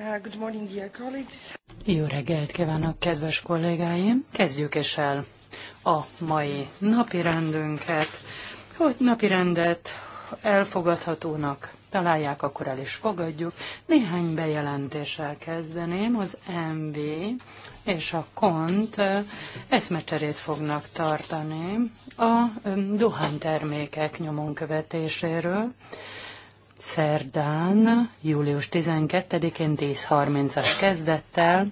Uh, good morning, dear colleagues. Jó reggelt kívánok, kedves kollégáim! Kezdjük is el a mai napi rendünket. Hogy napi rendet elfogadhatónak találják, akkor el is fogadjuk. Néhány bejelentéssel kezdeném. Az MV és a KONT eszmecserét fognak tartani a dohánytermékek nyomon követéséről szerdán, július 12-én 10.30-as kezdettel.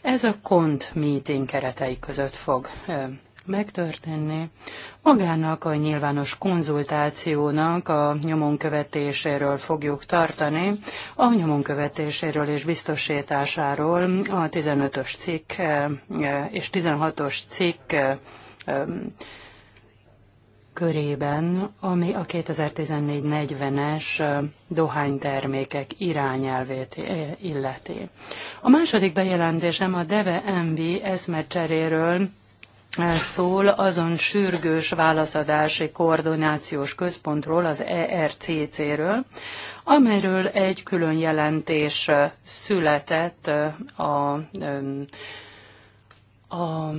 Ez a kont meeting keretei között fog megtörténni. Magának a nyilvános konzultációnak a nyomon követéséről fogjuk tartani, a nyomon követéséről és biztosításáról a 15-ös cikk és 16-os cikk körében, ami a 2014-40-es dohánytermékek irányelvét illeti. A második bejelentésem a Deve MB eszmecseréről szól azon sürgős válaszadási koordinációs központról, az ERCC-ről, amelyről egy külön jelentés született a, a,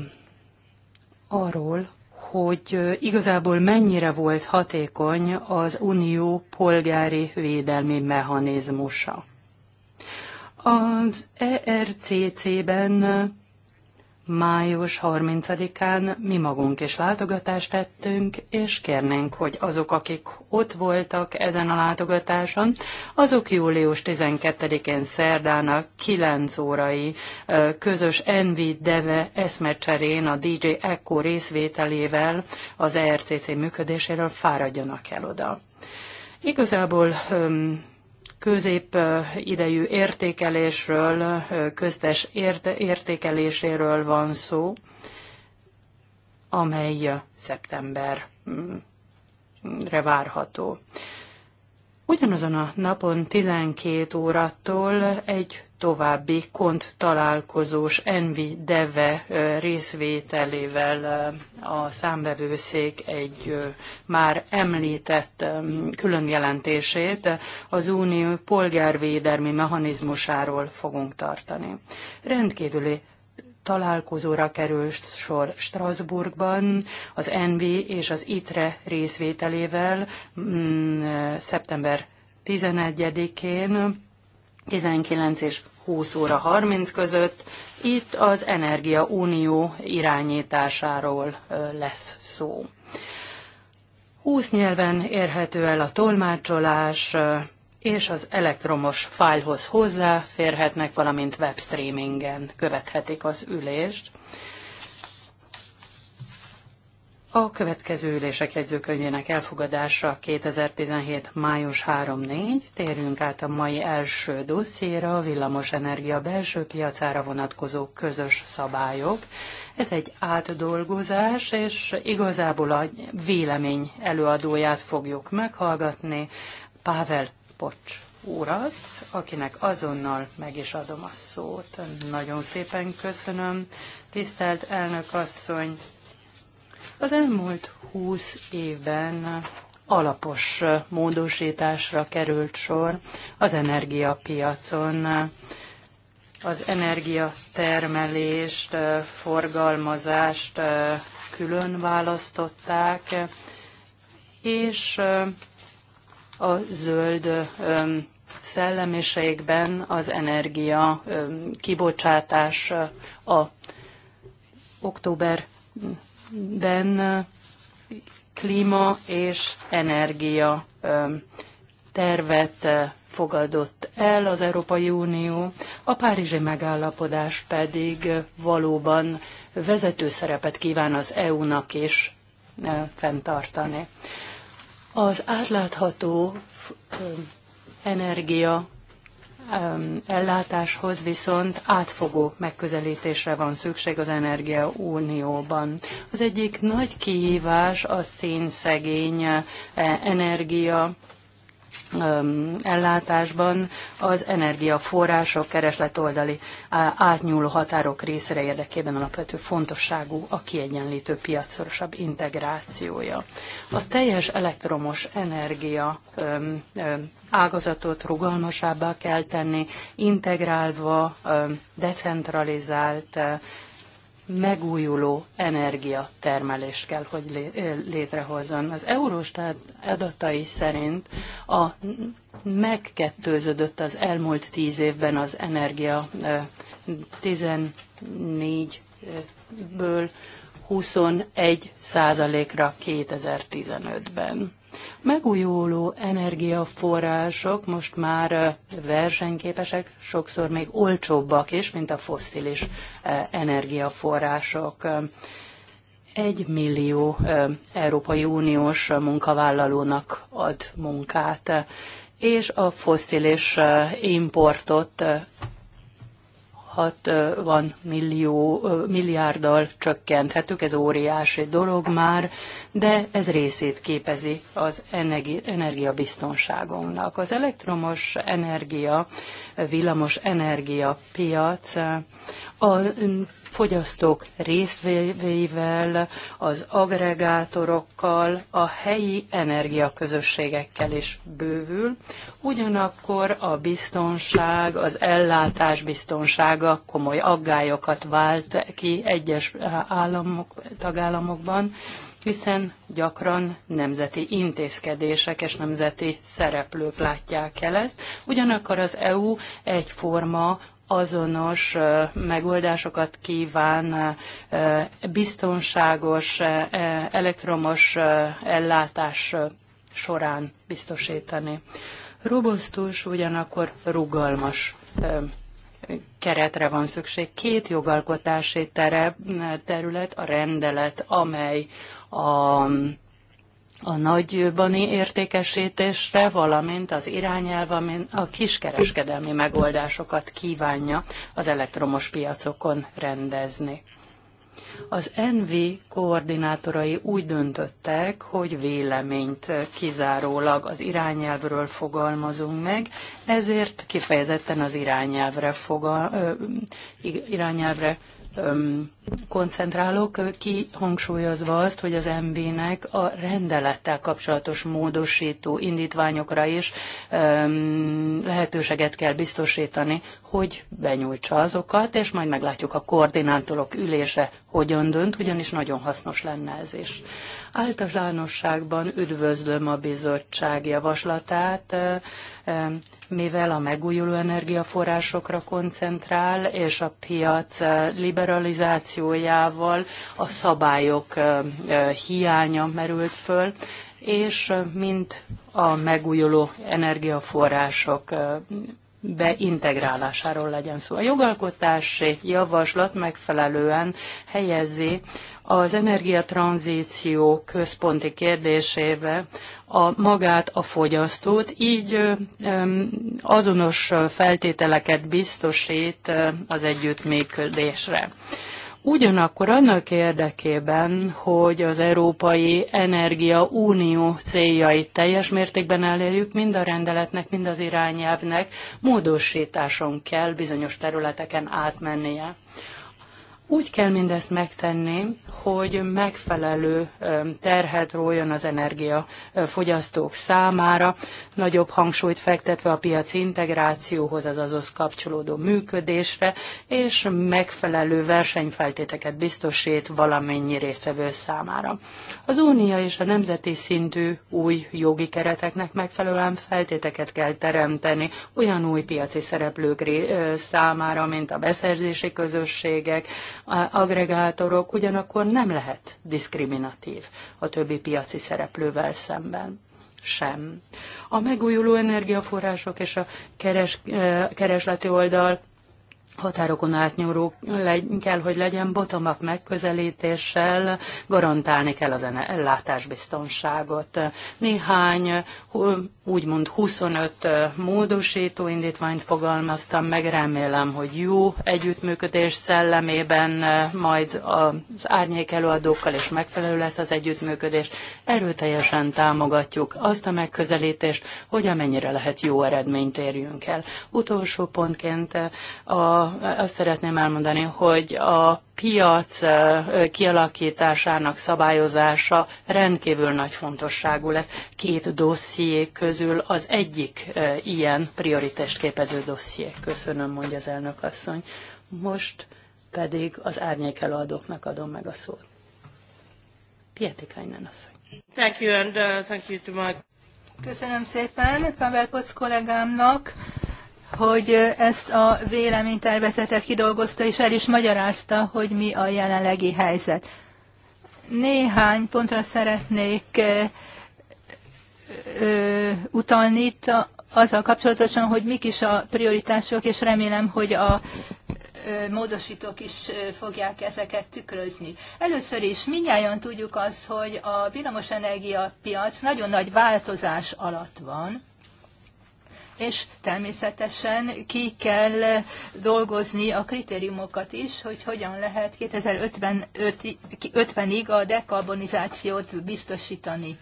arról, hogy igazából mennyire volt hatékony az unió polgári védelmi mechanizmusa. Az ERCC-ben május 30-án mi magunk is látogatást tettünk, és kérnénk, hogy azok, akik ott voltak ezen a látogatáson, azok július 12-én szerdán a 9 órai közös Envy Deve eszmecserén a DJ Echo részvételével az ERCC működéséről fáradjanak el oda. Igazából középidejű értékelésről, köztes értékeléséről van szó, amely szeptemberre várható. Ugyanazon a napon 12 órattól egy további kont találkozós Envi Deve részvételével a számbevőszék egy már említett külön jelentését az unió polgárvédelmi mechanizmusáról fogunk tartani. Rendkívüli találkozóra került sor Strasbourgban az NV és az ITRE részvételével mm, szeptember 11-én 19 és 20 óra 30 között. Itt az Energia Unió irányításáról lesz szó. 20 nyelven érhető el a tolmácsolás, és az elektromos fájlhoz hozzáférhetnek, valamint webstreamingen követhetik az ülést. A következő ülések jegyzőkönyvének elfogadása 2017. május 3-4. Térjünk át a mai első dossziéra, a villamos energia belső piacára vonatkozó közös szabályok. Ez egy átdolgozás, és igazából a vélemény előadóját fogjuk meghallgatni, Pável Pocs urat, akinek azonnal meg is adom a szót. Nagyon szépen köszönöm. Tisztelt elnök asszony, az elmúlt húsz évben alapos módosításra került sor az energiapiacon. Az energiatermelést, forgalmazást külön választották, és a zöld szellemiségben az energia kibocsátás a október ben klíma és energia tervet fogadott el az Európai Unió, a Párizsi megállapodás pedig valóban vezető szerepet kíván az EU-nak is fenntartani. Az átlátható energia ellátáshoz viszont átfogó megközelítésre van szükség az Energia Unióban. Az egyik nagy kihívás a szénszegény eh, energia ellátásban az energiaforrások keresletoldali átnyúló határok részére érdekében alapvető fontosságú a kiegyenlítő piacszorosabb integrációja. A teljes elektromos energia ágazatot rugalmasabbá kell tenni, integrálva, decentralizált megújuló energiatermelést kell, hogy létrehozzon. Az Eurostat adatai szerint a megkettőződött az elmúlt tíz évben az energia 14-ből 21 százalékra 2015-ben. Megújuló energiaforrások most már versenyképesek, sokszor még olcsóbbak is, mint a fosszilis energiaforrások. Egy millió Európai Uniós munkavállalónak ad munkát, és a fosszilis importot 60 millió, milliárddal csökkenthetők, ez óriási dolog már, de ez részét képezi az energiabiztonságunknak. Az elektromos energia, villamos energia piac a fogyasztók részvével, az agregátorokkal, a helyi energiaközösségekkel is bővül. Ugyanakkor a biztonság, az ellátás biztonsága komoly aggályokat vált ki egyes államok, tagállamokban, hiszen gyakran nemzeti intézkedések és nemzeti szereplők látják el ezt. Ugyanakkor az EU egyforma azonos megoldásokat kíván, biztonságos elektromos ellátás során biztosítani. Robosztus, ugyanakkor rugalmas keretre van szükség. Két jogalkotási terület, a rendelet, amely a a nagybani értékesítésre, valamint az irányelv, amin a kiskereskedelmi megoldásokat kívánja az elektromos piacokon rendezni. Az ENVI koordinátorai úgy döntöttek, hogy véleményt kizárólag az irányelvről fogalmazunk meg, ezért kifejezetten az irányelvre, fogal, irányelvre öm, koncentrálok, kihangsúlyozva azt, hogy az MB-nek a rendelettel kapcsolatos módosító indítványokra is öm, lehetőséget kell biztosítani, hogy benyújtsa azokat, és majd meglátjuk a koordinátorok ülése hogyan dönt, ugyanis nagyon hasznos lenne ez is. Általánosságban üdvözlöm a bizottság javaslatát, mivel a megújuló energiaforrásokra koncentrál, és a piac eh, liberalizációjával a szabályok eh, eh, hiánya merült föl, és mint a megújuló energiaforrások beintegrálásáról legyen szó. A jogalkotási javaslat megfelelően helyezi az energiatranzíció központi kérdésével a magát, a fogyasztót, így azonos feltételeket biztosít az együttműködésre. Ugyanakkor annak érdekében, hogy az Európai Energia Unió céljait teljes mértékben elérjük, mind a rendeletnek, mind az irányelvnek módosításon kell bizonyos területeken átmennie. Úgy kell mindezt megtenni, hogy megfelelő terhet róljon az energiafogyasztók számára, nagyobb hangsúlyt fektetve a piaci integrációhoz, az azaz kapcsolódó működésre, és megfelelő versenyfeltéteket biztosít valamennyi résztvevő számára. Az Unia és a nemzeti szintű új jogi kereteknek megfelelően feltéteket kell teremteni olyan új piaci szereplők számára, mint a beszerzési közösségek, agregátorok, ugyanakkor nem lehet diszkriminatív a többi piaci szereplővel szemben sem. A megújuló energiaforrások és a keres, keresleti oldal határokon átnyúló kell, hogy legyen bottom-up megközelítéssel, garantálni kell az ellátásbiztonságot. Néhány úgymond 25 módosító indítványt fogalmaztam meg, remélem, hogy jó együttműködés szellemében majd az árnyék előadókkal is megfelelő lesz az együttműködés. Erőteljesen támogatjuk azt a megközelítést, hogy amennyire lehet jó eredményt érjünk el. Utolsó pontként a, azt szeretném elmondani, hogy a piac kialakításának szabályozása rendkívül nagy fontosságú lesz. Két dosszié közül az egyik ilyen prioritást képező dosszié. Köszönöm, mondja az elnök asszony. Most pedig az árnyék előadóknak adom meg a szót. Pietikainen asszony. Thank you and uh, thank you to my... Köszönöm szépen Pavel Poc kollégámnak hogy ezt a véleménytervezetet kidolgozta és el is magyarázta, hogy mi a jelenlegi helyzet. Néhány pontra szeretnék utalni itt azzal kapcsolatosan, hogy mik is a prioritások, és remélem, hogy a módosítók is fogják ezeket tükrözni. Először is mindjárt tudjuk azt, hogy a villamosenergia piac nagyon nagy változás alatt van, és természetesen ki kell dolgozni a kritériumokat is, hogy hogyan lehet 2050-ig a dekarbonizációt biztosítani.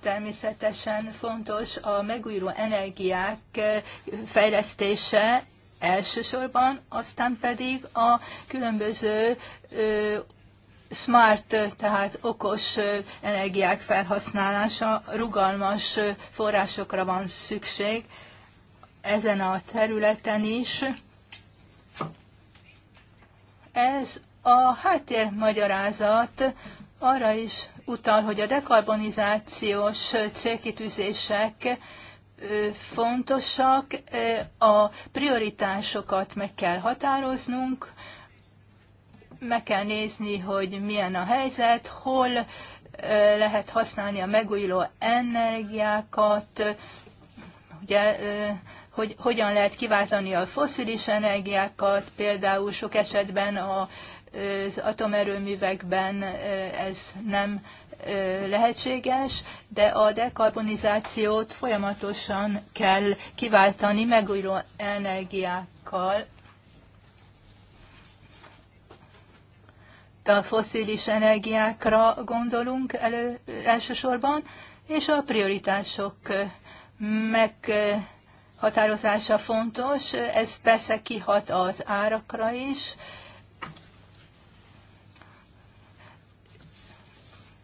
Természetesen fontos a megújuló energiák fejlesztése elsősorban, aztán pedig a különböző smart, tehát okos energiák felhasználása, rugalmas forrásokra van szükség ezen a területen is. Ez a háttérmagyarázat arra is utal, hogy a dekarbonizációs célkitűzések fontosak, a prioritásokat meg kell határoznunk, meg kell nézni, hogy milyen a helyzet, hol lehet használni a megújuló energiákat, ugye, hogy hogyan lehet kiváltani a foszilis energiákat, például sok esetben a, az atomerőművekben ez nem lehetséges, de a dekarbonizációt folyamatosan kell kiváltani megújuló energiákkal, a foszilis energiákra gondolunk elő, elsősorban, és a prioritások meghatározása fontos, ez persze kihat az árakra is.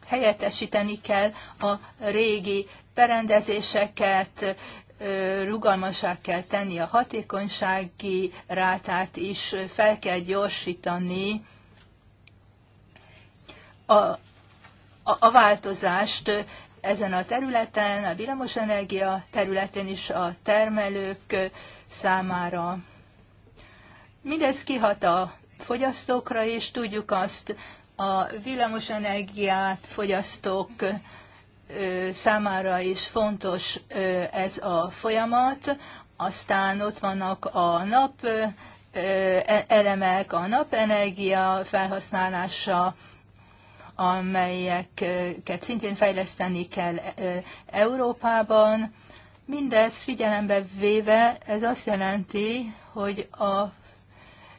Helyettesíteni kell a régi berendezéseket, rugalmasá kell tenni a hatékonysági rátát is, fel kell gyorsítani a, a, a változást ezen a területen, a villamosenergia területén is a termelők számára. Mindez kihat a fogyasztókra is, tudjuk azt, a villamosenergiát fogyasztók számára is fontos ez a folyamat, aztán ott vannak a nap e-, elemek, a napenergia felhasználása, amelyeket szintén fejleszteni kell e, e, Európában. Mindez figyelembe véve, ez azt jelenti, hogy a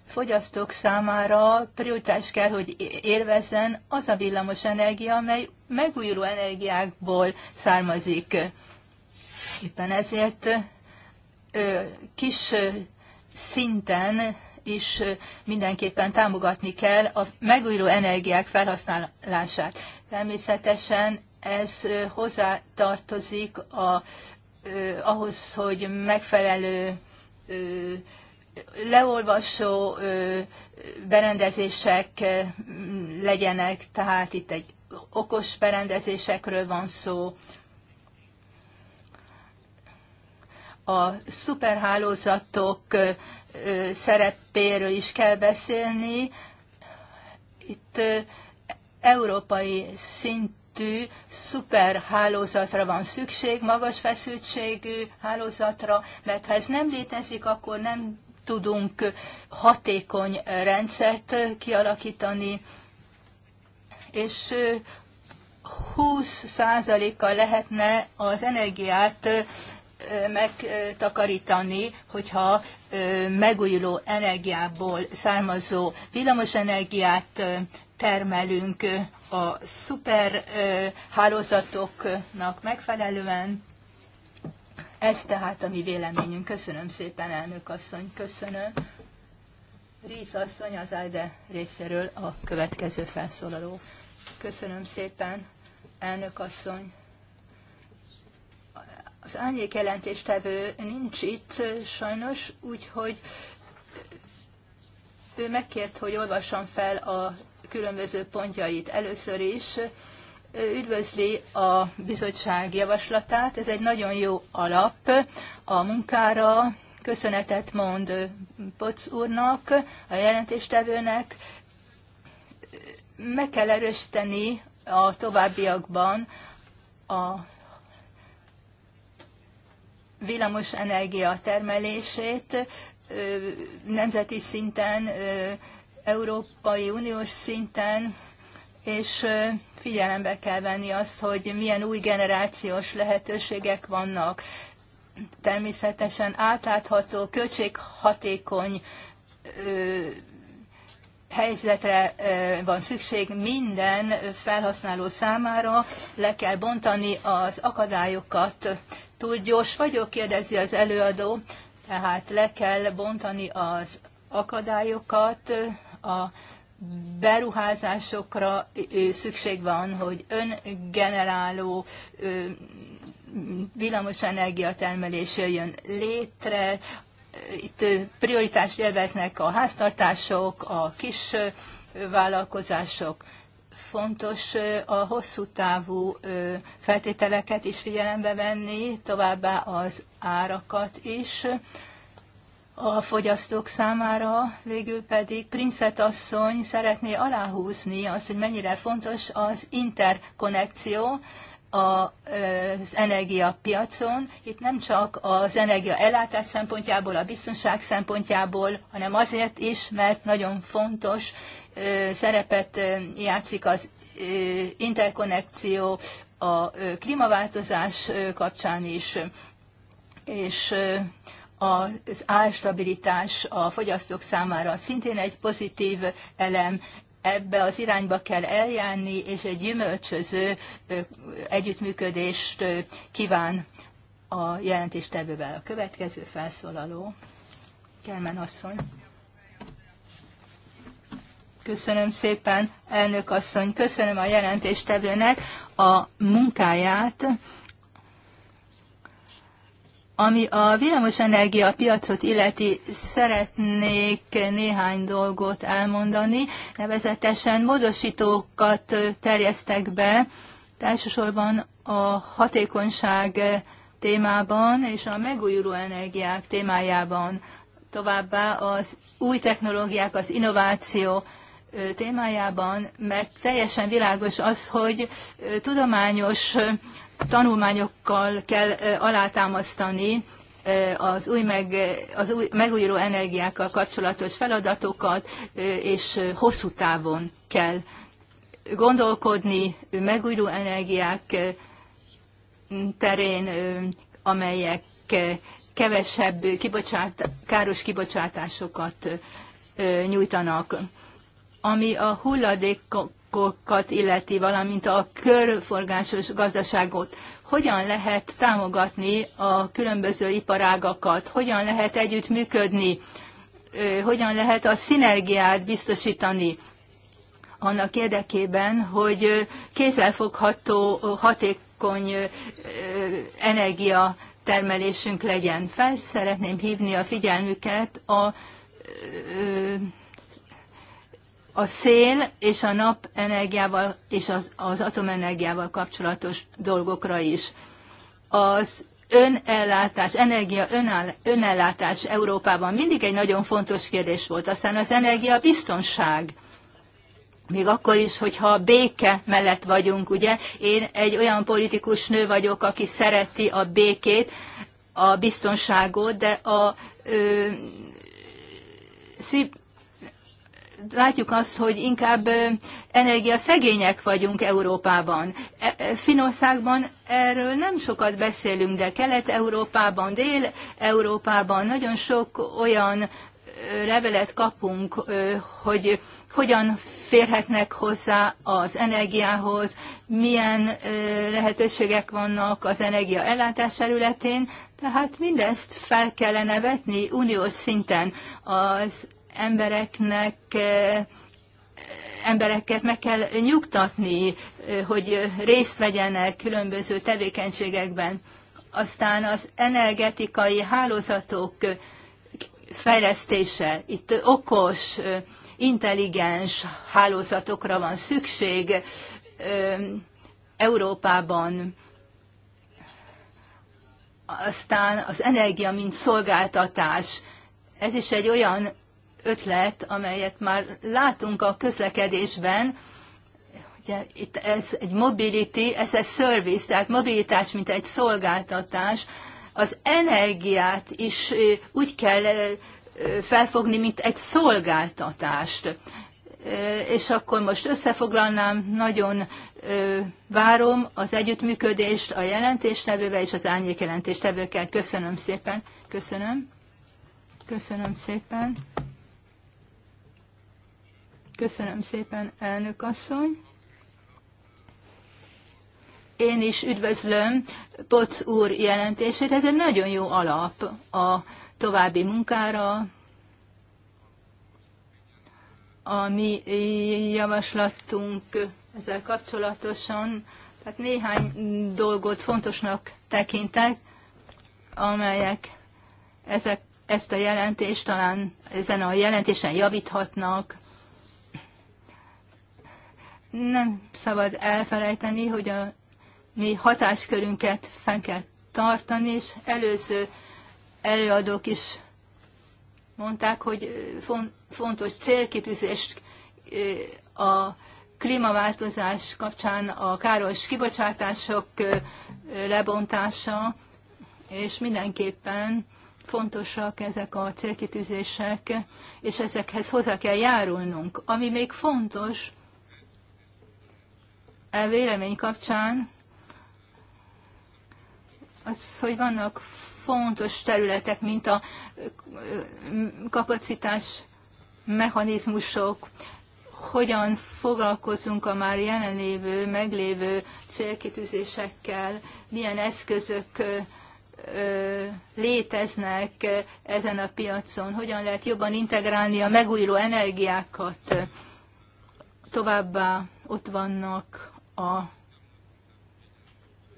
fogyasztók számára prioritás kell, hogy élvezzen az a villamos energia, amely megújuló energiákból származik. Éppen ezért kis szinten is mindenképpen támogatni kell a megújuló energiák felhasználását. Természetesen ez hozzátartozik a, ahhoz, hogy megfelelő leolvasó berendezések legyenek, tehát itt egy okos berendezésekről van szó. A szuperhálózatok szerepéről is kell beszélni. Itt európai szintű szuperhálózatra van szükség, magas feszültségű hálózatra, mert ha ez nem létezik, akkor nem tudunk hatékony rendszert kialakítani, és 20%-kal lehetne az energiát megtakarítani, hogyha megújuló energiából származó villamosenergiát termelünk a szuper hálózatoknak megfelelően. Ez tehát a mi véleményünk. Köszönöm szépen, elnök asszony, köszönöm. Ríz asszony az Ájde részéről a következő felszólaló. Köszönöm szépen, elnök asszony. Az árnyék jelentéstevő nincs itt sajnos, úgyhogy ő megkért, hogy olvassam fel a különböző pontjait. Először is üdvözli a bizottság javaslatát. Ez egy nagyon jó alap a munkára. Köszönetet mond Poc úrnak, a jelentéstevőnek. Meg kell erősíteni a továbbiakban a energia termelését nemzeti szinten, Európai Uniós szinten, és figyelembe kell venni azt, hogy milyen új generációs lehetőségek vannak. Természetesen átlátható, költséghatékony helyzetre van szükség minden felhasználó számára, le kell bontani az akadályokat, Túl gyors vagyok, kérdezi az előadó, tehát le kell bontani az akadályokat, a beruházásokra szükség van, hogy öngeneráló villamosenergia termelés jöjjön létre, itt prioritást élveznek a háztartások, a kis vállalkozások fontos a hosszú távú feltételeket is figyelembe venni, továbbá az árakat is a fogyasztók számára, végül pedig Princet asszony szeretné aláhúzni azt, hogy mennyire fontos az interkonnekció az energiapiacon. Itt nem csak az energia ellátás szempontjából, a biztonság szempontjából, hanem azért is, mert nagyon fontos szerepet játszik az interkonnekció a klímaváltozás kapcsán is, és az árstabilitás a fogyasztók számára szintén egy pozitív elem, ebbe az irányba kell eljárni, és egy gyümölcsöző együttműködést kíván a jelentéstevővel. A következő felszólaló, Kelmen asszony. Köszönöm szépen, elnök asszony, köszönöm a jelentéstevőnek a munkáját, ami a villamosenergia piacot illeti, szeretnék néhány dolgot elmondani. Nevezetesen módosítókat terjesztek be, elsősorban a hatékonyság témában és a megújuló energiák témájában. Továbbá az új technológiák, az innováció témájában, mert teljesen világos az, hogy tudományos tanulmányokkal kell alátámasztani az új meg, az új megújuló energiákkal kapcsolatos feladatokat, és hosszú távon kell gondolkodni megújuló energiák terén, amelyek kevesebb kibocsát, káros kibocsátásokat nyújtanak ami a hulladékokat illeti, valamint a körforgásos gazdaságot. Hogyan lehet támogatni a különböző iparágakat? Hogyan lehet együttműködni? Hogyan lehet a szinergiát biztosítani? annak érdekében, hogy kézzelfogható, hatékony energia termelésünk legyen. Fel szeretném hívni a figyelmüket a a szél és a nap energiával és az, az atomenergiával kapcsolatos dolgokra is. Az önellátás, energia önáll, önellátás Európában mindig egy nagyon fontos kérdés volt. Aztán az energia biztonság. Még akkor is, hogyha béke mellett vagyunk, ugye? Én egy olyan politikus nő vagyok, aki szereti a békét, a biztonságot, de a ö, szív, látjuk azt, hogy inkább energiaszegények vagyunk Európában. E, e, Finországban erről nem sokat beszélünk, de Kelet-Európában, Dél-Európában nagyon sok olyan levelet kapunk, hogy hogyan férhetnek hozzá az energiához, milyen lehetőségek vannak az energia ellátás területén, tehát mindezt fel kellene vetni uniós szinten. Az embereknek eh, embereket meg kell nyugtatni, eh, hogy részt vegyenek különböző tevékenységekben. Aztán az energetikai hálózatok fejlesztése, itt okos, eh, intelligens hálózatokra van szükség Európában. Aztán az energia, mint szolgáltatás. Ez is egy olyan ötlet, amelyet már látunk a közlekedésben, ugye itt ez egy mobility, ez egy service, tehát mobilitás, mint egy szolgáltatás, az energiát is úgy kell felfogni, mint egy szolgáltatást. És akkor most összefoglalnám, nagyon várom az együttműködést a jelentéstevővel és az árnyék jelentéstevőkkel. Köszönöm szépen. Köszönöm. Köszönöm szépen. Köszönöm szépen, elnök asszony. Én is üdvözlöm Poc úr jelentését. Ez egy nagyon jó alap a további munkára, a mi javaslatunk ezzel kapcsolatosan, tehát néhány dolgot fontosnak tekintek, amelyek ezek, ezt a jelentést talán ezen a jelentésen javíthatnak, nem szabad elfelejteni, hogy a mi hatáskörünket fenn kell tartani, és előző előadók is mondták, hogy fontos célkitűzést a klímaváltozás kapcsán a káros kibocsátások lebontása, és mindenképpen fontosak ezek a célkitűzések, és ezekhez hozzá kell járulnunk. Ami még fontos, vélemény kapcsán az, hogy vannak fontos területek, mint a kapacitás mechanizmusok, hogyan foglalkozunk a már jelenlévő, meglévő célkitűzésekkel, milyen eszközök léteznek ezen a piacon, hogyan lehet jobban integrálni a megújuló energiákat. Továbbá ott vannak a,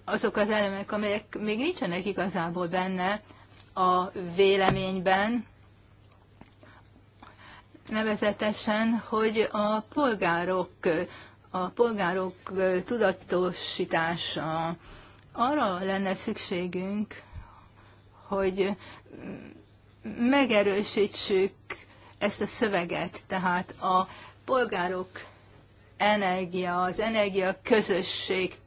azok az elemek, amelyek még nincsenek igazából benne a véleményben, nevezetesen, hogy a polgárok, a polgárok tudatosítása, arra lenne szükségünk, hogy megerősítsük ezt a szöveget, tehát a polgárok energia, az energia közösség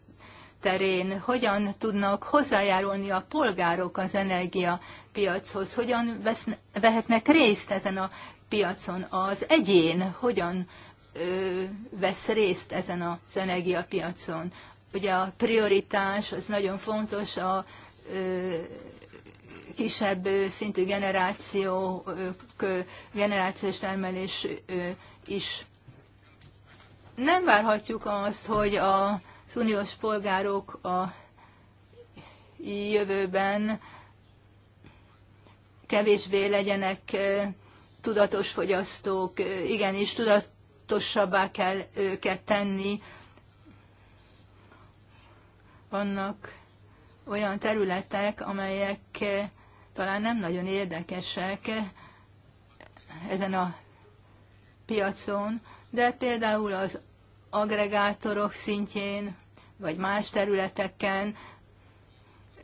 terén hogyan tudnak hozzájárulni a polgárok az energia piachoz hogyan veszne, vehetnek részt ezen a piacon az egyén, hogyan ö, vesz részt ezen az energiapiacon. Ugye a prioritás az nagyon fontos a ö, kisebb szintű generációk, generációs termelés is nem várhatjuk azt, hogy a uniós polgárok a jövőben kevésbé legyenek tudatos fogyasztók, igenis tudatosabbá kell őket tenni. Vannak olyan területek, amelyek talán nem nagyon érdekesek ezen a piacon, de például az agregátorok szintjén, vagy más területeken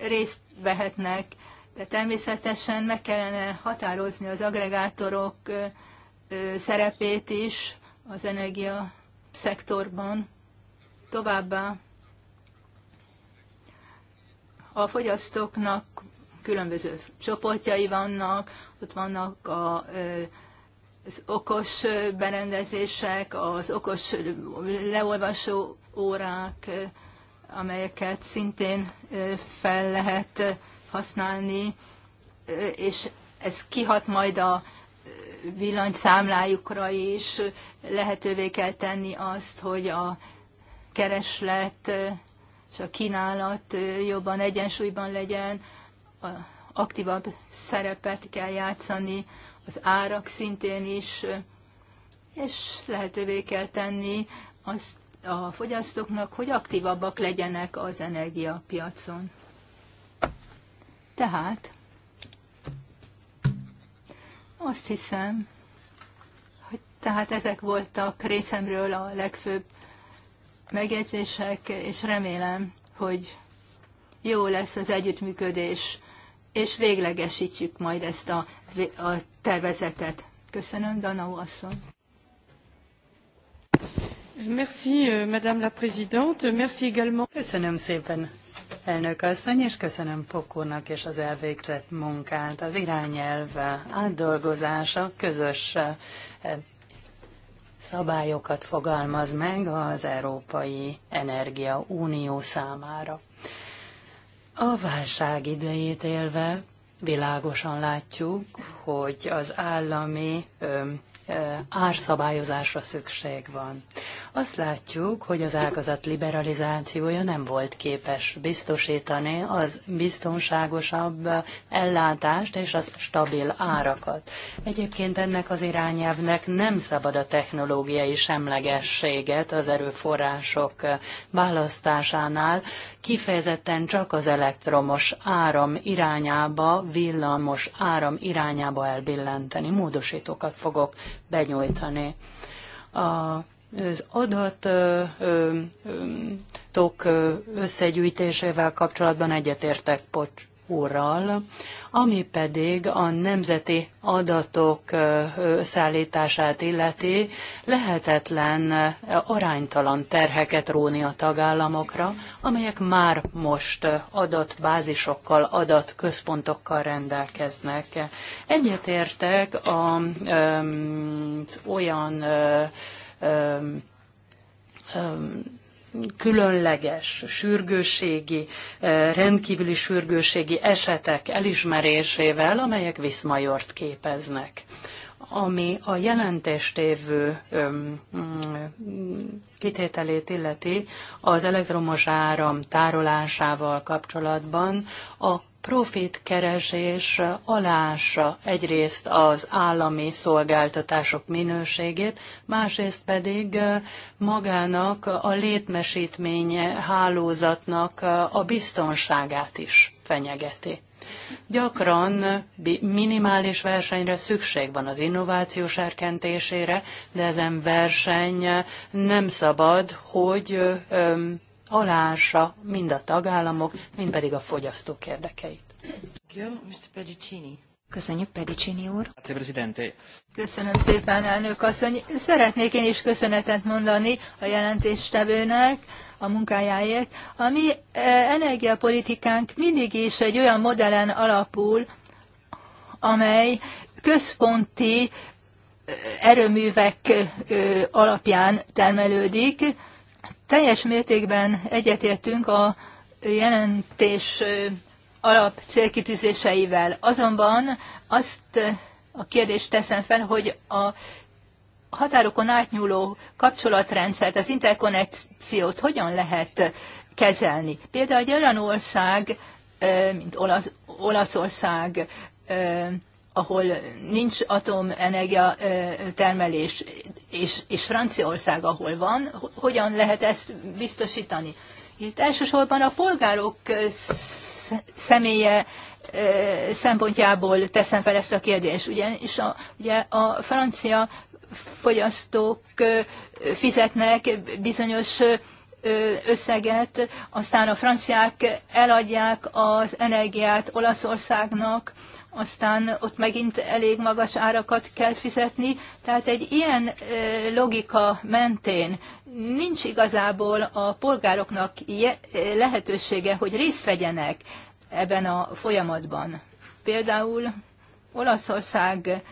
részt vehetnek, de természetesen meg kellene határozni az agregátorok szerepét is az energia szektorban. Továbbá a fogyasztóknak különböző csoportjai vannak, ott vannak a az okos berendezések, az okos leolvasó órák, amelyeket szintén fel lehet használni, és ez kihat majd a villanyszámlájukra is, lehetővé kell tenni azt, hogy a kereslet és a kínálat jobban egyensúlyban legyen, aktívabb szerepet kell játszani az árak szintén is, és lehetővé kell tenni azt a fogyasztóknak, hogy aktívabbak legyenek az energiapiacon. Tehát azt hiszem, hogy tehát ezek voltak részemről a legfőbb megjegyzések, és remélem, hogy jó lesz az együttműködés, és véglegesítjük majd ezt a a tervezetet. Köszönöm, Danau asszony. Merci, euh, Madame la Présidente. Merci également. Köszönöm szépen, elnök asszony, és köszönöm Pokornak és az elvégzett munkát. Az irányelv átdolgozása közös eh, szabályokat fogalmaz meg az Európai Energia Unió számára. A válság idejét élve világosan látjuk, hogy az állami árszabályozásra szükség van. Azt látjuk, hogy az ágazat liberalizációja nem volt képes biztosítani az biztonságosabb ellátást és az stabil árakat. Egyébként ennek az irányelvnek nem szabad a technológiai semlegességet az erőforrások választásánál, kifejezetten csak az elektromos áram irányába, villamos áram irányába elbillenteni. Módosítókat fogok benyújtani. A az adatok összegyűjtésével kapcsolatban egyetértek Pocs úrral, ami pedig a nemzeti adatok szállítását illeti lehetetlen aránytalan terheket róni a tagállamokra, amelyek már most adatbázisokkal, adatközpontokkal rendelkeznek. Egyetértek a, olyan különleges, sürgőségi, eh, rendkívüli sürgőségi esetek elismerésével, amelyek viszmajort képeznek ami a jelentéstévő mm, kitételét illeti az elektromos áram tárolásával kapcsolatban, a profitkeresés alása egyrészt az állami szolgáltatások minőségét, másrészt pedig magának a létmesítmény hálózatnak a biztonságát is fenyegeti. Gyakran minimális versenyre szükség van az innováció serkentésére, de ezen verseny nem szabad, hogy aláássa mind a tagállamok, mind pedig a fogyasztók érdekeit. Köszönjük, Pedicini úr. Köszönöm szépen, elnök asszony. Szeretnék én is köszönetet mondani a jelentéstevőnek a munkájáért. A mi eh, energiapolitikánk mindig is egy olyan modellen alapul, amely központi eh, erőművek eh, alapján termelődik, teljes mértékben egyetértünk a jelentés alap célkitűzéseivel. Azonban azt a kérdést teszem fel, hogy a határokon átnyúló kapcsolatrendszert, az interkonnekciót hogyan lehet kezelni. Például egy olyan ország, mint Olasz, Olaszország ahol nincs atomenergia termelés, és, és Franciaország, ahol van, hogyan lehet ezt biztosítani? Itt elsősorban a polgárok személye szempontjából teszem fel ezt a kérdést, ugyanis a, ugye a francia fogyasztók fizetnek bizonyos összeget, aztán a franciák eladják az energiát Olaszországnak, aztán ott megint elég magas árakat kell fizetni. Tehát egy ilyen logika mentén nincs igazából a polgároknak lehetősége, hogy részt vegyenek ebben a folyamatban. Például Olaszország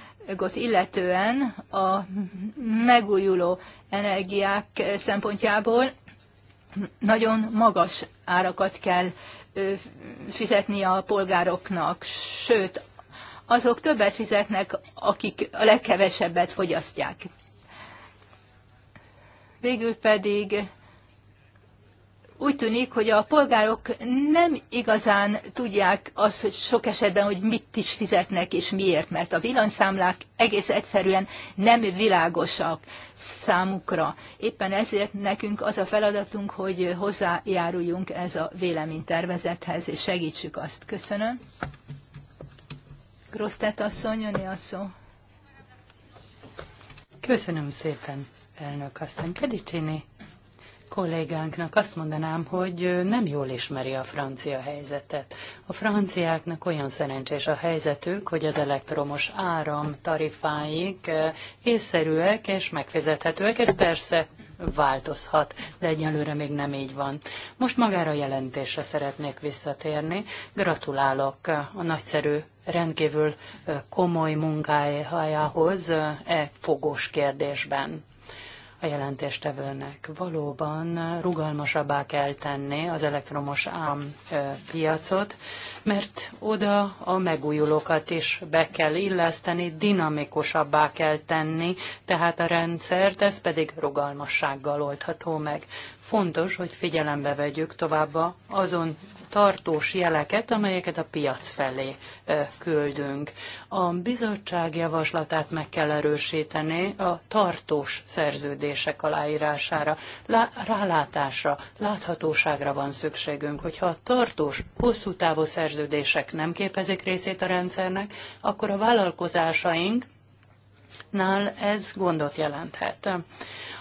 illetően a megújuló energiák szempontjából nagyon magas árakat kell fizetni a polgároknak, sőt, azok többet fizetnek, akik a legkevesebbet fogyasztják. Végül pedig úgy tűnik, hogy a polgárok nem igazán tudják azt, hogy sok esetben, hogy mit is fizetnek és miért, mert a villanyszámlák egész egyszerűen nem világosak számukra. Éppen ezért nekünk az a feladatunk, hogy hozzájáruljunk ez a véleménytervezethez, és segítsük azt. Köszönöm. Grosztet asszony, jönni a szó. Köszönöm szépen, elnök asszony. Kedicséni kollégánknak azt mondanám, hogy nem jól ismeri a francia helyzetet. A franciáknak olyan szerencsés a helyzetük, hogy az elektromos áram tarifáik eh, észszerűek és megfizethetőek. Ez persze változhat, de egyelőre még nem így van. Most magára a jelentésre szeretnék visszatérni. Gratulálok a nagyszerű, rendkívül eh, komoly munkájához eh, e fogós kérdésben jelentéstevőnek. Valóban rugalmasabbá kell tenni az elektromos ám piacot, mert oda a megújulókat is be kell illeszteni, dinamikusabbá kell tenni, tehát a rendszert, ez pedig rugalmassággal oldható meg. Fontos, hogy figyelembe vegyük továbbá azon tartós jeleket, amelyeket a piac felé küldünk. A bizottság javaslatát meg kell erősíteni a tartós szerződések aláírására, rálátásra, láthatóságra van szükségünk. Hogyha a tartós, hosszú távú szerződések nem képezik részét a rendszernek, akkor a vállalkozásaink nál ez gondot jelenthet.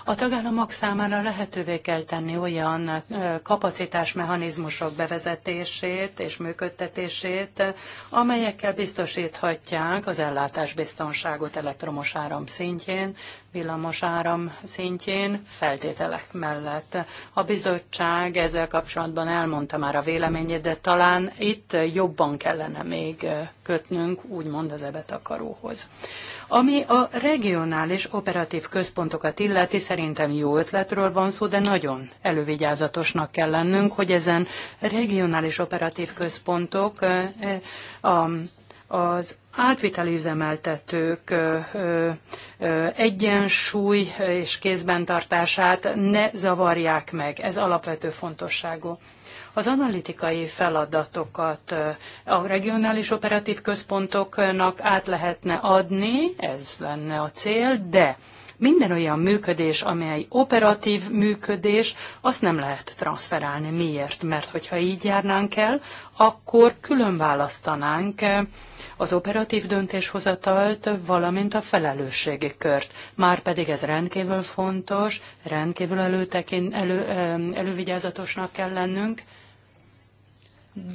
A tagállamok számára lehetővé kell tenni olyan kapacitásmechanizmusok bevezetését és működtetését, amelyekkel biztosíthatják az ellátásbiztonságot elektromos áram szintjén, villamos áram szintjén feltételek mellett. A bizottság ezzel kapcsolatban elmondta már a véleményét, de talán itt jobban kellene még kötnünk, úgymond az ebetakaróhoz. Ami a regionális operatív központokat illeti, Szerintem jó ötletről van szó, de nagyon elővigyázatosnak kell lennünk, hogy ezen regionális operatív központok a az átvitelüzemeltetők egyensúly és kézben tartását ne zavarják meg. Ez alapvető fontosságú. Az analitikai feladatokat a regionális operatív központoknak át lehetne adni, ez lenne a cél, de minden olyan működés, amely operatív működés, azt nem lehet transferálni. Miért? Mert hogyha így járnánk el, akkor külön választanánk az operatív döntéshozatalt, valamint a felelősségi kört. Márpedig ez rendkívül fontos, rendkívül előtekin, elő, elővigyázatosnak kell lennünk,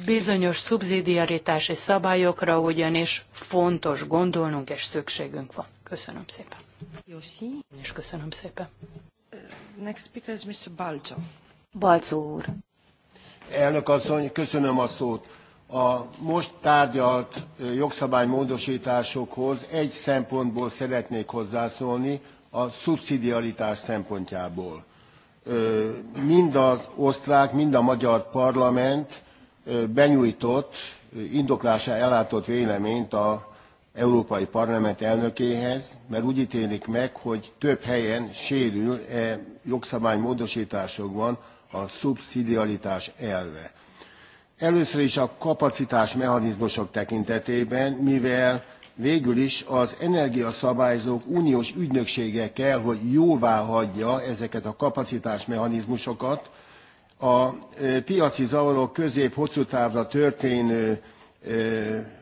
Bizonyos szubszidiaritási szabályokra ugyanis fontos gondolnunk és szükségünk van. Köszönöm szépen. És köszönöm szépen. Next speaker is Mr. Balco. Balco úr. Elnök asszony, köszönöm a szót. A most tárgyalt jogszabálymódosításokhoz egy szempontból szeretnék hozzászólni, a szubszidiaritás szempontjából. Mind az osztrák, mind a magyar parlament benyújtott, indoklása ellátott véleményt a Európai Parlament elnökéhez, mert úgy ítélik meg, hogy több helyen sérül e jogszabály a szubszidialitás elve. Először is a kapacitás mechanizmusok tekintetében, mivel végül is az energiaszabályzók uniós ügynöksége kell, hogy jóvá hagyja ezeket a kapacitásmechanizmusokat, a e, piaci zavarok közép-hosszú távra történő e,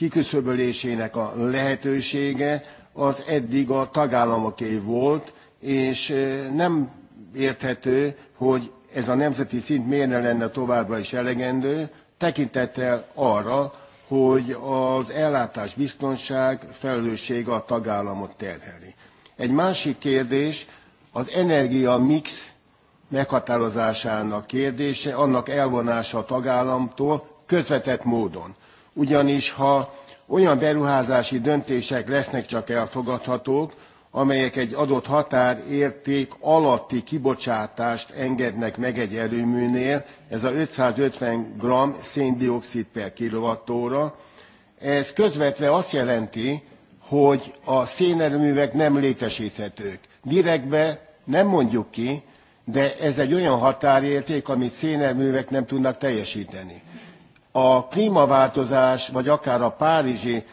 kiküszöbölésének a lehetősége az eddig a tagállamoké volt, és nem érthető, hogy ez a nemzeti szint miért ne lenne továbbra is elegendő, tekintettel arra, hogy az ellátás biztonság felelőssége a tagállamot terheli. Egy másik kérdés az energia mix meghatározásának kérdése, annak elvonása a tagállamtól közvetett módon. Ugyanis ha olyan beruházási döntések lesznek csak elfogadhatók, amelyek egy adott határérték alatti kibocsátást engednek meg egy erőműnél, ez a 550 g széndiokszid per kilowattóra. Ez közvetve azt jelenti, hogy a szénerőművek nem létesíthetők. Direktbe nem mondjuk ki, de ez egy olyan határérték, amit szénerőművek nem tudnak teljesíteni a klímaváltozás, vagy akár a párizsi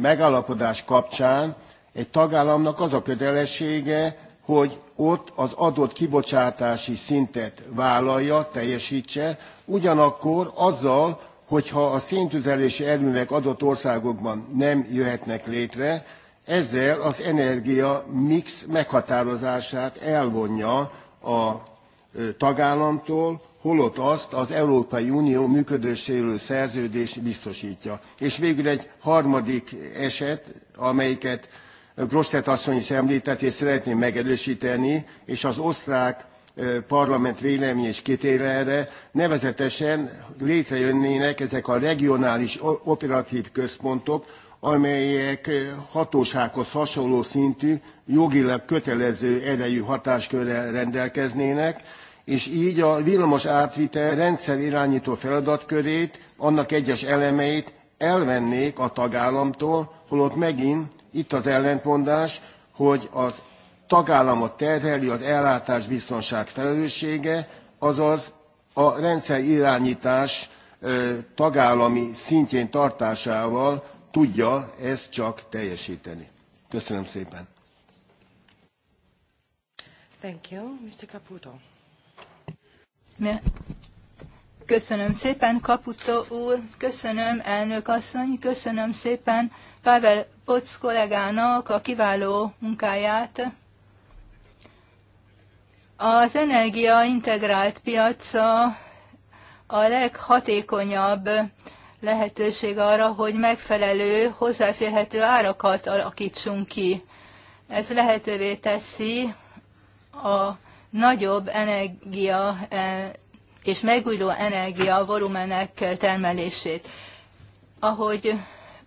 megállapodás kapcsán egy tagállamnak az a kötelessége, hogy ott az adott kibocsátási szintet vállalja, teljesítse, ugyanakkor azzal, hogyha a széntüzelési erőnek adott országokban nem jöhetnek létre, ezzel az energia mix meghatározását elvonja a tagállamtól, holott azt az Európai Unió működőséről szerződés biztosítja. És végül egy harmadik eset, amelyiket Grosset asszony is említett, és szeretném megerősíteni, és az osztrák parlament vélemény is kitér erre, nevezetesen létrejönnének ezek a regionális operatív központok, amelyek hatósághoz hasonló szintű, jogilag kötelező erejű hatáskörrel rendelkeznének, és így a villamos átvitel rendszer irányító feladatkörét, annak egyes elemeit elvennék a tagállamtól, holott megint itt az ellentmondás, hogy az tagállamot terheli az biztonság felelőssége, azaz a rendszer irányítás tagállami szintjén tartásával tudja ezt csak teljesíteni. Köszönöm szépen. Thank you. Mr. Caputo. Köszönöm szépen, Kaputo úr, köszönöm, elnök asszony, köszönöm szépen Pavel Poc kollégának a kiváló munkáját. Az energia integrált piaca a leghatékonyabb lehetőség arra, hogy megfelelő, hozzáférhető árakat alakítsunk ki. Ez lehetővé teszi a nagyobb energia eh, és megújuló energia volumenek termelését. Ahogy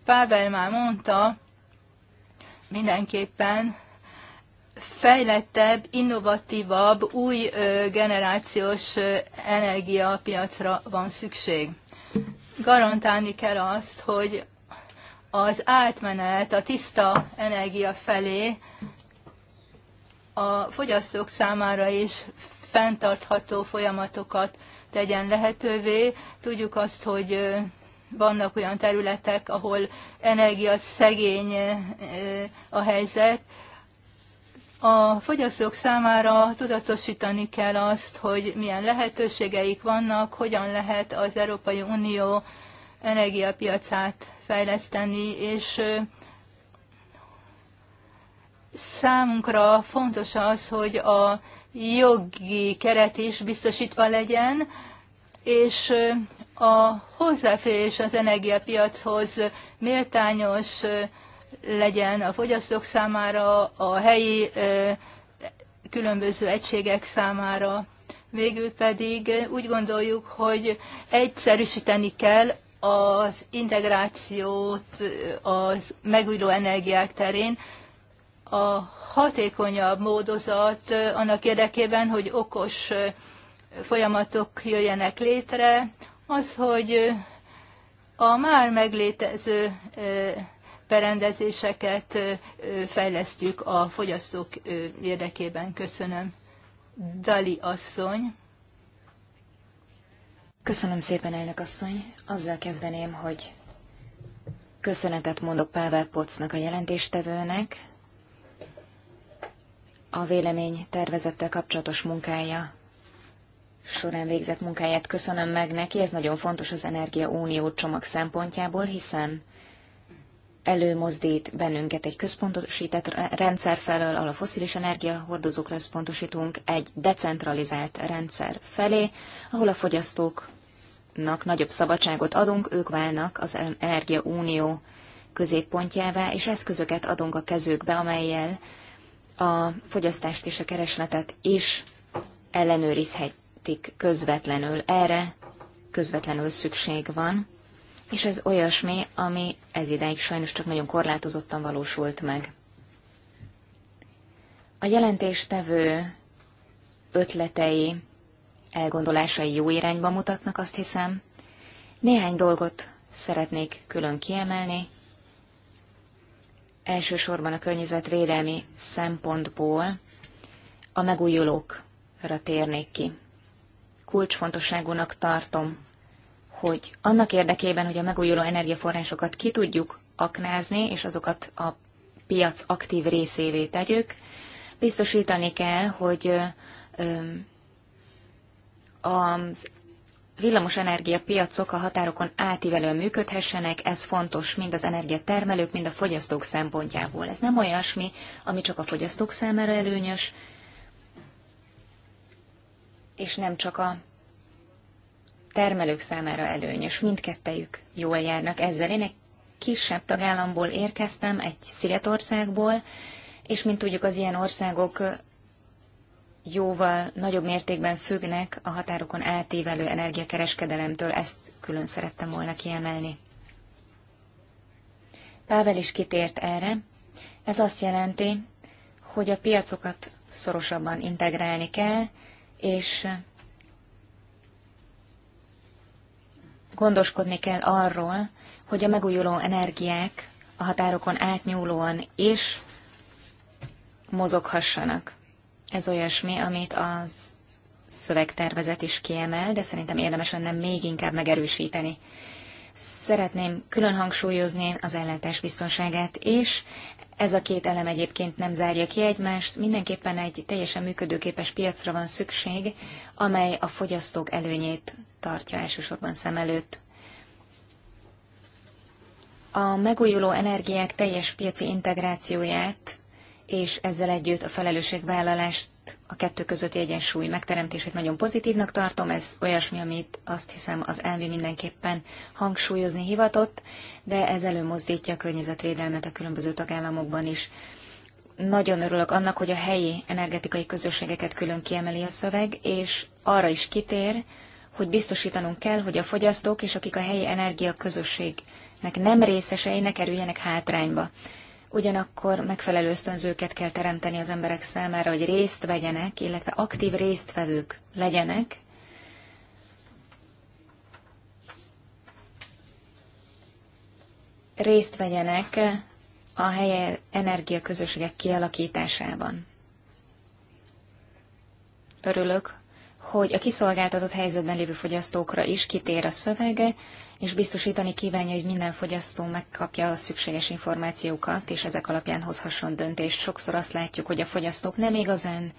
Pável már mondta, mindenképpen fejlettebb, innovatívabb, új generációs energiapiacra van szükség. Garantálni kell azt, hogy az átmenet a tiszta energia felé a fogyasztók számára is fenntartható folyamatokat tegyen lehetővé. Tudjuk azt, hogy vannak olyan területek, ahol energia szegény a helyzet. A fogyasztók számára tudatosítani kell azt, hogy milyen lehetőségeik vannak, hogyan lehet az Európai Unió energiapiacát fejleszteni, és Számunkra fontos az, hogy a jogi keret is biztosítva legyen, és a hozzáférés az energiapiachoz méltányos legyen a fogyasztók számára, a helyi különböző egységek számára. Végül pedig úgy gondoljuk, hogy egyszerűsíteni kell az integrációt az megújuló energiák terén, a hatékonyabb módozat annak érdekében, hogy okos folyamatok jöjjenek létre, az, hogy a már meglétező berendezéseket fejlesztjük a fogyasztók érdekében. Köszönöm. Dali asszony. Köszönöm szépen, elnök asszony. Azzal kezdeném, hogy köszönetet mondok Pável Pocnak a jelentéstevőnek, a vélemény tervezettel kapcsolatos munkája során végzett munkáját köszönöm meg neki, ez nagyon fontos az Energia Unió csomag szempontjából, hiszen előmozdít bennünket egy központosított rendszer felől, ahol a foszilis energiahordozókra összpontosítunk, egy decentralizált rendszer felé, ahol a fogyasztóknak nagyobb szabadságot adunk, ők válnak az Energia Unió középpontjává, és eszközöket adunk a kezükbe, amelyel a fogyasztást és a keresletet is ellenőrizhetik közvetlenül. Erre közvetlenül szükség van, és ez olyasmi, ami ez ideig sajnos csak nagyon korlátozottan valósult meg. A jelentéstevő ötletei, elgondolásai jó irányba mutatnak, azt hiszem. Néhány dolgot szeretnék külön kiemelni, elsősorban a környezetvédelmi szempontból a megújulókra térnék ki. Kulcsfontosságúnak tartom, hogy annak érdekében, hogy a megújuló energiaforrásokat ki tudjuk aknázni, és azokat a piac aktív részévé tegyük, biztosítani kell, hogy az villamosenergia piacok a határokon átívelően működhessenek, ez fontos mind az energiatermelők, mind a fogyasztók szempontjából. Ez nem olyasmi, ami csak a fogyasztók számára előnyös, és nem csak a termelők számára előnyös. Mindkettejük jól járnak ezzel. Én egy kisebb tagállamból érkeztem, egy szigetországból, és mint tudjuk, az ilyen országok jóval nagyobb mértékben függnek a határokon átívelő energiakereskedelemtől, ezt külön szerettem volna kiemelni. Pável is kitért erre. Ez azt jelenti, hogy a piacokat szorosabban integrálni kell, és gondoskodni kell arról, hogy a megújuló energiák a határokon átnyúlóan is mozoghassanak. Ez olyasmi, amit az szövegtervezet is kiemel, de szerintem érdemes lenne még inkább megerősíteni. Szeretném külön hangsúlyozni az ellátás biztonságát, és ez a két elem egyébként nem zárja ki egymást, mindenképpen egy teljesen működőképes piacra van szükség, amely a fogyasztók előnyét tartja elsősorban szem előtt. A megújuló energiák teljes piaci integrációját és ezzel együtt a felelősségvállalást, a kettő közötti egyensúly megteremtését nagyon pozitívnak tartom. Ez olyasmi, amit azt hiszem az elvi mindenképpen hangsúlyozni hivatott, de ez előmozdítja a környezetvédelmet a különböző tagállamokban is. Nagyon örülök annak, hogy a helyi energetikai közösségeket külön kiemeli a szöveg, és arra is kitér, hogy biztosítanunk kell, hogy a fogyasztók és akik a helyi energia közösségnek nem részesei ne kerüljenek hátrányba ugyanakkor megfelelő ösztönzőket kell teremteni az emberek számára, hogy részt vegyenek, illetve aktív résztvevők legyenek. Részt vegyenek a helye energiaközösségek kialakításában. Örülök, hogy a kiszolgáltatott helyzetben lévő fogyasztókra is kitér a szövege, és biztosítani kívánja, hogy minden fogyasztó megkapja a szükséges információkat, és ezek alapján hozhasson döntést. Sokszor azt látjuk, hogy a fogyasztók nem igazán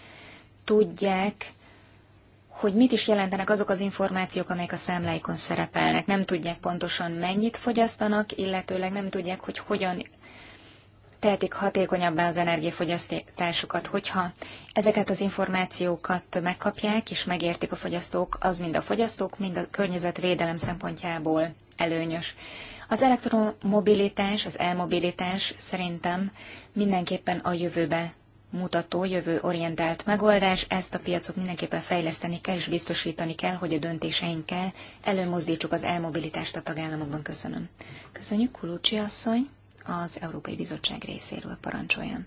tudják, hogy mit is jelentenek azok az információk, amelyek a számláikon szerepelnek. Nem tudják pontosan mennyit fogyasztanak, illetőleg nem tudják, hogy hogyan tehetik hatékonyabbá az energiafogyasztásukat, hogyha ezeket az információkat megkapják és megértik a fogyasztók, az mind a fogyasztók, mind a környezetvédelem szempontjából előnyös. Az elektromobilitás, az elmobilitás szerintem mindenképpen a jövőbe mutató, jövő orientált megoldás. Ezt a piacot mindenképpen fejleszteni kell, és biztosítani kell, hogy a döntéseinkkel előmozdítsuk az elmobilitást a tagállamokban. Köszönöm. Köszönjük, Kulúcsi asszony az Európai Bizottság részéről parancsoljon.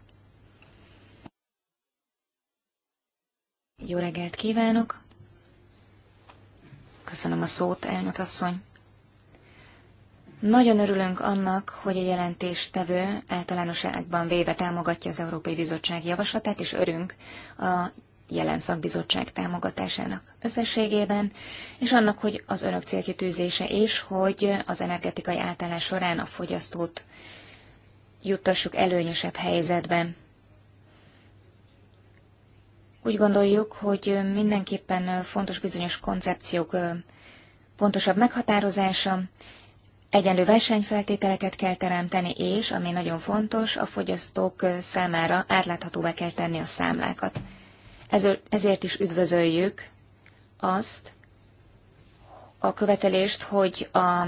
Jó reggelt kívánok! Köszönöm a szót, elnök asszony! Nagyon örülünk annak, hogy a jelentéstevő általánosságban véve támogatja az Európai Bizottság javaslatát, és örünk a jelen szakbizottság támogatásának összességében, és annak, hogy az önök célkitűzése is, hogy az energetikai átállás során a fogyasztót juttassuk előnyösebb helyzetben. Úgy gondoljuk, hogy mindenképpen fontos bizonyos koncepciók pontosabb meghatározása, egyenlő versenyfeltételeket kell teremteni, és, ami nagyon fontos, a fogyasztók számára átláthatóvá kell tenni a számlákat. Ezért is üdvözöljük azt a követelést, hogy a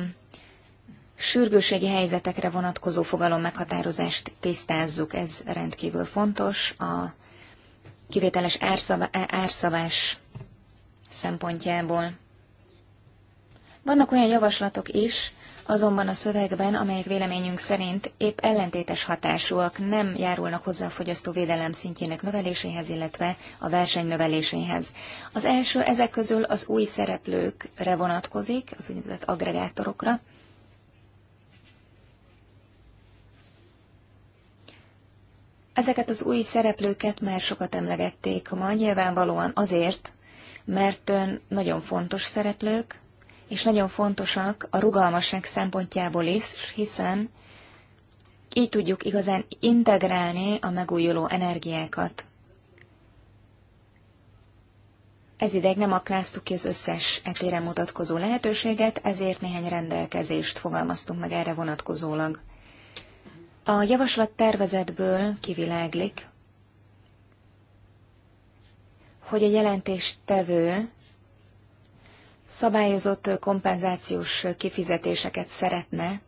sürgőségi helyzetekre vonatkozó fogalom meghatározást tisztázzuk, ez rendkívül fontos. A kivételes árszabá, e, szempontjából. Vannak olyan javaslatok is, azonban a szövegben, amelyek véleményünk szerint épp ellentétes hatásúak nem járulnak hozzá a fogyasztó védelem szintjének növeléséhez, illetve a verseny növeléséhez. Az első ezek közül az új szereplőkre vonatkozik, az úgynevezett agregátorokra, Ezeket az új szereplőket már sokat emlegették ma, nyilvánvalóan azért, mert nagyon fontos szereplők, és nagyon fontosak a rugalmasság szempontjából is, hiszen így tudjuk igazán integrálni a megújuló energiákat. Ez ideig nem akláztuk ki az összes etére mutatkozó lehetőséget, ezért néhány rendelkezést fogalmaztunk meg erre vonatkozólag. A javaslat tervezetből kiviláglik, hogy a tevő szabályozott kompenzációs kifizetéseket szeretne.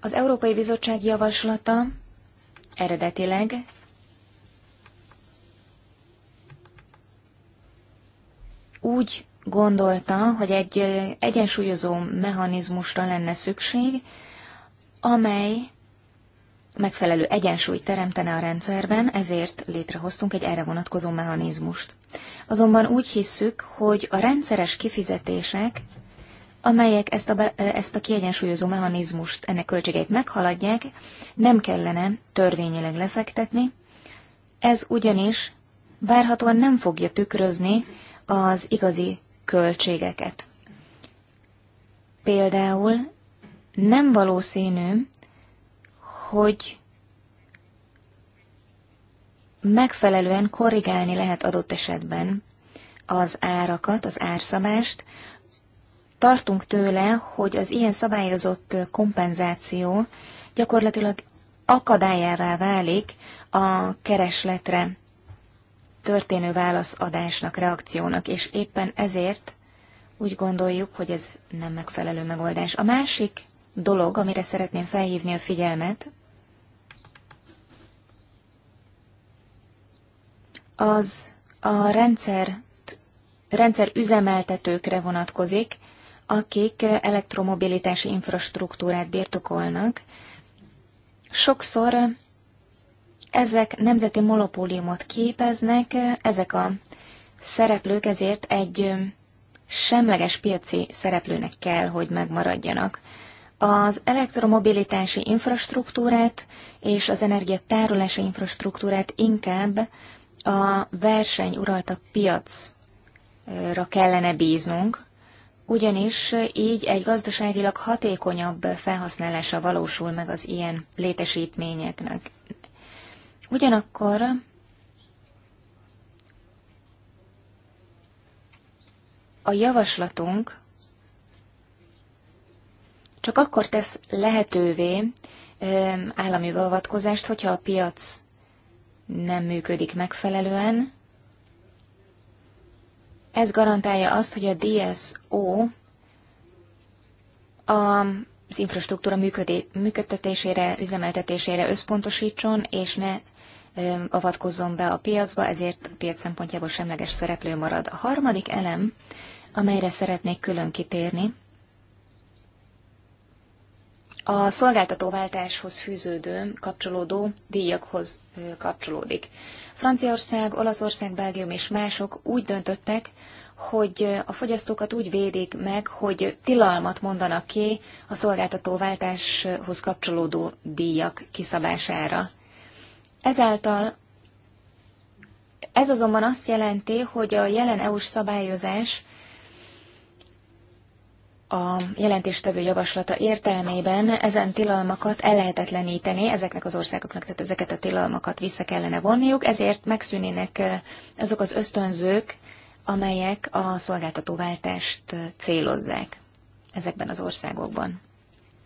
Az Európai Bizottság javaslata eredetileg úgy gondolta, hogy egy egyensúlyozó mechanizmusra lenne szükség, amely megfelelő egyensúly teremtene a rendszerben, ezért létrehoztunk egy erre vonatkozó mechanizmust. Azonban úgy hisszük, hogy a rendszeres kifizetések, amelyek ezt a, be, ezt a kiegyensúlyozó mechanizmust, ennek költségeit meghaladják, nem kellene törvényileg lefektetni. Ez ugyanis várhatóan nem fogja tükrözni az igazi költségeket. Például nem valószínű, hogy megfelelően korrigálni lehet adott esetben az árakat, az árszabást. Tartunk tőle, hogy az ilyen szabályozott kompenzáció gyakorlatilag akadályává válik a keresletre történő válaszadásnak, reakciónak, és éppen ezért úgy gondoljuk, hogy ez nem megfelelő megoldás. A másik dolog, amire szeretném felhívni a figyelmet, az a rendszer, rendszer üzemeltetőkre vonatkozik, akik elektromobilitási infrastruktúrát birtokolnak. Sokszor ezek nemzeti monopóliumot képeznek, ezek a szereplők ezért egy semleges piaci szereplőnek kell, hogy megmaradjanak az elektromobilitási infrastruktúrát és az energiatárolási infrastruktúrát inkább a verseny uralta piacra kellene bíznunk, ugyanis így egy gazdaságilag hatékonyabb felhasználása valósul meg az ilyen létesítményeknek. Ugyanakkor a javaslatunk csak akkor tesz lehetővé állami beavatkozást, hogyha a piac nem működik megfelelően. Ez garantálja azt, hogy a DSO az infrastruktúra működtetésére, üzemeltetésére összpontosítson, és ne avatkozzon be a piacba, ezért a piac szempontjából semleges szereplő marad. A harmadik elem, amelyre szeretnék külön kitérni, a szolgáltatóváltáshoz fűződő, kapcsolódó díjakhoz kapcsolódik. Franciaország, Olaszország, Belgium és mások úgy döntöttek, hogy a fogyasztókat úgy védik meg, hogy tilalmat mondanak ki a szolgáltatóváltáshoz kapcsolódó díjak kiszabására. Ezáltal ez azonban azt jelenti, hogy a jelen EU-s szabályozás a jelentéstevő javaslata értelmében ezen tilalmakat ellehetetleníteni ezeknek az országoknak, tehát ezeket a tilalmakat vissza kellene vonniuk, ezért megszűnének azok az ösztönzők, amelyek a szolgáltatóváltást célozzák ezekben az országokban.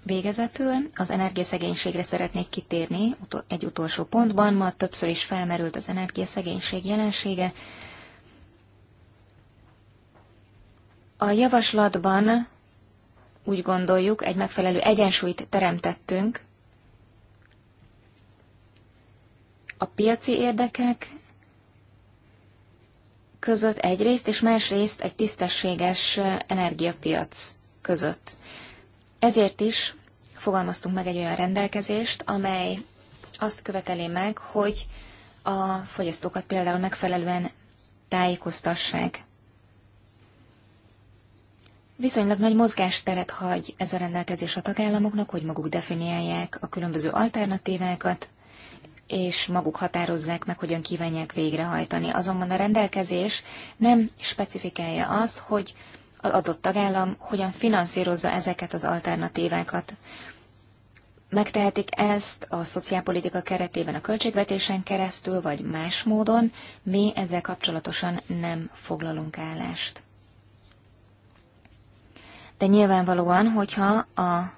Végezetül az energiaszegénységre szeretnék kitérni egy utolsó pontban. Ma többször is felmerült az energiaszegénység jelensége. A javaslatban úgy gondoljuk, egy megfelelő egyensúlyt teremtettünk a piaci érdekek között egyrészt, és másrészt egy tisztességes energiapiac között. Ezért is fogalmaztunk meg egy olyan rendelkezést, amely azt követeli meg, hogy a fogyasztókat például megfelelően tájékoztassák. Viszonylag nagy mozgásteret hagy ez a rendelkezés a tagállamoknak, hogy maguk definiálják a különböző alternatívákat, és maguk határozzák meg, hogyan kívánják végrehajtani. Azonban a rendelkezés nem specifikálja azt, hogy az adott tagállam hogyan finanszírozza ezeket az alternatívákat. Megtehetik ezt a szociálpolitika keretében a költségvetésen keresztül, vagy más módon, mi ezzel kapcsolatosan nem foglalunk állást de nyilvánvalóan, hogyha a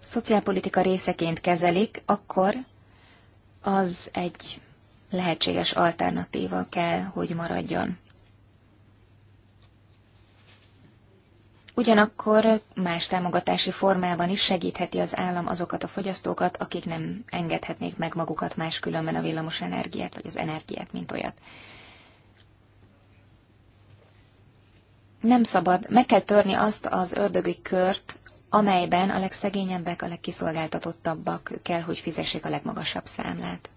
szociálpolitika részeként kezelik, akkor az egy lehetséges alternatíva kell, hogy maradjon. Ugyanakkor más támogatási formában is segítheti az állam azokat a fogyasztókat, akik nem engedhetnék meg magukat máskülönben a villamos energiát vagy az energiát, mint olyat. nem szabad, meg kell törni azt az ördögi kört, amelyben a legszegényebbek, a legkiszolgáltatottabbak kell, hogy fizessék a legmagasabb számlát.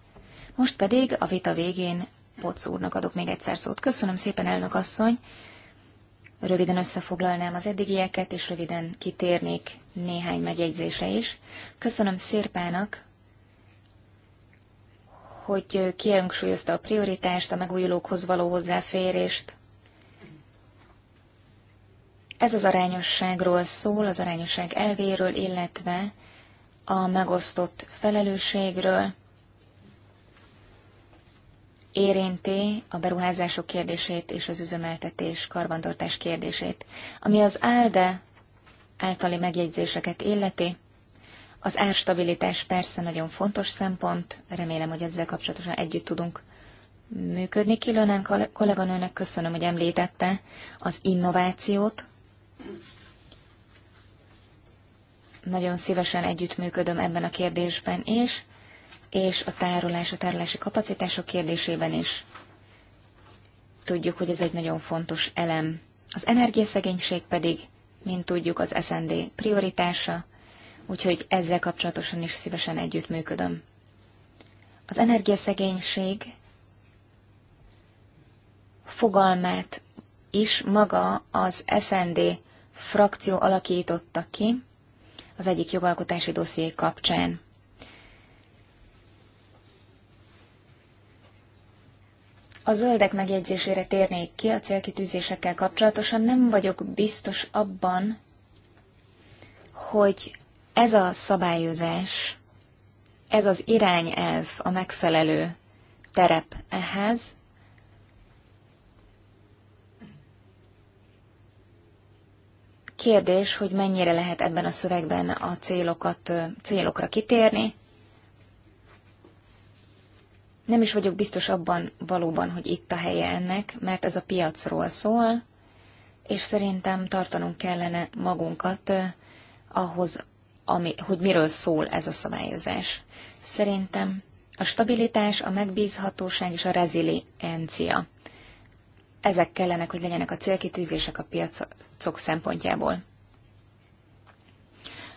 Most pedig a vita végén Pocz úrnak adok még egyszer szót. Köszönöm szépen, elnök asszony! Röviden összefoglalnám az eddigieket, és röviden kitérnék néhány megjegyzése is. Köszönöm Szérpának, hogy kiengsúlyozta a prioritást, a megújulókhoz való hozzáférést, ez az arányosságról szól, az arányosság elvéről, illetve a megosztott felelősségről, érinti a beruházások kérdését és az üzemeltetés karbantartás kérdését. Ami az ALDE általi megjegyzéseket illeti, az árstabilitás persze nagyon fontos szempont, remélem, hogy ezzel kapcsolatosan együtt tudunk működni. Kilönen kolléganőnek köszönöm, hogy említette az innovációt, nagyon szívesen együttműködöm ebben a kérdésben is, és a tárolás, a tárolási kapacitások kérdésében is. Tudjuk, hogy ez egy nagyon fontos elem. Az energiaszegénység pedig, mint tudjuk, az SND prioritása, úgyhogy ezzel kapcsolatosan is szívesen együttműködöm. Az energiaszegénység fogalmát is maga az SND frakció alakította ki az egyik jogalkotási dosszié kapcsán. A zöldek megjegyzésére térnék ki a célkitűzésekkel kapcsolatosan. Nem vagyok biztos abban, hogy ez a szabályozás, ez az irányelv a megfelelő terep ehhez, Kérdés, hogy mennyire lehet ebben a szövegben a célokat, célokra kitérni. Nem is vagyok biztos abban valóban, hogy itt a helye ennek, mert ez a piacról szól, és szerintem tartanunk kellene magunkat ahhoz, ami, hogy miről szól ez a szabályozás. Szerintem a stabilitás, a megbízhatóság és a reziliencia ezek kellenek, hogy legyenek a célkitűzések a piacok szempontjából.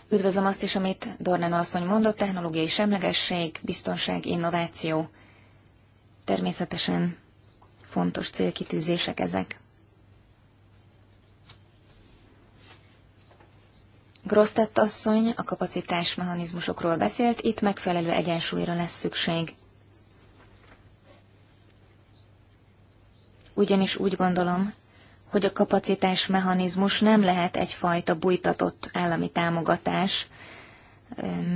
Üdvözlöm azt is, amit Dornan asszony mondott, technológiai semlegesség, biztonság, innováció. Természetesen fontos célkitűzések ezek. Grosztett asszony a kapacitás mechanizmusokról beszélt, itt megfelelő egyensúlyra lesz szükség. ugyanis úgy gondolom, hogy a kapacitás mechanizmus nem lehet egyfajta bújtatott állami támogatás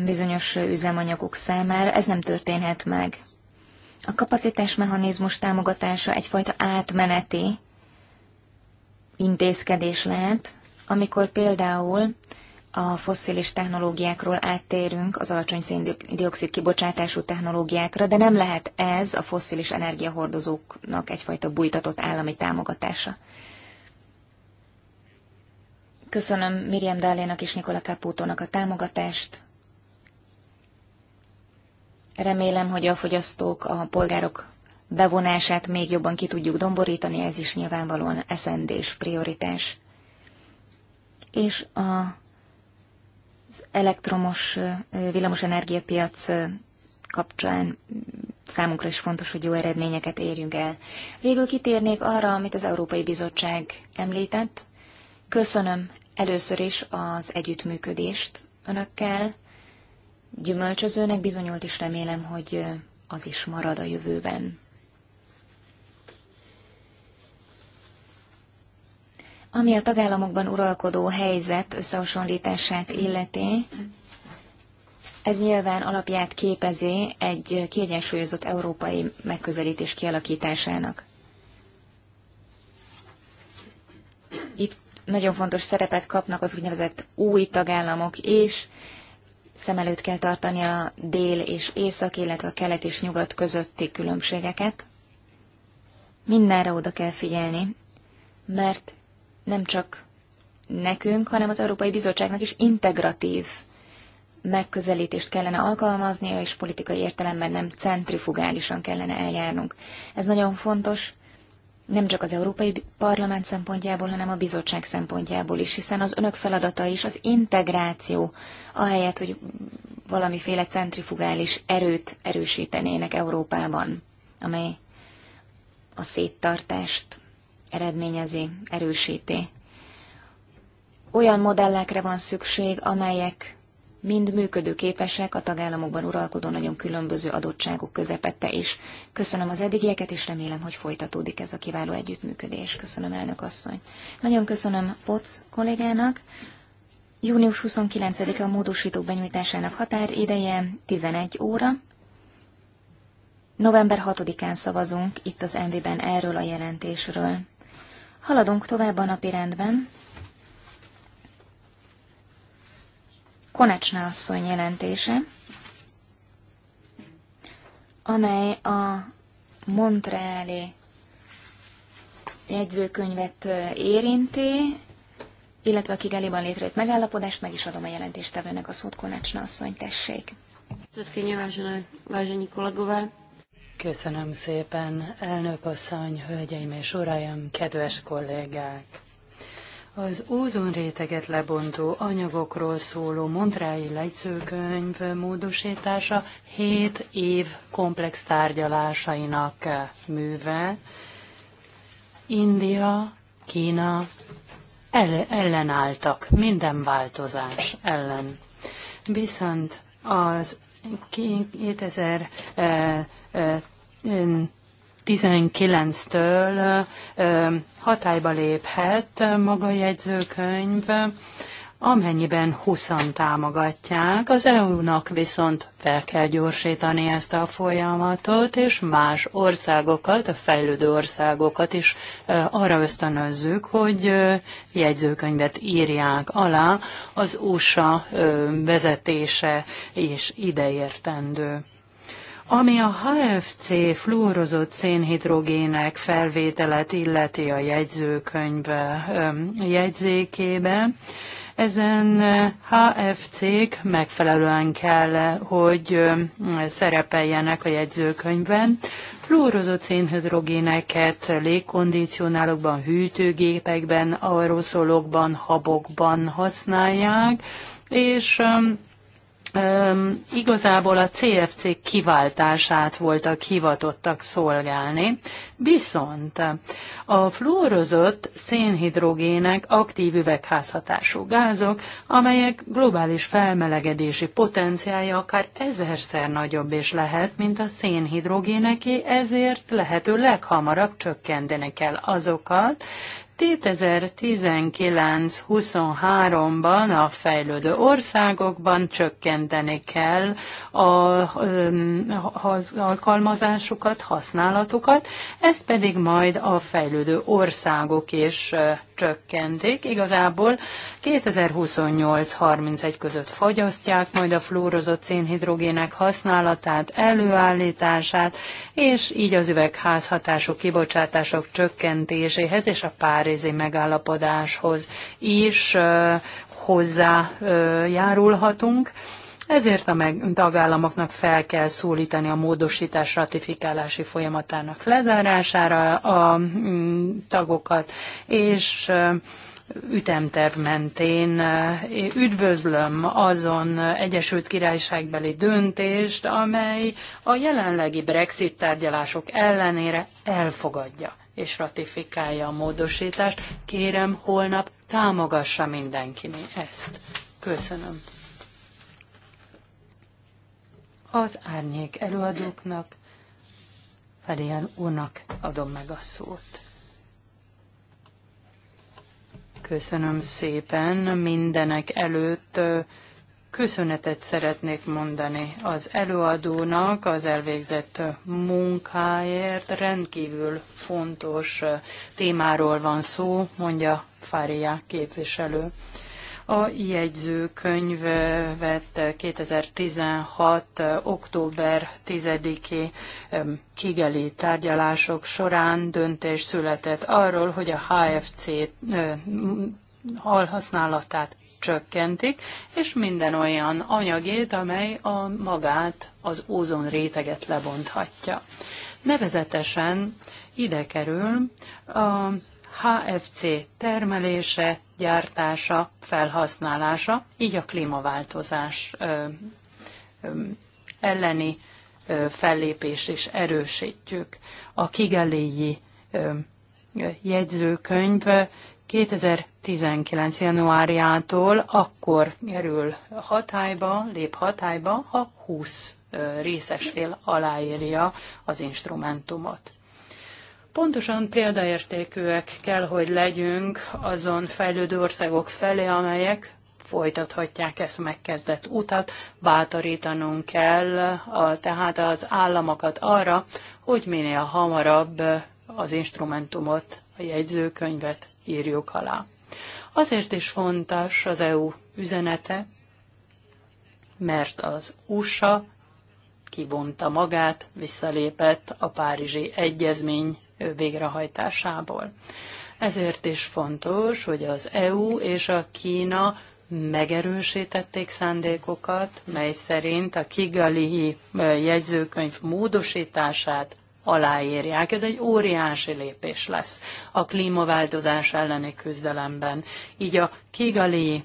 bizonyos üzemanyagok számára, ez nem történhet meg. A kapacitás mechanizmus támogatása egyfajta átmeneti intézkedés lehet, amikor például a fosszilis technológiákról áttérünk az alacsony széndiokszid kibocsátású technológiákra, de nem lehet ez a fosszilis energiahordozóknak egyfajta bújtatott állami támogatása. Köszönöm Miriam Dálénak és Nikola Caputónak a támogatást. Remélem, hogy a fogyasztók, a polgárok bevonását még jobban ki tudjuk domborítani, ez is nyilvánvalóan eszendés prioritás. És a az elektromos villamos energiapiac kapcsán számunkra is fontos, hogy jó eredményeket érjünk el. Végül kitérnék arra, amit az Európai Bizottság említett. Köszönöm először is az együttműködést önökkel. Gyümölcsözőnek bizonyult, és remélem, hogy az is marad a jövőben. Ami a tagállamokban uralkodó helyzet összehasonlítását illeti, ez nyilván alapját képezi egy kiegyensúlyozott európai megközelítés kialakításának. Itt nagyon fontos szerepet kapnak az úgynevezett új tagállamok is, szem előtt kell tartani a dél és észak, illetve a kelet és nyugat közötti különbségeket. Mindenre oda kell figyelni, mert nem csak nekünk, hanem az Európai Bizottságnak is integratív megközelítést kellene alkalmaznia, és politikai értelemben nem centrifugálisan kellene eljárnunk. Ez nagyon fontos, nem csak az Európai Parlament szempontjából, hanem a bizottság szempontjából is, hiszen az önök feladata is az integráció, ahelyett, hogy valamiféle centrifugális erőt erősítenének Európában, amely a széttartást eredményezi, erősíti. Olyan modellekre van szükség, amelyek mind működőképesek a tagállamokban uralkodó nagyon különböző adottságok közepette is. Köszönöm az eddigieket, és remélem, hogy folytatódik ez a kiváló együttműködés. Köszönöm, elnök asszony. Nagyon köszönöm Poc kollégának. Június 29-e a módosítók benyújtásának határideje 11 óra. November 6-án szavazunk itt az MV-ben erről a jelentésről. Haladunk tovább a napi rendben. Konecsna asszony jelentése, amely a Montreali jegyzőkönyvet érinti, illetve a Kigaliban létrejött megállapodást, meg is adom a jelentéstevőnek a szót Konecsna asszony, tessék. Köszönöm, vážení kolegové. Köszönöm szépen, elnök asszony, hölgyeim és uraim, kedves kollégák! Az réteget lebontó anyagokról szóló Montrái legyszőkönyv módosítása 7 év komplex tárgyalásainak műve. India, Kína el- ellenálltak minden változás ellen. Viszont az 2000 19-től hatályba léphet maga a jegyzőkönyv, amennyiben 20 támogatják, az EU-nak viszont fel kell gyorsítani ezt a folyamatot, és más országokat, a fejlődő országokat is arra ösztönözzük, hogy jegyzőkönyvet írják alá, az USA vezetése és ideértendő. Ami a HFC fluorozott szénhidrogének felvételet illeti a jegyzőkönyv jegyzékébe, ezen HFC-k megfelelően kell, hogy szerepeljenek a jegyzőkönyvben. Fluorozott szénhidrogéneket légkondicionálókban, hűtőgépekben, aeroszolokban, habokban használják, és um, igazából a CFC kiváltását voltak hivatottak szolgálni, viszont a fluorozott szénhidrogének aktív üvegházhatású gázok, amelyek globális felmelegedési potenciája akár ezerszer nagyobb is lehet, mint a szénhidrogéneké, ezért lehető leghamarabb csökkenteni kell azokat, 2019-23-ban a fejlődő országokban csökkenteni kell a, az alkalmazásukat, használatukat, ez pedig majd a fejlődő országok is csökkentik. Igazából 2028-31 között fogyasztják majd a fluorozott szénhidrogének használatát, előállítását, és így az üvegházhatású kibocsátások csökkentéséhez és a párizi megállapodáshoz is hozzájárulhatunk. Uh, ezért a meg, tagállamoknak fel kell szólítani a módosítás ratifikálási folyamatának lezárására a mm, tagokat, és ütemterv mentén üdvözlöm azon Egyesült Királyságbeli döntést, amely a jelenlegi Brexit tárgyalások ellenére elfogadja és ratifikálja a módosítást. Kérem, holnap támogassa mindenki ezt. Köszönöm az árnyék előadóknak, Ferian úrnak adom meg a szót. Köszönöm szépen. Mindenek előtt köszönetet szeretnék mondani az előadónak az elvégzett munkáért. Rendkívül fontos témáról van szó, mondja Fária képviselő. A jegyzőkönyvet 2016. október 10-i kigeli tárgyalások során döntés született arról, hogy a HFC halhasználatát csökkentik, és minden olyan anyagét, amely a magát, az ózon réteget lebonthatja. Nevezetesen ide kerül a HFC termelése, gyártása, felhasználása, így a klímaváltozás ö, ö, elleni ö, is erősítjük. A kigeléji jegyzőkönyv 2019. januárjától akkor kerül hatályba, lép hatályba, ha 20 részes fél aláírja az instrumentumot. Pontosan példaértékűek kell, hogy legyünk azon fejlődő országok felé, amelyek folytathatják ezt a megkezdett utat, bátorítanunk kell a, tehát az államokat arra, hogy minél hamarabb az instrumentumot, a jegyzőkönyvet írjuk alá. Azért is fontos az EU üzenete, mert az USA kivonta magát, visszalépett a Párizsi Egyezmény végrehajtásából. Ezért is fontos, hogy az EU és a Kína megerősítették szándékokat, mely szerint a Kigali jegyzőkönyv módosítását aláírják. Ez egy óriási lépés lesz a klímaváltozás elleni küzdelemben. Így a Kigali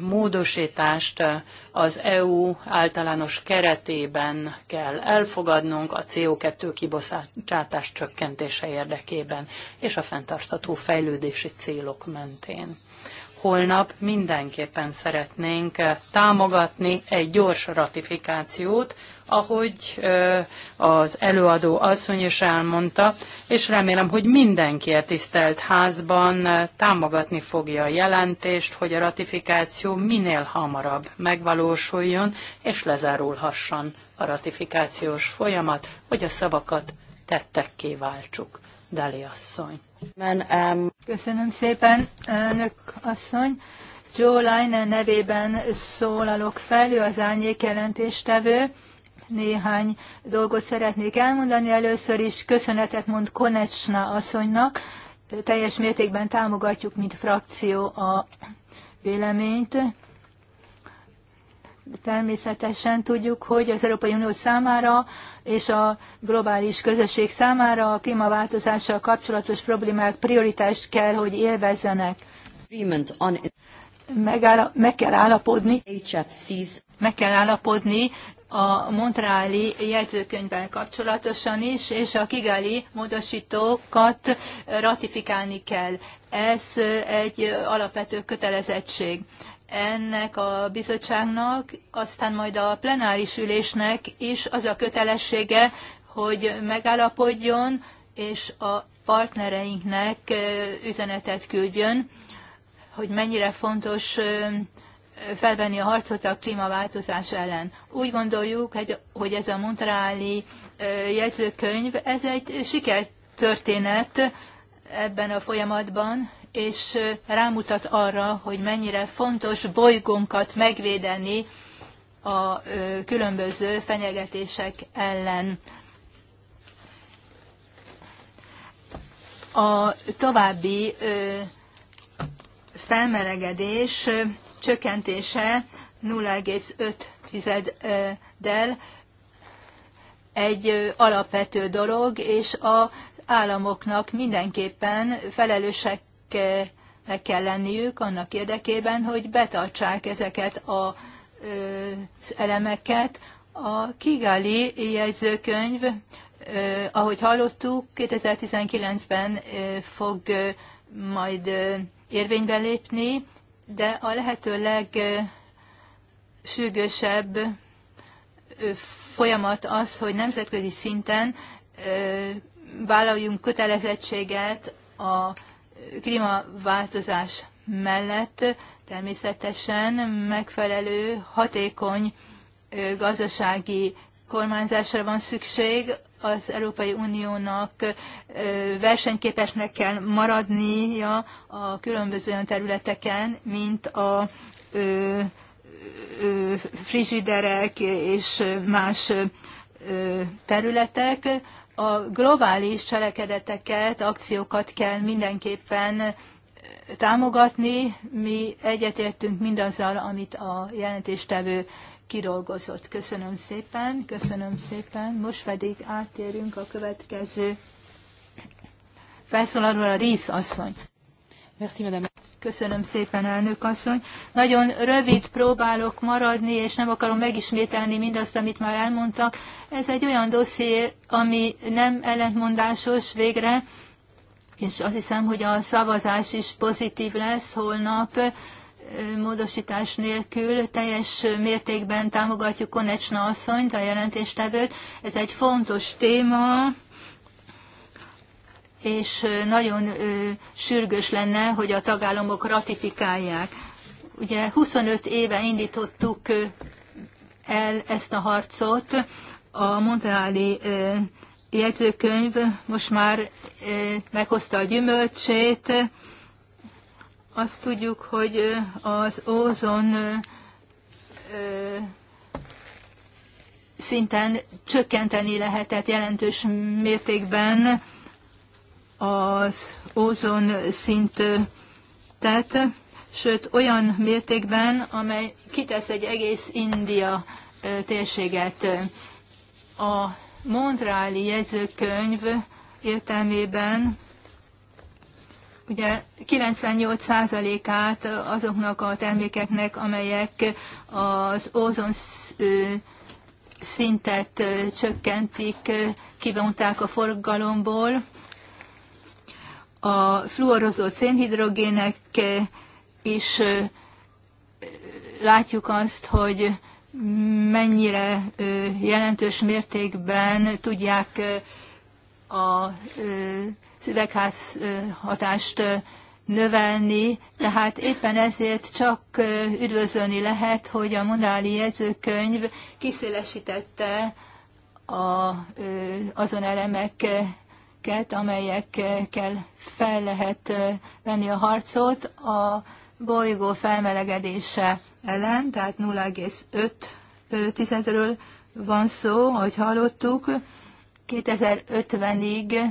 módosítást az EU általános keretében kell elfogadnunk a CO2 kibocsátás csökkentése érdekében és a fenntartható fejlődési célok mentén holnap mindenképpen szeretnénk eh, támogatni egy gyors ratifikációt, ahogy eh, az előadó asszony is elmondta, és remélem, hogy mindenki a tisztelt házban eh, támogatni fogja a jelentést, hogy a ratifikáció minél hamarabb megvalósuljon, és lezárulhasson a ratifikációs folyamat, hogy a szavakat tettekké váltsuk. Dali asszony. Köszönöm szépen, elnök asszony. Joe Leinen nevében szólalok fel, ő az árnyék jelentéstevő. Néhány dolgot szeretnék elmondani. Először is köszönetet mond Konecsna asszonynak. Teljes mértékben támogatjuk, mint frakció a véleményt. Természetesen tudjuk, hogy az Európai Unió számára és a globális közösség számára a klímaváltozással kapcsolatos problémák prioritást kell, hogy élvezzenek. meg kell állapodni, meg kell állapodni a Montreali jegyzőkönyvvel kapcsolatosan is, és a kigali módosítókat ratifikálni kell. Ez egy alapvető kötelezettség ennek a bizottságnak, aztán majd a plenáris ülésnek is az a kötelessége, hogy megállapodjon, és a partnereinknek üzenetet küldjön, hogy mennyire fontos felvenni a harcot a klímaváltozás ellen. Úgy gondoljuk, hogy ez a Montreali jegyzőkönyv, ez egy sikertörténet ebben a folyamatban, és rámutat arra, hogy mennyire fontos bolygónkat megvédeni a különböző fenyegetések ellen. A további felmelegedés csökkentése 0,5-del egy alapvető dolog, és a államoknak mindenképpen felelősek meg kell lenniük annak érdekében, hogy betartsák ezeket az elemeket. A Kigali jegyzőkönyv, ahogy hallottuk, 2019-ben fog majd érvénybe lépni, de a lehető legsűgősebb folyamat az, hogy nemzetközi szinten vállaljunk kötelezettséget a klímaváltozás mellett természetesen megfelelő, hatékony gazdasági kormányzásra van szükség, az Európai Uniónak versenyképesnek kell maradnia a különböző olyan területeken, mint a frizsiderek és más területek a globális cselekedeteket, akciókat kell mindenképpen eh, támogatni. Mi egyetértünk mindazzal, amit a jelentéstevő kidolgozott. Köszönöm szépen, köszönöm szépen. Most pedig áttérünk a következő felszólalóra, Rész asszony. Köszönöm szépen, elnök asszony. Nagyon rövid próbálok maradni, és nem akarom megismételni mindazt, amit már elmondtak. Ez egy olyan dosszié, ami nem ellentmondásos végre, és azt hiszem, hogy a szavazás is pozitív lesz holnap módosítás nélkül teljes mértékben támogatjuk Konecsna asszonyt, a jelentéstevőt. Ez egy fontos téma, és nagyon sürgős lenne, hogy a tagállamok ratifikálják. Ugye 25 éve indítottuk el ezt a harcot, a Montreali jegyzőkönyv most már meghozta a gyümölcsét. Azt tudjuk, hogy az ózon szinten csökkenteni lehetett jelentős mértékben az ózon szint tehát, sőt olyan mértékben, amely kitesz egy egész India térséget. A Montráli jegyzőkönyv értelmében ugye 98%-át azoknak a termékeknek, amelyek az ózon szintet csökkentik, kivonták a forgalomból, a fluorozott szénhidrogének eh, is eh, látjuk azt, hogy mennyire eh, jelentős mértékben tudják a szüvegház hatást növelni, tehát éppen ezért csak üdvözölni lehet, hogy a monáli jegyzőkönyv kiszélesítette a, azon elemek eszközöket, amelyekkel fel lehet eh, venni a harcot a bolygó felmelegedése ellen, tehát 0,5-ről van szó, ahogy hallottuk, 2050-ig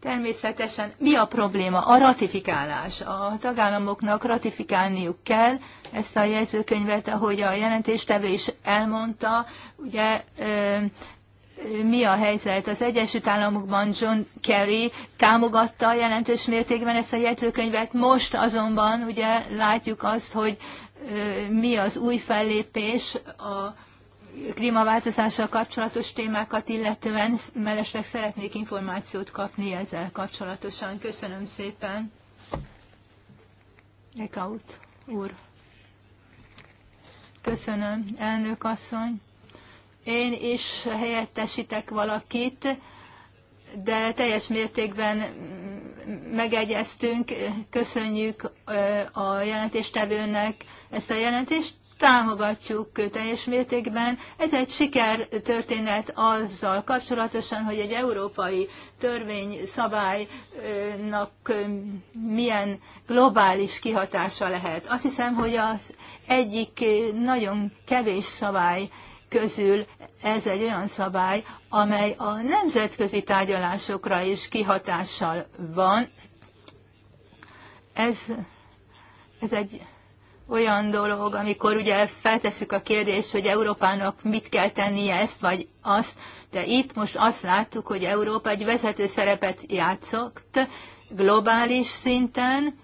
Természetesen mi a probléma? A ratifikálás. A tagállamoknak ratifikálniuk kell ezt a jegyzőkönyvet, ahogy a jelentéstevő is elmondta, ugye eh, mi a helyzet. Az Egyesült Államokban John Kerry támogatta jelentős mértékben ezt a jegyzőkönyvet, most azonban ugye látjuk azt, hogy mi az új fellépés a klímaváltozással kapcsolatos témákat illetően, mellesleg szeretnék információt kapni ezzel kapcsolatosan. Köszönöm szépen. Ekaut úr. Köszönöm, elnök asszony. Én is helyettesítek valakit, de teljes mértékben megegyeztünk, köszönjük a jelentéstevőnek ezt a jelentést, támogatjuk teljes mértékben. Ez egy sikertörténet azzal kapcsolatosan, hogy egy európai törvény szabálynak milyen globális kihatása lehet. Azt hiszem, hogy az egyik nagyon kevés szabály közül ez egy olyan szabály, amely a nemzetközi tárgyalásokra is kihatással van. Ez, ez egy olyan dolog, amikor ugye feltesszük a kérdést, hogy Európának mit kell tennie ezt vagy azt, de itt most azt láttuk, hogy Európa egy vezető szerepet játszott globális szinten,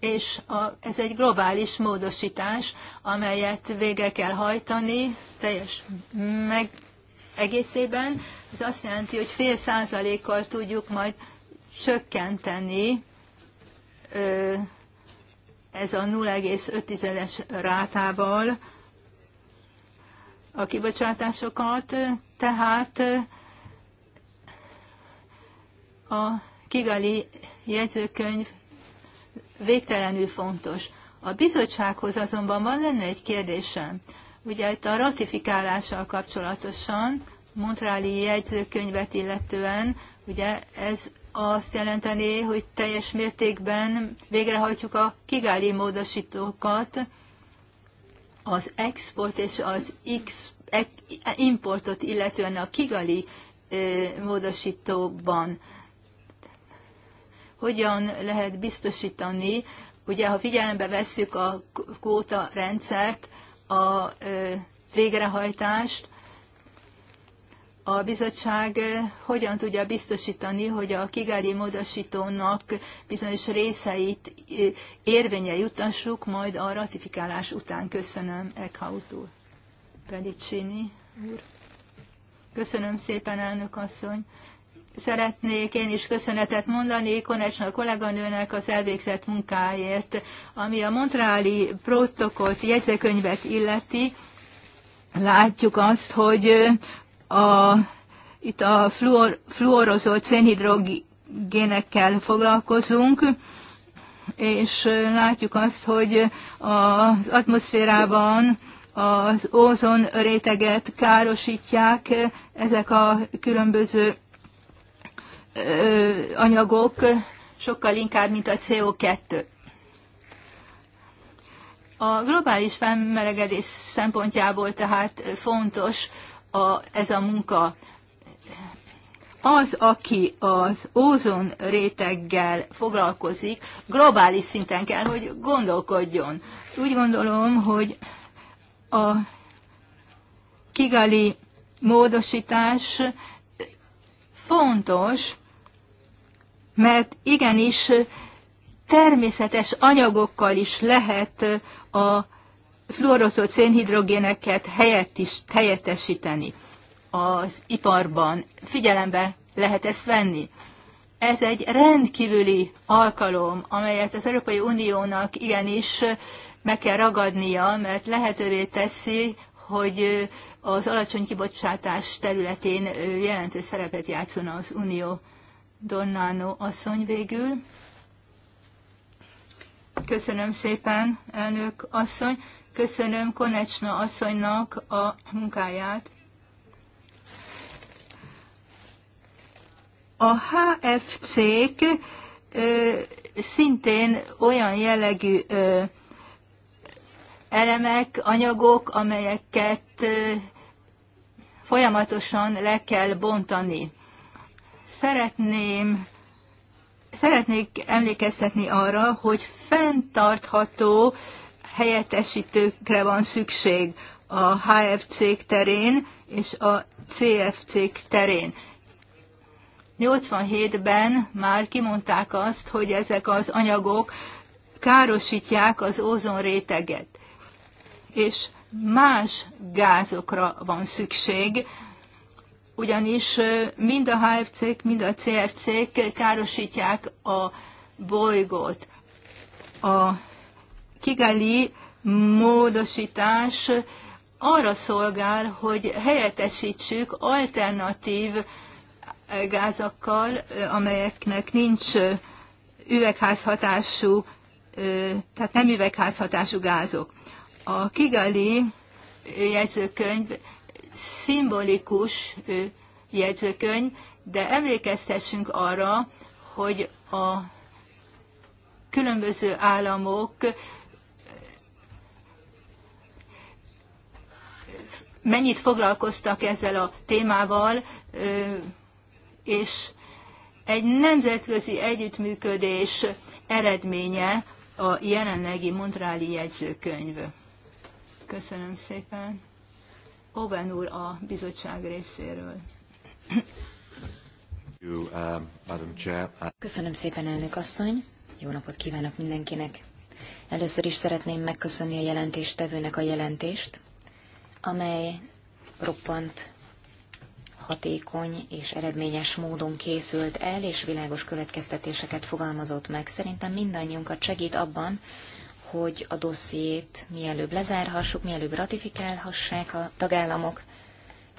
és a, ez egy globális módosítás, amelyet végre kell hajtani teljes meg egészében. Ez azt jelenti, hogy fél százalékkal tudjuk majd csökkenteni ö, ez a 0,5-es rátával a kibocsátásokat, tehát a Kigali jegyzőkönyv végtelenül fontos. A bizottsághoz azonban van lenne egy kérdésem. Ugye itt a ratifikálással kapcsolatosan, Montráli jegyzőkönyvet illetően, ugye ez azt jelenteni, hogy teljes mértékben végrehajtjuk a kigáli módosítókat, az export és az X, e, importot illetően a kigali módosítóban hogyan lehet biztosítani, ugye ha figyelembe vesszük a kóta rendszert, a végrehajtást, a bizottság hogyan tudja biztosítani, hogy a kigári módosítónak bizonyos részeit érvénye jutassuk, majd a ratifikálás után köszönöm Eckhout úr. Pedicini úr. Köszönöm szépen, elnök asszony szeretnék én is köszönetet mondani Konecsnak kolléganőnek az elvégzett munkáért, ami a Montreali protokollt jegyzőkönyvet illeti. Látjuk azt, hogy a, itt a fluor, fluorozott szénhidrogénekkel foglalkozunk, és látjuk azt, hogy az atmoszférában az ózon réteget károsítják ezek a különböző anyagok sokkal inkább, mint a CO2. A globális felmelegedés szempontjából tehát fontos a, ez a munka. Az, aki az ózon réteggel foglalkozik, globális szinten kell, hogy gondolkodjon. Úgy gondolom, hogy a kigali módosítás fontos, mert igenis természetes anyagokkal is lehet a fluorozott szénhidrogéneket helyett is, helyettesíteni az iparban. Figyelembe lehet ezt venni. Ez egy rendkívüli alkalom, amelyet az Európai Uniónak igenis meg kell ragadnia, mert lehetővé teszi, hogy az alacsony kibocsátás területén jelentős szerepet játszon az Unió Donnánó asszony végül. Köszönöm szépen, elnök asszony. Köszönöm Konecsna asszonynak a munkáját. A HFC-k szintén olyan jellegű ö, elemek, anyagok, amelyeket ö, folyamatosan le kell bontani szeretném szeretnék emlékeztetni arra, hogy fenntartható helyettesítőkre van szükség a HFC terén és a CFC terén. 87-ben már kimondták azt, hogy ezek az anyagok károsítják az réteget, és más gázokra van szükség, ugyanis mind a HFC-k, mind a CFC-k károsítják a bolygót. A kigali módosítás arra szolgál, hogy helyettesítsük alternatív gázakkal, amelyeknek nincs üvegházhatású, tehát nem üvegházhatású gázok. A kigali jegyzőkönyv szimbolikus jegyzőkönyv, de emlékeztessünk arra, hogy a különböző államok mennyit foglalkoztak ezzel a témával, és egy nemzetközi együttműködés eredménye a jelenlegi Montráli jegyzőkönyv. Köszönöm szépen. Hoven úr a bizottság részéről. Uh, uh, Köszönöm szépen, elnök asszony. Jó napot kívánok mindenkinek. Először is szeretném megköszönni a jelentéstevőnek a jelentést, amely roppant hatékony és eredményes módon készült el, és világos következtetéseket fogalmazott meg. Szerintem mindannyiunkat segít abban, hogy a dossziét mielőbb lezárhassuk, mielőbb ratifikálhassák a tagállamok,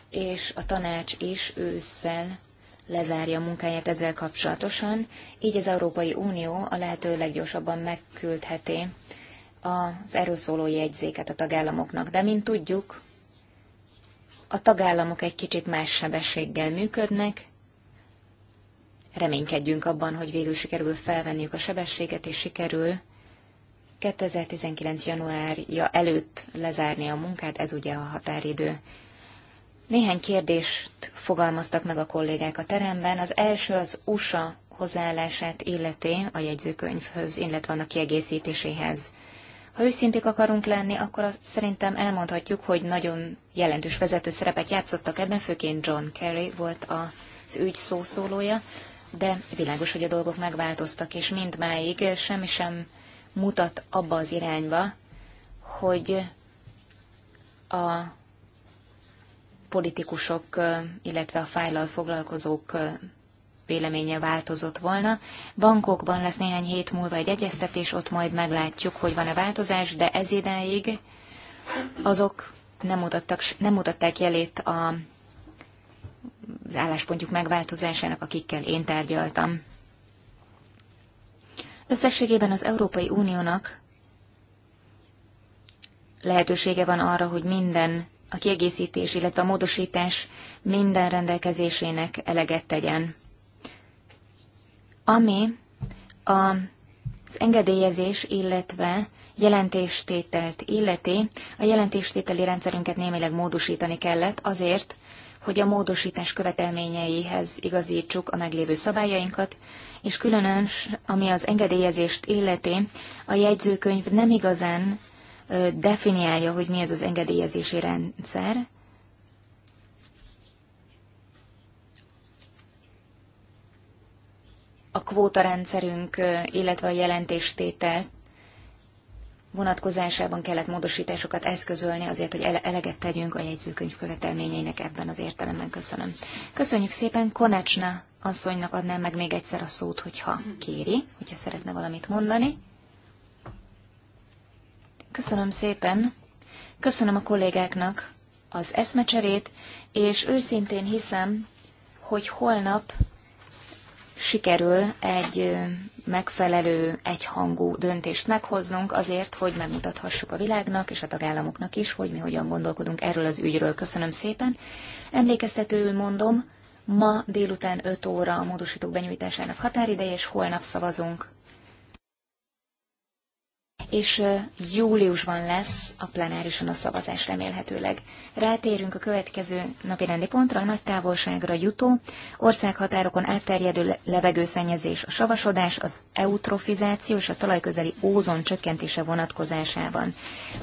és a tanács is ősszel lezárja a munkáját ezzel kapcsolatosan, így az Európai Unió a lehető leggyorsabban megküldheti az erről szóló jegyzéket a tagállamoknak. De mint tudjuk, a tagállamok egy kicsit más sebességgel működnek, reménykedjünk abban, hogy végül sikerül felvenniük a sebességet, és sikerül 2019. januárja előtt lezárni a munkát, ez ugye a határidő. Néhány kérdést fogalmaztak meg a kollégák a teremben. Az első az USA hozzáállását illeti a jegyzőkönyvhöz, illetve annak kiegészítéséhez. Ha őszinték akarunk lenni, akkor azt szerintem elmondhatjuk, hogy nagyon jelentős vezető szerepet játszottak ebben, főként John Kerry volt az ügy szószólója, de világos, hogy a dolgok megváltoztak, és mindmáig semmi sem mutat abba az irányba, hogy a politikusok, illetve a fájlal foglalkozók véleménye változott volna. Bankokban lesz néhány hét múlva egy egyeztetés, ott majd meglátjuk, hogy van-e változás, de ez idáig azok nem, mutattak, nem mutatták jelét a, az álláspontjuk megváltozásának, akikkel én tárgyaltam. Összességében az Európai Uniónak lehetősége van arra, hogy minden a kiegészítés, illetve a módosítás minden rendelkezésének eleget tegyen. Ami a, az engedélyezés, illetve jelentéstételt illeti, a jelentéstételi rendszerünket némileg módosítani kellett azért, hogy a módosítás követelményeihez igazítsuk a meglévő szabályainkat, és különös, ami az engedélyezést illeti, a jegyzőkönyv nem igazán definiálja, hogy mi ez az engedélyezési rendszer. A kvóta rendszerünk illetve a jelentéstételt vonatkozásában kellett módosításokat eszközölni azért, hogy eleget tegyünk a jegyzőkönyv követelményeinek ebben az értelemben. Köszönöm. Köszönjük szépen. Konecsna asszonynak adnám meg még egyszer a szót, hogyha kéri, hogyha szeretne valamit mondani. Köszönöm szépen. Köszönöm a kollégáknak az eszmecserét, és őszintén hiszem, hogy holnap sikerül egy megfelelő, egyhangú döntést meghoznunk azért, hogy megmutathassuk a világnak és a tagállamoknak is, hogy mi hogyan gondolkodunk erről az ügyről. Köszönöm szépen. Emlékeztetőül mondom, ma délután 5 óra a módosítók benyújtásának határideje, és holnap szavazunk és júliusban lesz a plenárison a szavazás remélhetőleg. Rátérünk a következő napi rendi pontra, a nagy távolságra jutó, országhatárokon átterjedő levegőszennyezés, a savasodás, az eutrofizáció és a talajközeli ózon csökkentése vonatkozásában.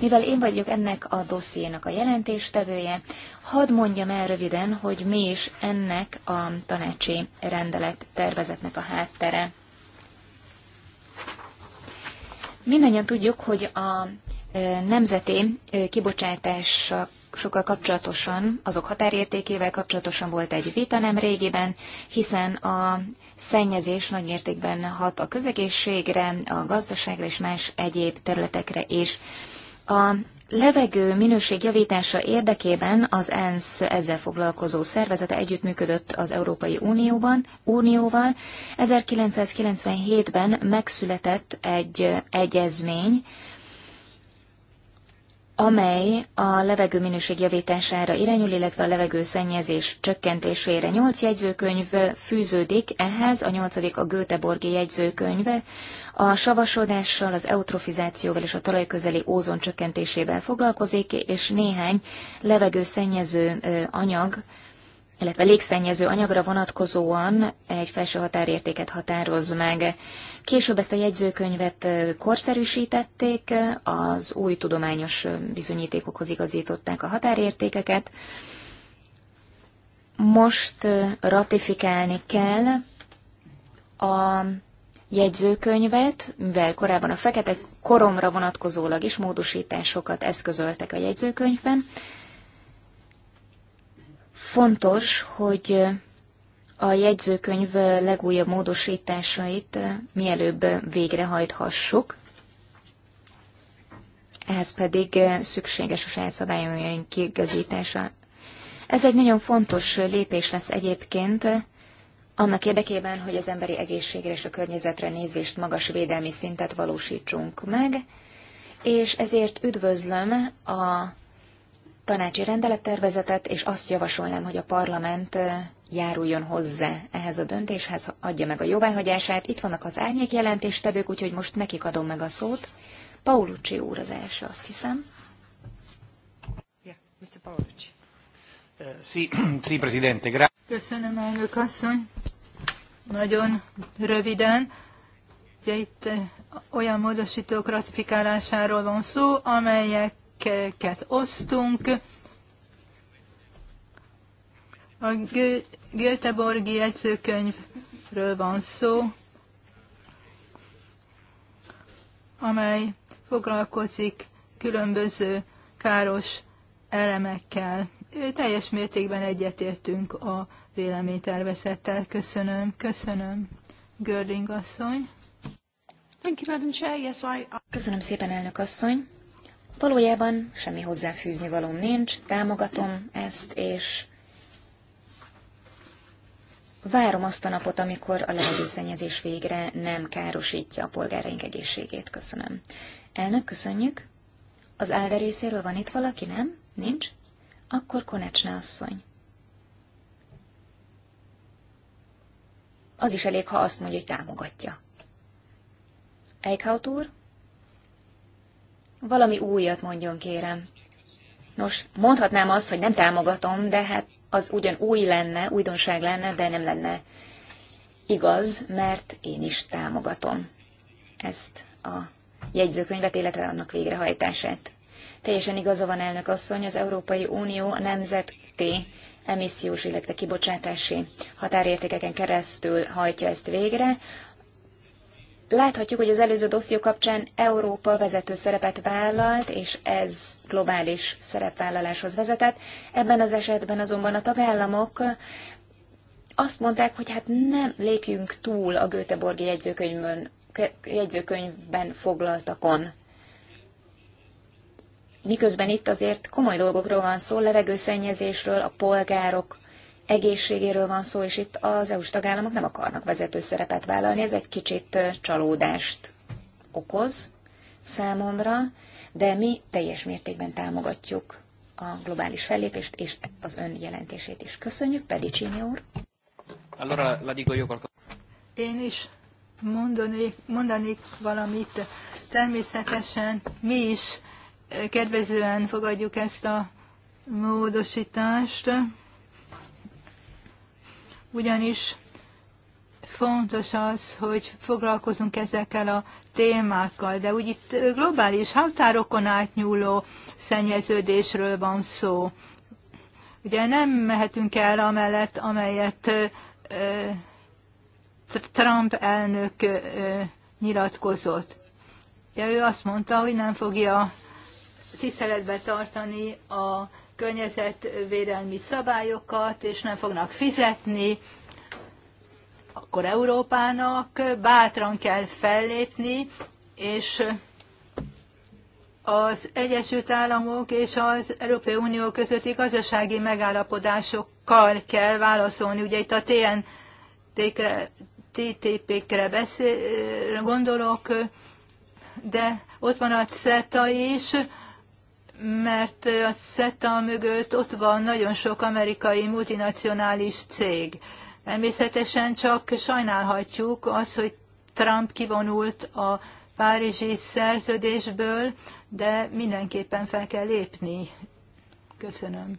Mivel én vagyok ennek a dossziénak a jelentéstevője, hadd mondjam el röviden, hogy mi is ennek a tanácsi rendelet tervezetnek a háttere. Mindannyian tudjuk, hogy a nemzeti kibocsátások sokkal kapcsolatosan, azok határértékével kapcsolatosan volt egy vita nem régiben, hiszen a szennyezés nagy mértékben hat a közegészségre, a gazdaságra és más egyéb területekre is. A levegő minőség javítása érdekében az ENSZ ezzel foglalkozó szervezete együttműködött az Európai Unióban, Unióval. 1997-ben megszületett egy egyezmény, amely a levegő minőség javítására irányul, illetve a levegőszennyezés csökkentésére. Nyolc jegyzőkönyv fűződik ehhez, a nyolcadik a Göteborgi jegyzőkönyve, a savasodással, az eutrofizációval és a talajközeli ózon csökkentésével foglalkozik, és néhány levegőszennyező anyag, illetve légszennyező anyagra vonatkozóan egy felső határértéket határoz meg. Később ezt a jegyzőkönyvet korszerűsítették, az új tudományos bizonyítékokhoz igazították a határértékeket. Most ratifikálni kell a jegyzőkönyvet, mivel korábban a fekete koromra vonatkozólag is módosításokat eszközöltek a jegyzőkönyvben. Fontos, hogy a jegyzőkönyv legújabb módosításait mielőbb végrehajthassuk. Ehhez pedig szükséges a saját szabályaink kigazítása. Ez egy nagyon fontos lépés lesz egyébként, annak érdekében, hogy az emberi egészségre és a környezetre nézvést magas védelmi szintet valósítsunk meg, és ezért üdvözlöm a tanácsi rendelettervezetet, és azt javasolnám, hogy a parlament járuljon hozzá ehhez a döntéshez, adja meg a jóváhagyását. Itt vannak az árnyék jelentéstevők, úgyhogy most nekik adom meg a szót. Paulucci úr az első, azt hiszem. Mr. Paulucci. Eh, presidente. Köszönöm, elnök asszony. Nagyon röviden. Ugye itt eh, olyan módosítók ratifikálásáról van szó, amelyeket osztunk, a Göteborgi jegyzőkönyvről van szó, amely foglalkozik különböző káros elemekkel. Teljes mértékben egyetértünk a véleménytervezettel. Köszönöm, köszönöm. Görling asszony. Köszönöm szépen, elnök asszony. Valójában semmi hozzáfűzni való nincs, támogatom ezt, és Várom azt a napot, amikor a levegőszennyezés végre nem károsítja a polgáraink egészségét. Köszönöm. Elnök, köszönjük. Az Álda részéről van itt valaki, nem? Nincs? Akkor Konecsne asszony. Az is elég, ha azt mondja, hogy támogatja. Eichhaut úr? Valami újat mondjon, kérem. Nos, mondhatnám azt, hogy nem támogatom, de hát az ugyan új lenne, újdonság lenne, de nem lenne igaz, mert én is támogatom ezt a jegyzőkönyvet, illetve annak végrehajtását. Teljesen igaza van elnök asszony, az Európai Unió nemzeti emissziós, illetve kibocsátási határértékeken keresztül hajtja ezt végre. Láthatjuk, hogy az előző dosszió kapcsán Európa vezető szerepet vállalt, és ez globális szerepvállaláshoz vezetett. Ebben az esetben azonban a tagállamok azt mondták, hogy hát nem lépjünk túl a Göteborgi jegyzőkönyvön, jegyzőkönyvben foglaltakon. Miközben itt azért komoly dolgokról van szó, levegőszennyezésről, a polgárok egészségéről van szó, és itt az EU-s tagállamok nem akarnak vezető szerepet vállalni. Ez egy kicsit csalódást okoz számomra, de mi teljes mértékben támogatjuk a globális fellépést, és az ön jelentését is. Köszönjük, Pedicini úr! Allora, Én is mondani, mondanék valamit. Természetesen mi is kedvezően fogadjuk ezt a módosítást ugyanis fontos az, hogy foglalkozunk ezekkel a témákkal, de úgy itt globális határokon átnyúló szennyeződésről van szó. Ugye nem mehetünk el amellett, amelyet Trump elnök nyilatkozott. Ja ő azt mondta, hogy nem fogja tiszteletbe tartani a környezetvédelmi szabályokat, és nem fognak fizetni, akkor Európának bátran kell fellépni, és az Egyesült Államok és az Európai Unió közötti gazdasági megállapodásokkal kell válaszolni. Ugye itt a TNT-kre, TTP-kre beszél, gondolok, de ott van a CETA is, mert a SETA mögött ott van nagyon sok amerikai multinacionális cég. Természetesen csak sajnálhatjuk az, hogy Trump kivonult a Párizsi szerződésből, de mindenképpen fel kell lépni. Köszönöm.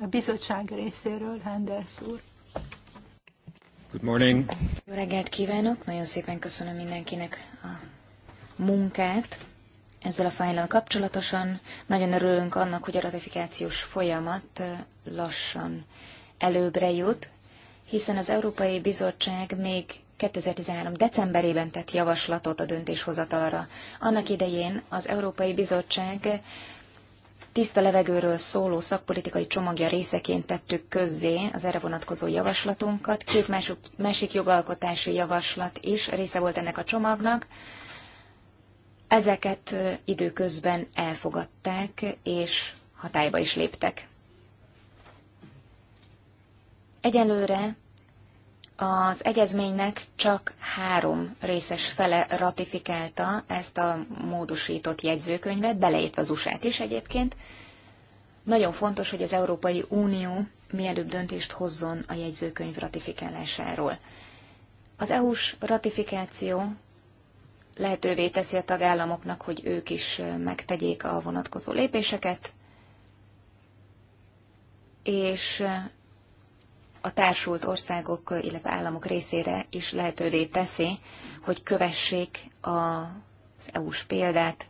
A bizottság részéről, Henders úr. Good morning. Jó reggelt kívánok, nagyon szépen köszönöm mindenkinek a munkát ezzel a fájlal kapcsolatosan. Nagyon örülünk annak, hogy a ratifikációs folyamat lassan előbbre jut, hiszen az Európai Bizottság még 2013. decemberében tett javaslatot a döntéshozatalra. Annak idején az Európai Bizottság tiszta levegőről szóló szakpolitikai csomagja részeként tettük közzé az erre vonatkozó javaslatunkat. Két másik, másik jogalkotási javaslat is része volt ennek a csomagnak. Ezeket időközben elfogadták, és hatályba is léptek. Egyelőre az egyezménynek csak három részes fele ratifikálta ezt a módosított jegyzőkönyvet, beleértve az usa is egyébként. Nagyon fontos, hogy az Európai Unió mielőbb döntést hozzon a jegyzőkönyv ratifikálásáról. Az EU-s ratifikáció lehetővé teszi a tagállamoknak, hogy ők is megtegyék a vonatkozó lépéseket, és a társult országok, illetve államok részére is lehetővé teszi, hogy kövessék az EU-s példát.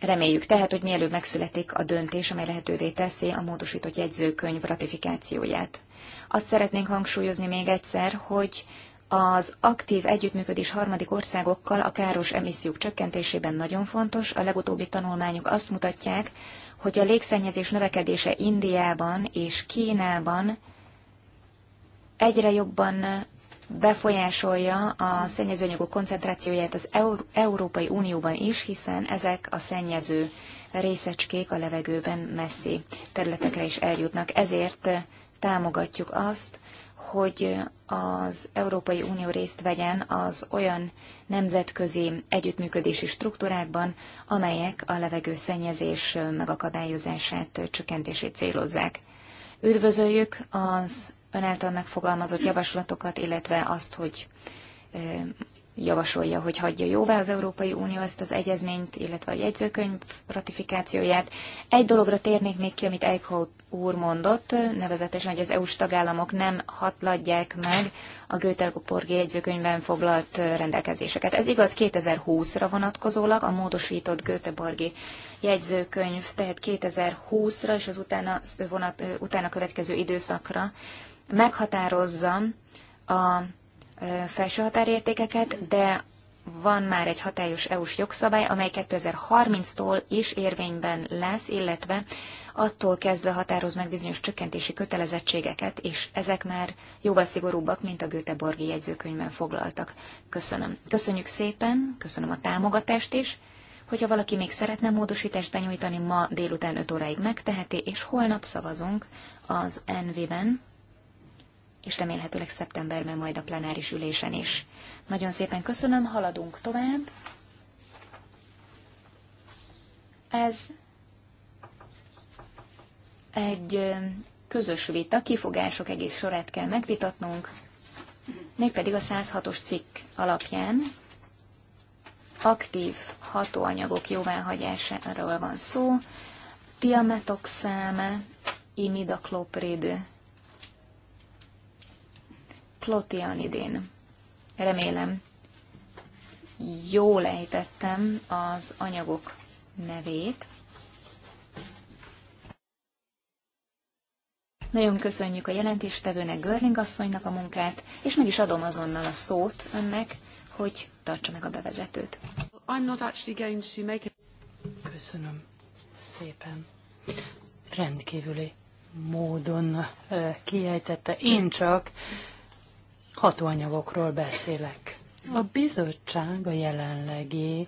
Reméljük tehát, hogy mielőbb megszületik a döntés, amely lehetővé teszi a módosított jegyzőkönyv ratifikációját. Azt szeretnénk hangsúlyozni még egyszer, hogy az aktív együttműködés harmadik országokkal a káros emissziók csökkentésében nagyon fontos. A legutóbbi tanulmányok azt mutatják, hogy a légszennyezés növekedése Indiában és Kínában egyre jobban befolyásolja a szennyezőanyagok koncentrációját az Európai Unióban is, hiszen ezek a szennyező részecskék a levegőben messzi területekre is eljutnak. Ezért támogatjuk azt, hogy az Európai Unió részt vegyen az olyan nemzetközi együttműködési struktúrákban, amelyek a levegőszennyezés megakadályozását, csökkentését célozzák. Üdvözöljük az ön által megfogalmazott javaslatokat, illetve azt, hogy javasolja, hogy hagyja jóvá az Európai Unió ezt az egyezményt, illetve a jegyzőkönyv ratifikációját. Egy dologra térnék még ki, amit Eichhout úr mondott, nevezetesen, hogy az EU-s tagállamok nem hatladják meg a Göteborgi jegyzőkönyvben foglalt rendelkezéseket. Ez igaz 2020-ra vonatkozólag, a módosított Göteborgi jegyzőkönyv, tehát 2020-ra és az utána, vonat, utána következő időszakra meghatározza a felső határértékeket, de van már egy hatályos EU-s jogszabály, amely 2030-tól is érvényben lesz, illetve attól kezdve határoz meg bizonyos csökkentési kötelezettségeket, és ezek már jóval szigorúbbak, mint a Göteborgi jegyzőkönyvben foglaltak. Köszönöm. Köszönjük szépen, köszönöm a támogatást is. Hogyha valaki még szeretne módosítást benyújtani, ma délután 5 óráig megteheti, és holnap szavazunk az NV-ben és remélhetőleg szeptemberben majd a plenáris ülésen is. Nagyon szépen köszönöm, haladunk tovább. Ez egy közös vita, kifogások egész sorát kell megvitatnunk, mégpedig a 106-os cikk alapján aktív hatóanyagok jóváhagyásáról van szó, diametoxám, imidaklopridő, klotianidin. Remélem, jól ejtettem az anyagok nevét. Nagyon köszönjük a jelentéstevőnek, Görling asszonynak a munkát, és meg is adom azonnal a szót önnek, hogy tartsa meg a bevezetőt. I'm not actually going to make Köszönöm szépen. Rendkívüli módon kiejtette. Én csak hatóanyagokról beszélek. A bizottság a jelenlegi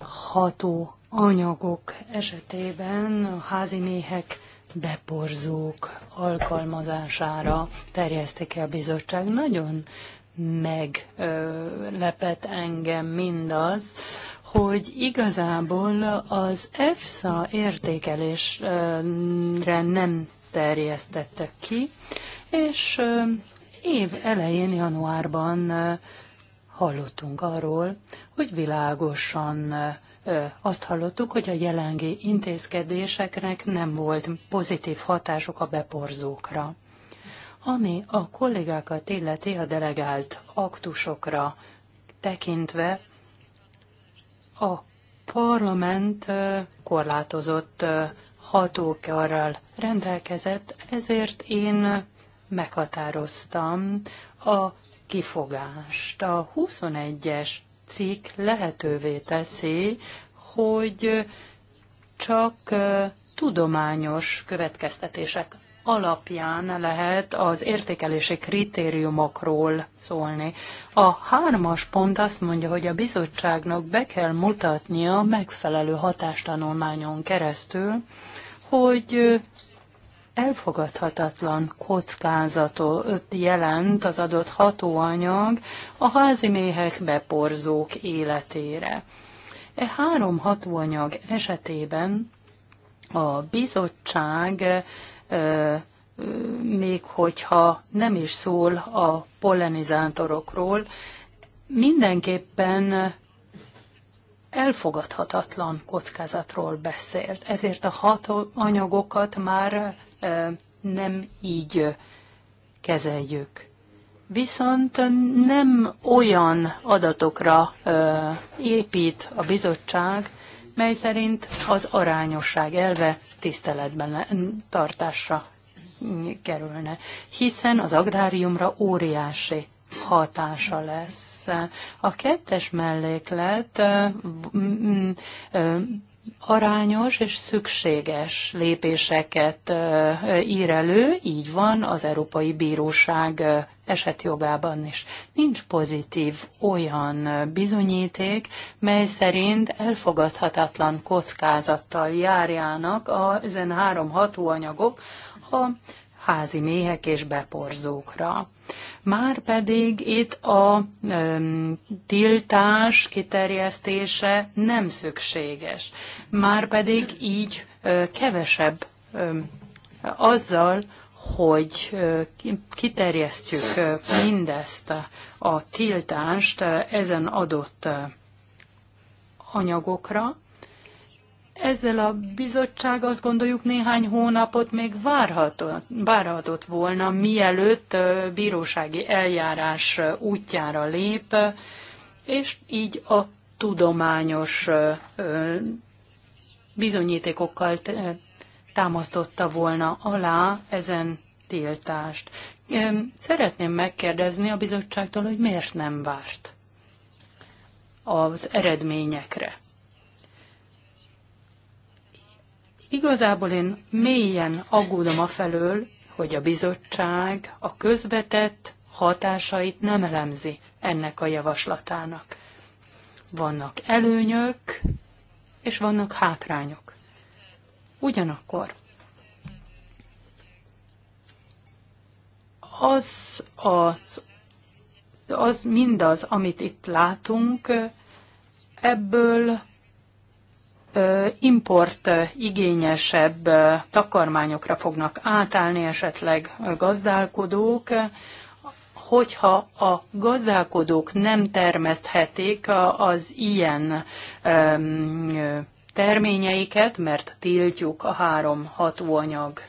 hatóanyagok esetében a házi méhek beporzók alkalmazására terjesztik ki a bizottság. Nagyon meglepet engem mindaz, hogy igazából az EFSA értékelésre nem terjesztette ki, és év elején, januárban hallottunk arról, hogy világosan azt hallottuk, hogy a jelengi intézkedéseknek nem volt pozitív hatásuk a beporzókra. Ami a kollégákat illeti a delegált aktusokra tekintve, a parlament korlátozott hatókarral rendelkezett, ezért én meghatároztam a kifogást. A 21-es cikk lehetővé teszi, hogy csak tudományos következtetések alapján lehet az értékelési kritériumokról szólni. A hármas pont azt mondja, hogy a bizottságnak be kell mutatnia megfelelő hatástanulmányon keresztül, hogy elfogadhatatlan kockázatot jelent az adott hatóanyag a házi méhek beporzók életére. E három hatóanyag esetében a bizottság ö, még hogyha nem is szól a pollenizátorokról, mindenképpen elfogadhatatlan kockázatról beszélt. Ezért a hat anyagokat már nem így kezeljük. Viszont nem olyan adatokra épít a bizottság, mely szerint az arányosság elve tiszteletben tartásra kerülne, hiszen az agráriumra óriási hatása lesz. A kettes melléklet arányos és szükséges lépéseket ír elő, így van az Európai Bíróság esetjogában is. Nincs pozitív olyan bizonyíték, mely szerint elfogadhatatlan kockázattal járjának a ezen három hatóanyagok, ha házi méhek és beporzókra. Már pedig itt a öm, tiltás kiterjesztése nem szükséges. Már pedig így ö, kevesebb öm, azzal, hogy kiterjesztjük mindezt a tiltást ezen adott anyagokra, ezzel a bizottság azt gondoljuk néhány hónapot még várhatott, várhatott volna, mielőtt bírósági eljárás útjára lép, és így a tudományos bizonyítékokkal támasztotta volna alá ezen tiltást. Szeretném megkérdezni a bizottságtól, hogy miért nem várt az eredményekre Igazából én mélyen aggódom felől, hogy a bizottság a közvetett hatásait nem elemzi ennek a javaslatának. Vannak előnyök, és vannak hátrányok. Ugyanakkor az, az, az mindaz, amit itt látunk, ebből import igényesebb takarmányokra fognak átállni esetleg gazdálkodók, hogyha a gazdálkodók nem termeszthetik az ilyen terményeiket, mert tiltjuk a három hatóanyag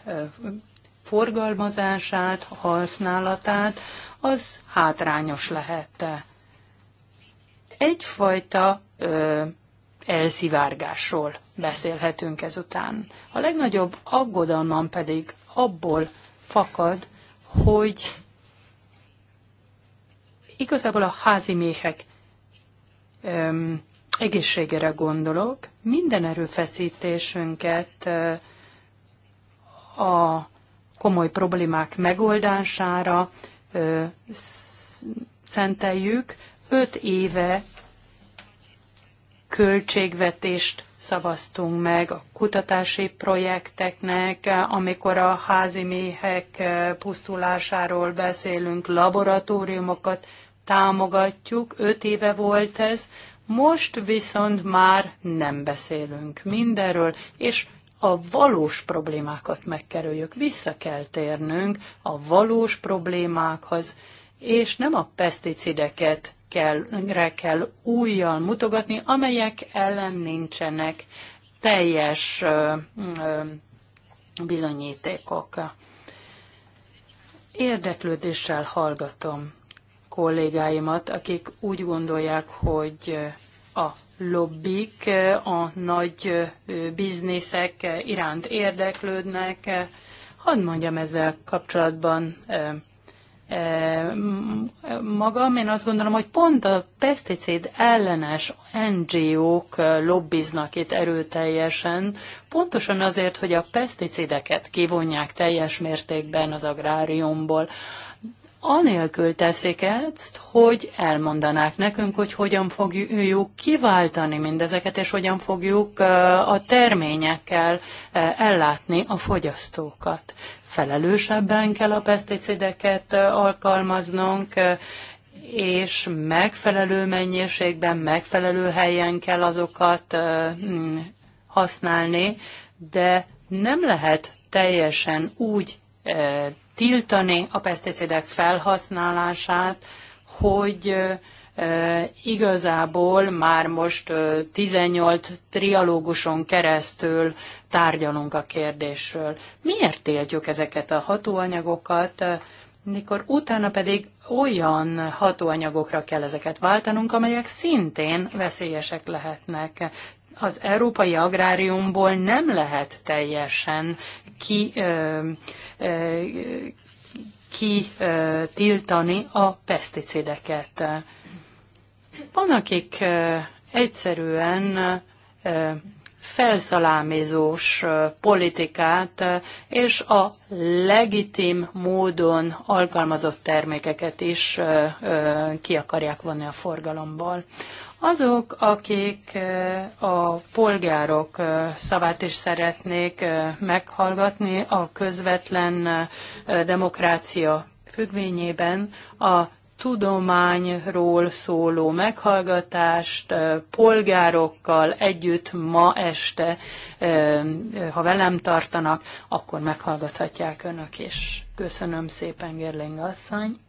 forgalmazását, használatát, az hátrányos lehet. Egyfajta elszivárgásról beszélhetünk ezután. A legnagyobb aggodalmam pedig abból fakad, hogy igazából a házi méhek öm, egészségére gondolok, minden erőfeszítésünket a komoly problémák megoldására szenteljük. Öt éve költségvetést szavaztunk meg a kutatási projekteknek, amikor a házi méhek pusztulásáról beszélünk, laboratóriumokat támogatjuk, öt éve volt ez, most viszont már nem beszélünk mindenről, és a valós problémákat megkerüljük. Vissza kell térnünk a valós problémákhoz, és nem a peszticideket kell, kell újjal mutogatni, amelyek ellen nincsenek teljes bizonyítékok. Érdeklődéssel hallgatom kollégáimat, akik úgy gondolják, hogy a lobbik, a nagy bizniszek iránt érdeklődnek. Hadd mondjam ezzel kapcsolatban magam, én azt gondolom, hogy pont a peszticid ellenes NGO-k lobbiznak itt erőteljesen, pontosan azért, hogy a peszticideket kivonják teljes mértékben az agráriumból. Anélkül teszik ezt, hogy elmondanák nekünk, hogy hogyan fogjuk kiváltani mindezeket, és hogyan fogjuk a terményekkel ellátni a fogyasztókat felelősebben kell a peszticideket alkalmaznunk, és megfelelő mennyiségben, megfelelő helyen kell azokat mm, használni, de nem lehet teljesen úgy tiltani a peszticidek felhasználását, hogy Igazából már most 18 trialóguson keresztül tárgyalunk a kérdésről. Miért tiltjuk ezeket a hatóanyagokat, mikor utána pedig olyan hatóanyagokra kell ezeket váltanunk, amelyek szintén veszélyesek lehetnek az európai agráriumból nem lehet teljesen ki, ö, ö, ki ö, tiltani a peszticideket. Van, akik egyszerűen felszalámizós politikát és a legitim módon alkalmazott termékeket is ki akarják vonni a forgalomból. Azok, akik a polgárok szavát is szeretnék meghallgatni a közvetlen demokrácia függvényében, a tudományról szóló meghallgatást polgárokkal együtt ma este, ha velem tartanak, akkor meghallgathatják önök is. Köszönöm szépen, Gerling asszony.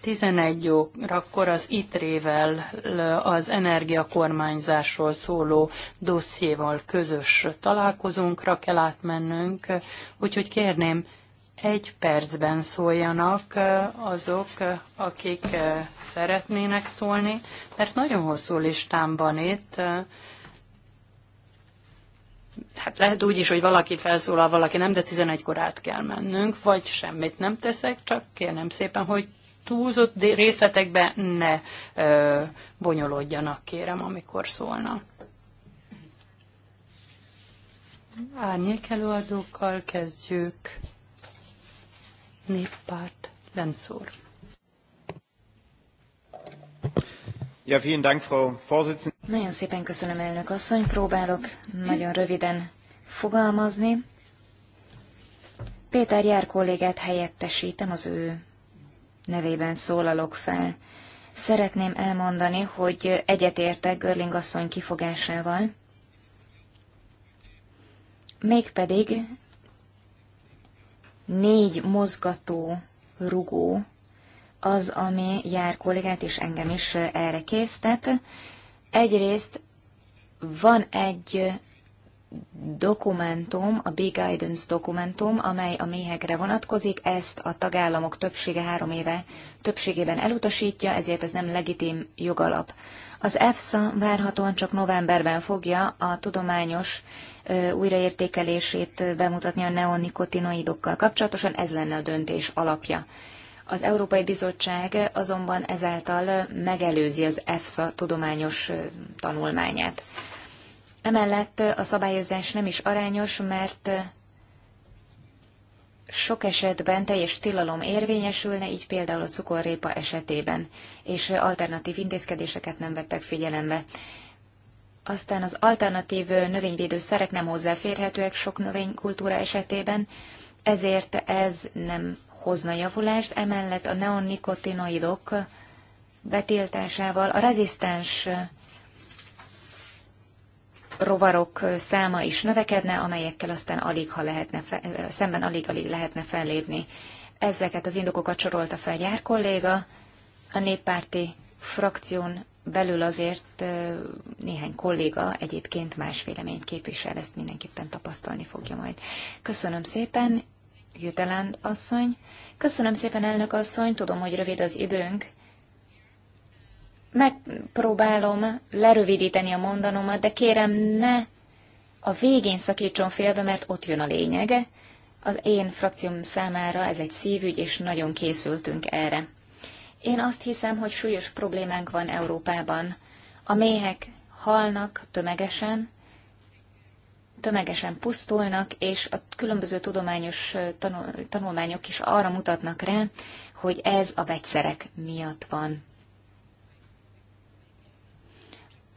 11 órakor az ITRÉ-vel az energiakormányzásról szóló dossziéval közös találkozónkra kell átmennünk, úgyhogy kérném egy percben szóljanak azok, akik szeretnének szólni, mert nagyon hosszú listán van itt. Hát lehet úgy is, hogy valaki felszólal, valaki nem, de 11-kor át kell mennünk, vagy semmit nem teszek, csak kérem szépen, hogy túlzott részletekbe ne ö, bonyolódjanak, kérem, amikor szólnak. Árnyék előadókkal kezdjük. Néppárt, Lenszúr. Ja, vielen Dank, Frau Vorsitzende. Nagyon szépen köszönöm, elnök asszony. Próbálok nagyon röviden fogalmazni. Péter Jár kollégát helyettesítem, az ő nevében szólalok fel. Szeretném elmondani, hogy egyetértek Görling asszony kifogásával, mégpedig négy mozgató rugó az, ami jár kollégát és engem is erre késztet. Egyrészt van egy dokumentum, a Big Guidance dokumentum, amely a méhekre vonatkozik, ezt a tagállamok többsége három éve többségében elutasítja, ezért ez nem legitim jogalap. Az EFSA várhatóan csak novemberben fogja a tudományos újraértékelését bemutatni a neonikotinoidokkal kapcsolatosan, ez lenne a döntés alapja. Az Európai Bizottság azonban ezáltal megelőzi az EFSA tudományos tanulmányát. Emellett a szabályozás nem is arányos, mert sok esetben teljes tilalom érvényesülne, így például a cukorrépa esetében, és alternatív intézkedéseket nem vettek figyelembe. Aztán az alternatív növényvédőszerek nem hozzáférhetőek sok növénykultúra esetében, ezért ez nem hozna javulást, emellett a neonikotinoidok betiltásával a rezisztens rovarok száma is növekedne, amelyekkel aztán alig, ha lehetne, szemben alig-alig lehetne fellépni. Ezeket az indokokat sorolta fel Gyár kolléga, a néppárti frakción belül azért néhány kolléga egyébként más véleményt képvisel, ezt mindenképpen tapasztalni fogja majd. Köszönöm szépen, Jüteland asszony. Köszönöm szépen, elnök asszony, tudom, hogy rövid az időnk, Megpróbálom lerövidíteni a mondanomat, de kérem ne a végén szakítson félbe, mert ott jön a lényege. Az én frakcióm számára ez egy szívügy, és nagyon készültünk erre. Én azt hiszem, hogy súlyos problémánk van Európában. A méhek halnak tömegesen, tömegesen pusztulnak, és a különböző tudományos tanulmányok is arra mutatnak rá, hogy ez a vegyszerek miatt van.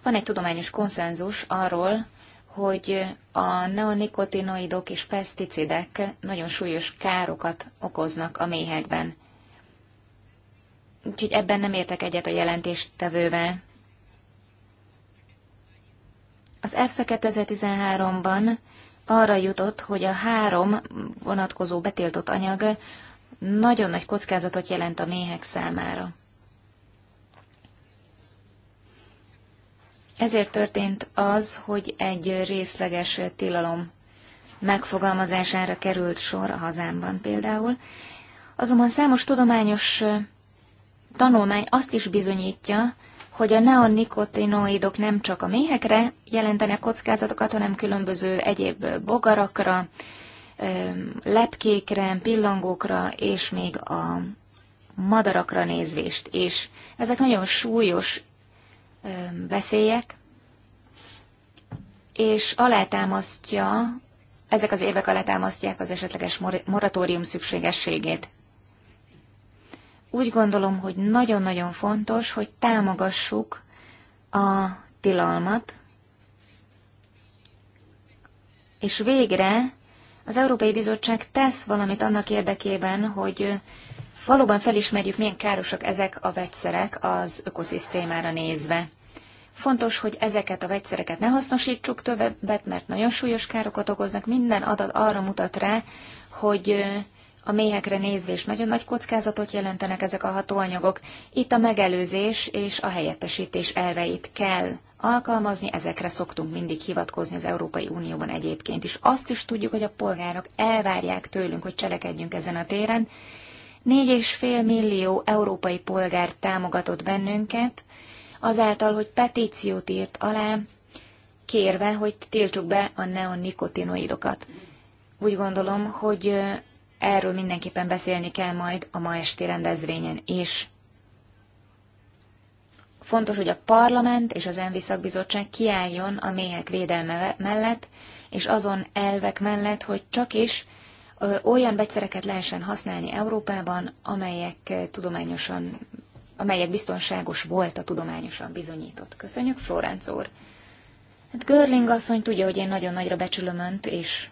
Van egy tudományos konszenzus arról, hogy a neonikotinoidok és peszticidek nagyon súlyos károkat okoznak a méhekben. Úgyhogy ebben nem értek egyet a jelentéstevővel. Az EFSA 2013-ban arra jutott, hogy a három vonatkozó betiltott anyag nagyon nagy kockázatot jelent a méhek számára. Ezért történt az, hogy egy részleges tilalom megfogalmazására került sor a hazámban például. Azonban számos tudományos tanulmány azt is bizonyítja, hogy a neonikotinoidok nem csak a méhekre jelentenek kockázatokat, hanem különböző egyéb bogarakra, lepkékre, pillangókra és még a madarakra nézvést is. Ezek nagyon súlyos veszélyek, és alátámasztja, ezek az érvek alátámasztják az esetleges moratórium szükségességét. Úgy gondolom, hogy nagyon-nagyon fontos, hogy támogassuk a tilalmat, és végre az Európai Bizottság tesz valamit annak érdekében, hogy valóban felismerjük, milyen károsak ezek a vegyszerek az ökoszisztémára nézve. Fontos, hogy ezeket a vegyszereket ne hasznosítsuk többet, mert nagyon súlyos károkat okoznak. Minden adat arra mutat rá, hogy a méhekre nézve is nagyon nagy kockázatot jelentenek ezek a hatóanyagok. Itt a megelőzés és a helyettesítés elveit kell alkalmazni, ezekre szoktunk mindig hivatkozni az Európai Unióban egyébként is. Azt is tudjuk, hogy a polgárok elvárják tőlünk, hogy cselekedjünk ezen a téren, fél millió európai polgár támogatott bennünket, azáltal, hogy petíciót írt alá, kérve, hogy tiltsuk be a neonikotinoidokat. Úgy gondolom, hogy erről mindenképpen beszélni kell majd a ma esti rendezvényen is. Fontos, hogy a parlament és az ENVI szakbizottság kiálljon a méhek védelme mellett, és azon elvek mellett, hogy csak is olyan vegyszereket lehessen használni Európában, amelyek tudományosan, amelyek biztonságos volt a tudományosan bizonyított. Köszönjük, Florenc úr! Hát Görling asszony tudja, hogy én nagyon nagyra becsülöm önt, és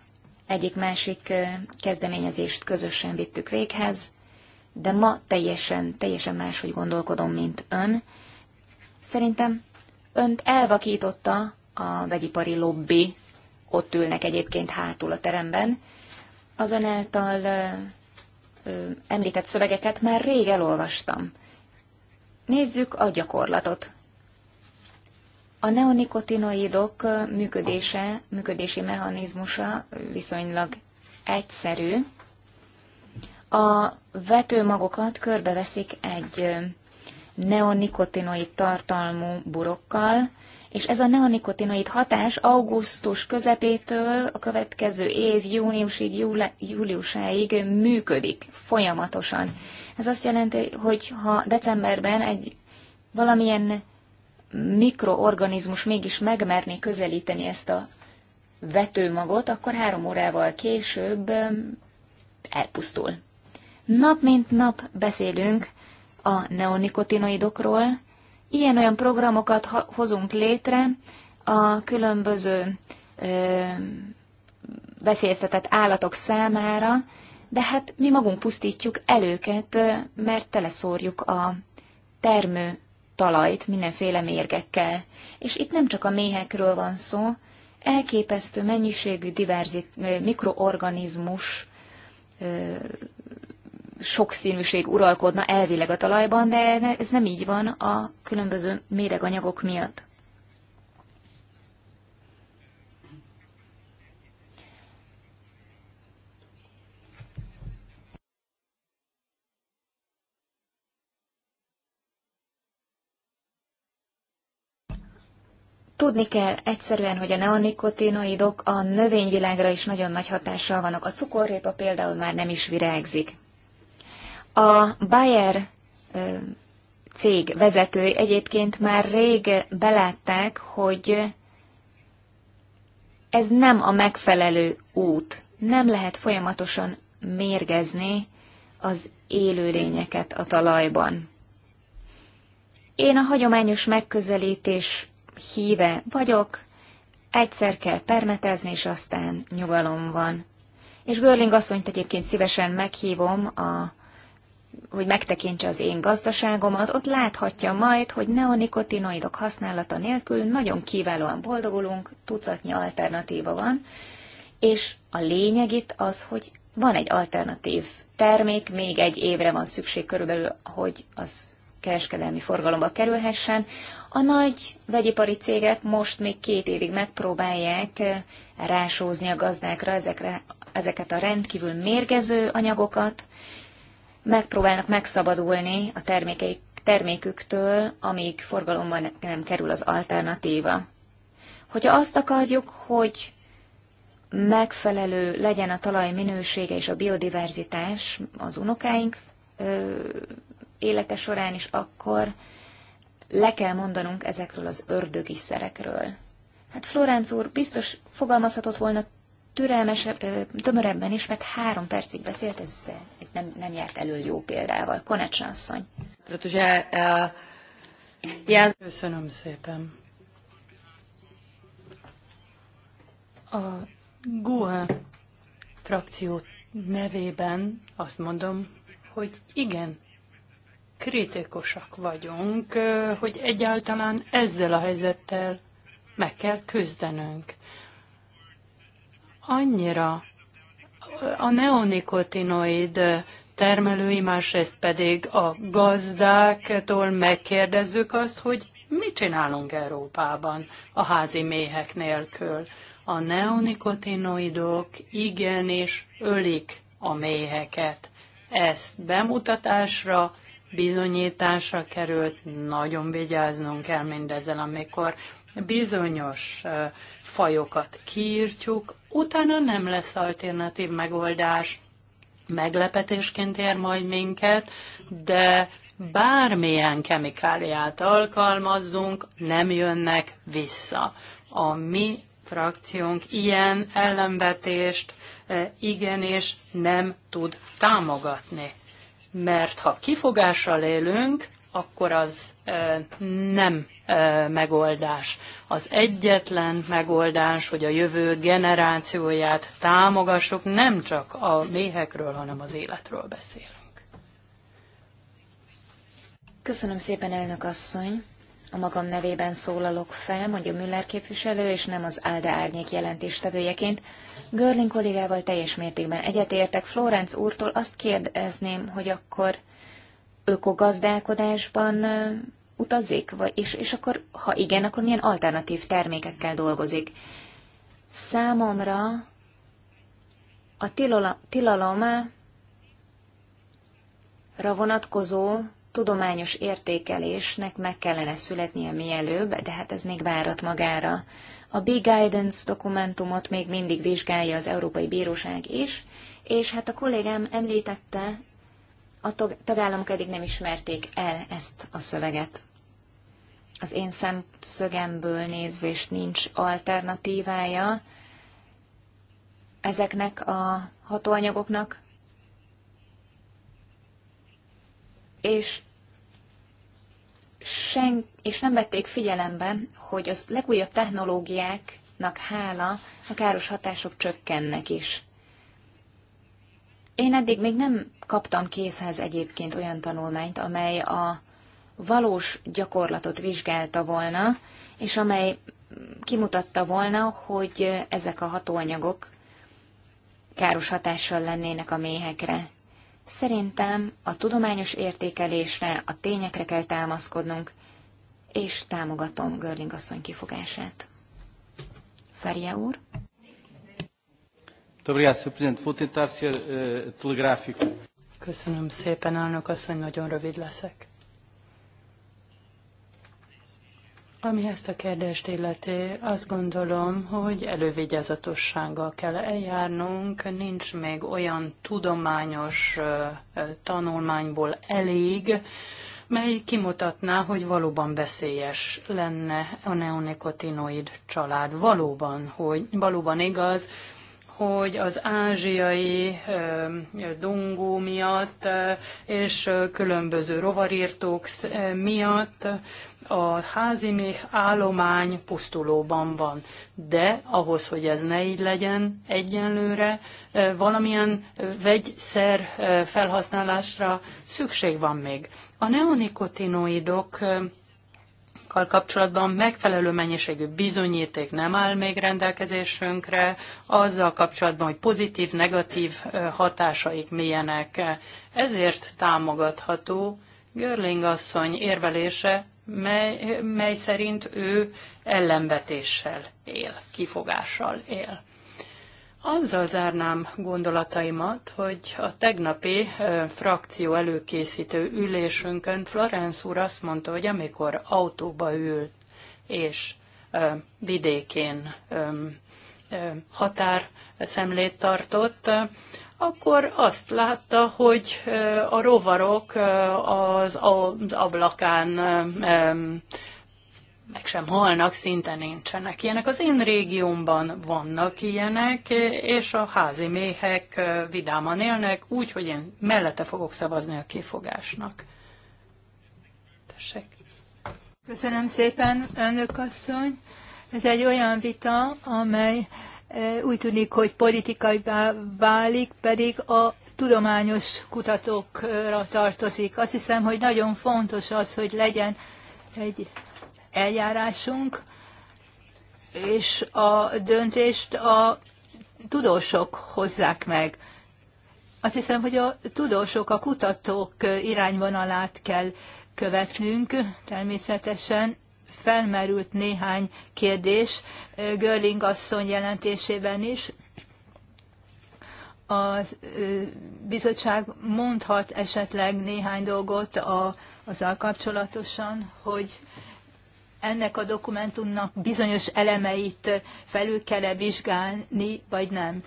egyik-másik kezdeményezést közösen vittük véghez, de ma teljesen, teljesen máshogy gondolkodom, mint ön. Szerintem önt elvakította a vegyipari lobby, ott ülnek egyébként hátul a teremben, az önáltal említett szövegeket már rég elolvastam. Nézzük a gyakorlatot. A neonikotinoidok működése, működési mechanizmusa viszonylag egyszerű. A vetőmagokat körbeveszik egy neonikotinoid tartalmú burokkal, és ez a neonikotinoid hatás augusztus közepétől a következő év júniusig, júliusáig működik folyamatosan. Ez azt jelenti, hogy ha decemberben egy valamilyen mikroorganizmus mégis megmerné közelíteni ezt a vetőmagot, akkor három órával később um, elpusztul. Nap mint nap beszélünk a neonikotinoidokról, Ilyen-olyan programokat hozunk létre a különböző ö, veszélyeztetett állatok számára, de hát mi magunk pusztítjuk el őket, mert teleszórjuk a termő talajt mindenféle mérgekkel. És itt nem csak a méhekről van szó, elképesztő mennyiségű diverzit, mikroorganizmus sokszínűség uralkodna elvileg a talajban, de ez nem így van a különböző méreganyagok miatt. Tudni kell egyszerűen, hogy a neonikotinoidok a növényvilágra is nagyon nagy hatással vannak. A cukorrépa például már nem is virágzik. A Bayer cég vezetői egyébként már rég belátták, hogy ez nem a megfelelő út. Nem lehet folyamatosan mérgezni az élőlényeket a talajban. Én a hagyományos megközelítés híve vagyok, egyszer kell permetezni, és aztán nyugalom van. És Görling asszonyt egyébként szívesen meghívom a hogy megtekintse az én gazdaságomat, ott láthatja majd, hogy neonikotinoidok használata nélkül nagyon kiválóan boldogulunk, tucatnyi alternatíva van, és a lényeg itt az, hogy van egy alternatív termék, még egy évre van szükség körülbelül, hogy az kereskedelmi forgalomba kerülhessen. A nagy vegyipari cégek most még két évig megpróbálják eh, rásózni a gazdákra ezekre, ezeket a rendkívül mérgező anyagokat, megpróbálnak megszabadulni a termékeik, terméküktől, amíg forgalomban nem kerül az alternatíva. Hogyha azt akarjuk, hogy megfelelő legyen a talaj minősége és a biodiverzitás az unokáink ö, élete során is, akkor le kell mondanunk ezekről az ördögi szerekről. Hát Floránc úr biztos fogalmazhatott volna türelmesebb, tömörebben is, mert három percig beszélt, ez nem, nem járt elő jó példával. Konecsa asszony. Köszönöm szépen. A GUE frakció nevében azt mondom, hogy igen, kritikusak vagyunk, hogy egyáltalán ezzel a helyzettel meg kell küzdenünk annyira a neonikotinoid termelői, másrészt pedig a gazdáktól megkérdezzük azt, hogy mit csinálunk Európában a házi méhek nélkül. A neonikotinoidok igenis ölik a méheket. Ezt bemutatásra, bizonyításra került, nagyon vigyáznunk kell mindezzel, amikor bizonyos fajokat kiírtjuk, utána nem lesz alternatív megoldás. Meglepetésként ér majd minket, de bármilyen kemikáliát alkalmazzunk, nem jönnek vissza. A mi frakciónk ilyen ellenvetést igenis nem tud támogatni. Mert ha kifogással élünk, akkor az nem megoldás. Az egyetlen megoldás, hogy a jövő generációját támogassuk, nem csak a méhekről, hanem az életről beszélünk. Köszönöm szépen, elnök asszony! A magam nevében szólalok fel, mondja Müller képviselő, és nem az Álda Árnyék jelentéstevőjeként. Görling kollégával teljes mértékben egyetértek. Florenc úrtól azt kérdezném, hogy akkor ökogazdálkodásban utazik, vagy, és, és akkor, ha igen, akkor milyen alternatív termékekkel dolgozik. Számomra a tilalomra vonatkozó tudományos értékelésnek meg kellene születnie mielőbb, de hát ez még várat magára. A Big Guidance dokumentumot még mindig vizsgálja az Európai Bíróság is, és hát a kollégám említette, a tagállamok eddig nem ismerték el ezt a szöveget az én szemszögemből is nincs alternatívája ezeknek a hatóanyagoknak, és, sen, és nem vették figyelembe, hogy az legújabb technológiáknak hála a káros hatások csökkennek is. Én eddig még nem kaptam készhez egyébként olyan tanulmányt, amely a valós gyakorlatot vizsgálta volna, és amely kimutatta volna, hogy ezek a hatóanyagok káros hatással lennének a méhekre. Szerintem a tudományos értékelésre, a tényekre kell támaszkodnunk, és támogatom Görling asszony kifogását. Ferje úr? Eh, Köszönöm szépen, elnök asszony, nagyon rövid leszek. Ami ezt a kérdést illeti, azt gondolom, hogy elővigyázatossággal kell eljárnunk. Nincs még olyan tudományos tanulmányból elég, mely kimutatná, hogy valóban veszélyes lenne a neonikotinoid család. Valóban, hogy valóban igaz, hogy az ázsiai dongó miatt és különböző rovarírtók miatt a házi még állomány pusztulóban van. De ahhoz, hogy ez ne így legyen egyenlőre, valamilyen vegyszer felhasználásra szükség van még. A neonikotinoidok kal kapcsolatban megfelelő mennyiségű bizonyíték nem áll még rendelkezésünkre, azzal kapcsolatban, hogy pozitív, negatív hatásaik milyenek. Ezért támogatható Görling asszony érvelése, mely, mely szerint ő ellenvetéssel él, kifogással él. Azzal zárnám gondolataimat, hogy a tegnapi frakció előkészítő ülésünkön Florence úr azt mondta, hogy amikor autóba ült és vidékén határ szemlét tartott, akkor azt látta, hogy a rovarok az ablakán meg sem halnak, szinte nincsenek ilyenek. Az én régiómban vannak ilyenek, és a házi méhek vidáman élnek, úgy, hogy én mellette fogok szavazni a kifogásnak. Tessék. Köszönöm szépen, elnök asszony. Ez egy olyan vita, amely úgy tűnik, hogy politikai válik, pedig a tudományos kutatókra tartozik. Azt hiszem, hogy nagyon fontos az, hogy legyen egy eljárásunk, és a döntést a tudósok hozzák meg. Azt hiszem, hogy a tudósok, a kutatók irányvonalát kell követnünk, természetesen felmerült néhány kérdés Görling asszony jelentésében is. A bizottság mondhat esetleg néhány dolgot a, azzal kapcsolatosan, hogy ennek a dokumentumnak bizonyos elemeit felül kell -e vizsgálni, vagy nem.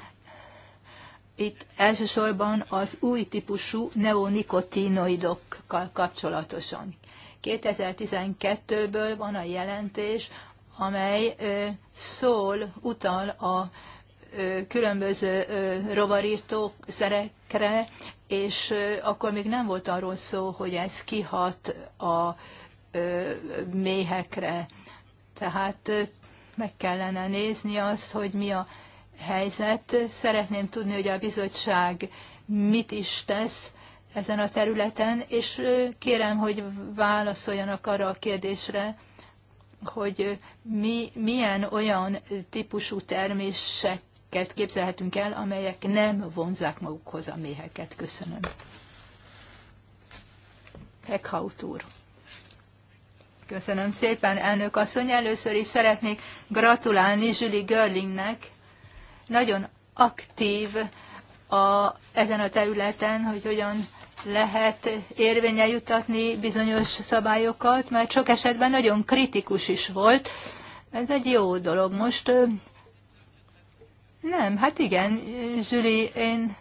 Itt elsősorban az új típusú neonikotinoidokkal kapcsolatosan. 2012-ből van a jelentés, amely szól, utal a különböző rovarírtó szerekre, és akkor még nem volt arról szó, hogy ez kihat a méhekre. Tehát meg kellene nézni azt, hogy mi a helyzet. Szeretném tudni, hogy a bizottság mit is tesz ezen a területen, és kérem, hogy válaszoljanak arra a kérdésre, hogy mi, milyen olyan típusú terméseket képzelhetünk el, amelyek nem vonzák magukhoz a méheket. Köszönöm. Eckhout úr. Köszönöm szépen, elnök asszony. Először is szeretnék gratulálni Julie Görlingnek. Nagyon aktív a, ezen a területen, hogy hogyan lehet érvényel jutatni bizonyos szabályokat, mert sok esetben nagyon kritikus is volt. Ez egy jó dolog. Most nem, hát igen, Zsüli, én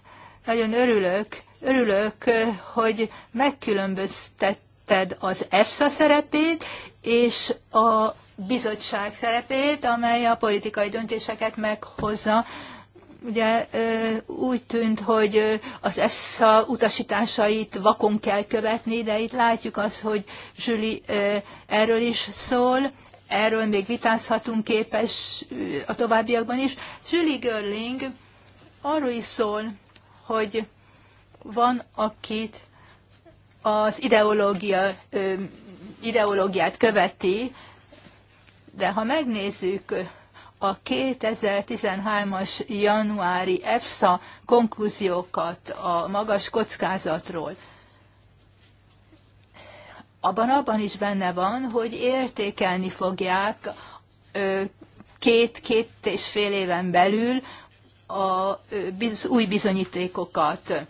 nagyon örülök, örülök, hogy megkülönböztet említetted az EFSA szerepét, és a bizottság szerepét, amely a politikai döntéseket meghozza. Ugye úgy tűnt, hogy az EFSA utasításait vakon kell követni, de itt látjuk azt, hogy Zsüli erről is szól, erről még vitázhatunk képes a továbbiakban is. Julie Görling arról is szól, hogy van, akit az ideológia, ideológiát követi, de ha megnézzük a 2013-as januári EFSA konklúziókat a magas kockázatról, abban abban is benne van, hogy értékelni fogják két-két és fél éven belül az új bizonyítékokat.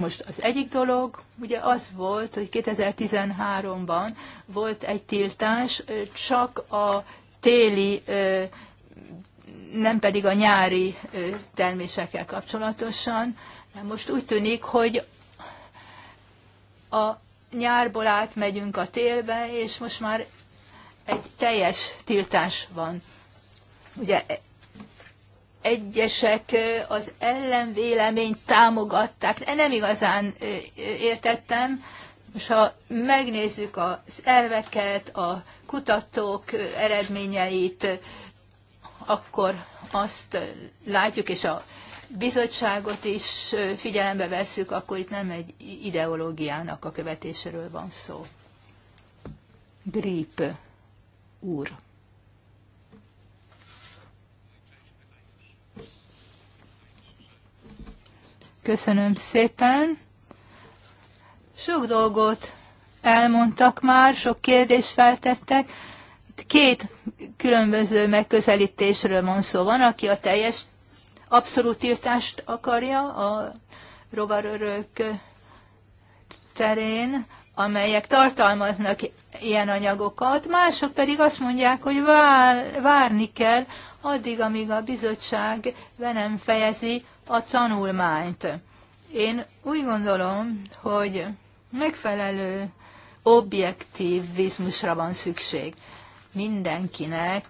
Most az egyik dolog ugye az volt, hogy 2013-ban volt egy tiltás, csak a téli, nem pedig a nyári termésekkel kapcsolatosan. Most úgy tűnik, hogy a nyárból átmegyünk a télbe, és most már egy teljes tiltás van. Ugye egyesek az ellenvéleményt támogatták. De nem igazán értettem. Most ha megnézzük az elveket, a kutatók eredményeit, akkor azt látjuk, és a bizottságot is figyelembe vesszük, akkor itt nem egy ideológiának a követéséről van szó. Grip úr. Köszönöm szépen. Sok dolgot elmondtak már, sok kérdést feltettek. Két különböző megközelítésről van szó. Van, aki a teljes abszolút tiltást akarja a rovarörök terén, amelyek tartalmaznak ilyen anyagokat, mások pedig azt mondják, hogy vár, várni kell addig, amíg a bizottság be nem fejezi a tanulmányt. Én úgy gondolom, hogy megfelelő objektivizmusra van szükség. Mindenkinek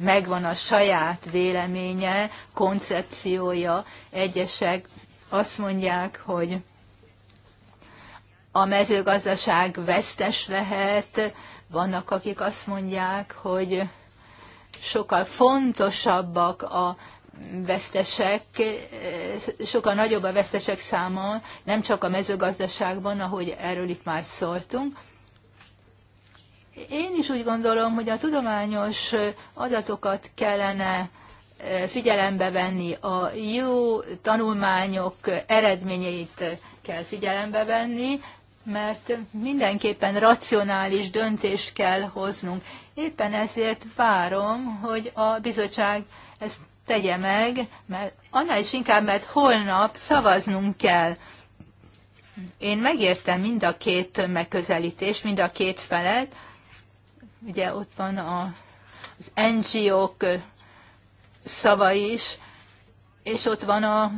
megvan a saját véleménye, koncepciója. Egyesek azt mondják, hogy a mezőgazdaság vesztes lehet, vannak, akik azt mondják, hogy sokkal fontosabbak a vesztesek, sokkal nagyobb a vesztesek száma, nem csak a mezőgazdaságban, ahogy erről itt már szóltunk. Én is úgy gondolom, hogy a tudományos adatokat kellene eh, figyelembe venni, a jó tanulmányok eredményeit kell figyelembe venni, mert mindenképpen racionális döntést kell hoznunk. Éppen ezért várom, hogy a bizottság ezt tegye meg, mert annál is inkább, mert holnap szavaznunk kell. Én megértem mind a két megközelítés, mind a két felet. Ugye ott van a, az NGO-k szava is, és ott van a,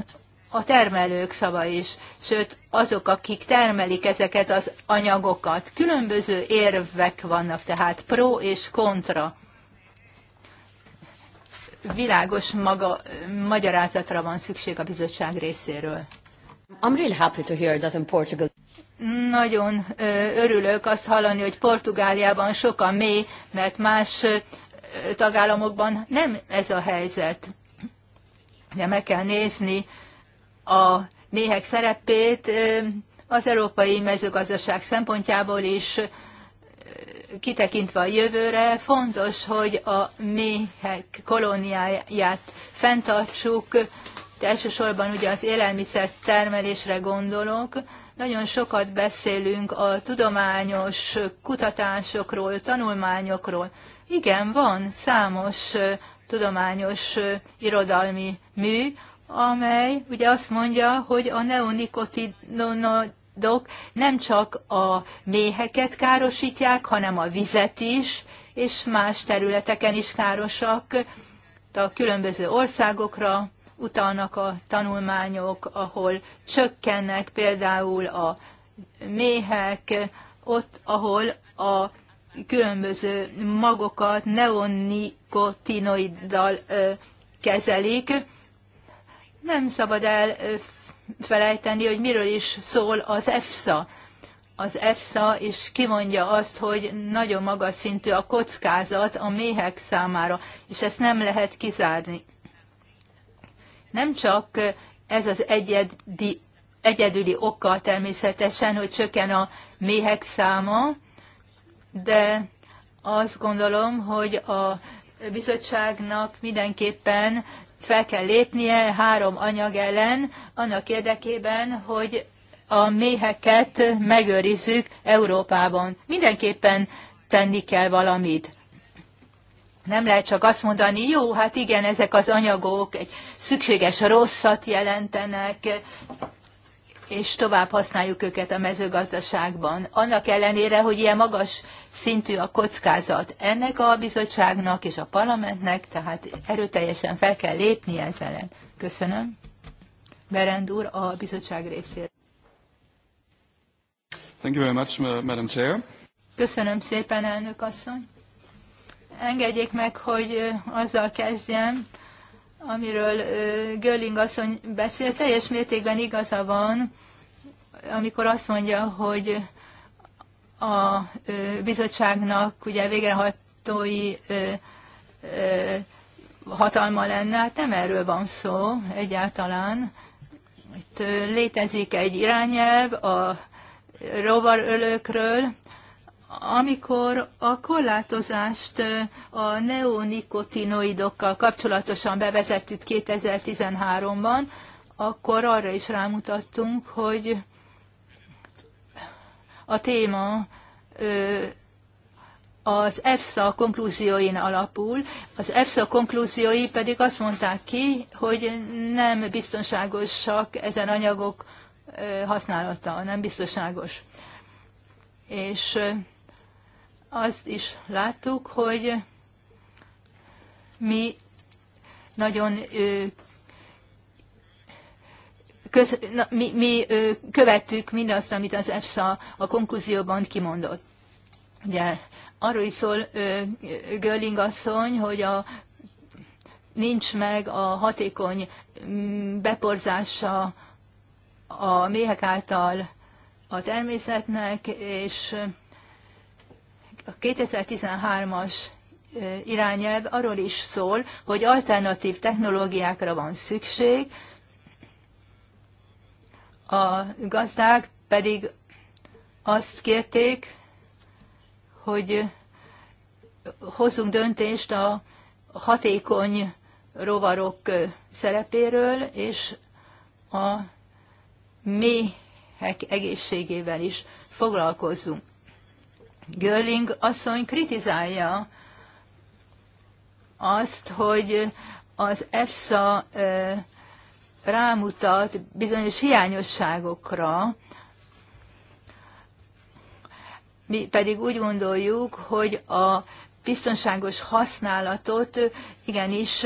a termelők szava is, sőt azok, akik termelik ezeket az anyagokat. Különböző érvek vannak, tehát pro és kontra világos maga, magyarázatra van szükség a bizottság részéről. I'm really happy to hear that in Portugal. Nagyon örülök azt hallani, hogy Portugáliában sok a mély, mert más tagállamokban nem ez a helyzet. De meg kell nézni a méhek szerepét az európai mezőgazdaság szempontjából is, kitekintve a jövőre fontos, hogy a méhek kolóniáját fenntartsuk, elsősorban ugye az élelmiszer termelésre gondolok. Nagyon sokat beszélünk a tudományos kutatásokról, tanulmányokról. Igen, van számos tudományos irodalmi mű, amely ugye azt mondja, hogy a neonikotinoid állatok nem csak a méheket károsítják, hanem a vizet is, és más területeken is károsak. A különböző országokra utalnak a tanulmányok, ahol csökkennek például a méhek, ott, ahol a különböző magokat neonikotinoiddal kezelik. Nem szabad el felejteni, hogy miről is szól az EFSA. Az EFSA is kimondja azt, hogy nagyon magas szintű a kockázat a méhek számára, és ezt nem lehet kizárni. Nem csak ez az egyedi, egyedüli oka természetesen, hogy csökken a méhek száma, de azt gondolom, hogy a bizottságnak mindenképpen fel kell lépnie három anyag ellen, annak érdekében, hogy a méheket megőrizzük Európában. Mindenképpen tenni kell valamit. Nem lehet csak azt mondani, jó, hát igen, ezek az anyagok egy szükséges rosszat jelentenek, és tovább használjuk őket a mezőgazdaságban, annak ellenére, hogy ilyen magas szintű a kockázat. Ennek a bizottságnak és a parlamentnek, tehát erőteljesen fel kell lépni ezzel. ellen. Köszönöm. Berend úr a bizottság részéről. Thank you very much, Madam Chair. Köszönöm szépen, elnök asszony. Engedjék meg, hogy azzal kezdjem, amiről Görling asszony beszél, teljes mértékben igaza van, amikor azt mondja, hogy a bizottságnak ugye végrehajtói hatalma lenne, hát nem erről van szó egyáltalán. Itt létezik egy irányelv a rovarölőkről, amikor a korlátozást a neonikotinoidokkal kapcsolatosan bevezettük 2013-ban, akkor arra is rámutattunk, hogy a téma az EFSA konklúzióin alapul. Az EFSA konklúziói pedig azt mondták ki, hogy nem biztonságosak ezen anyagok használata, nem biztonságos. És azt is láttuk, hogy mi nagyon köz, na, mi, mi követtük mindazt, amit az EFSA a konklúzióban kimondott. Ugye arról is szól Görling asszony, hogy a, nincs meg a hatékony beporzása a méhek által a természetnek, és a 2013-as irányelv arról is szól, hogy alternatív technológiákra van szükség, a gazdák pedig azt kérték, hogy hozzunk döntést a hatékony rovarok szerepéről, és a méhek egészségével is foglalkozzunk. Görling asszony kritizálja azt, hogy az EFSA rámutat bizonyos hiányosságokra, mi pedig úgy gondoljuk, hogy a biztonságos használatot igenis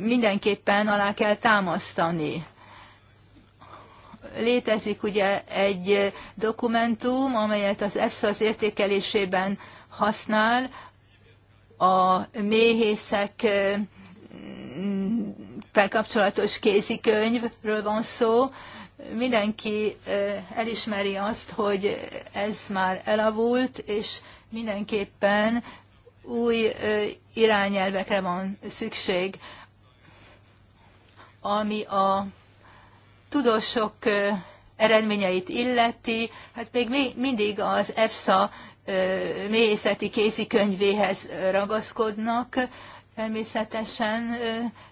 mindenképpen alá kell támasztani. Létezik ugye egy dokumentum, amelyet az EFSA az értékelésében használ, a méhészek mm, felkapcsolatos kézikönyvről van szó. Mindenki elismeri azt, hogy ez már elavult, és mindenképpen új irányelvekre van szükség, ami a tudósok eredményeit illeti, hát még mindig az EFSA mélyészeti kézikönyvéhez ragaszkodnak. Természetesen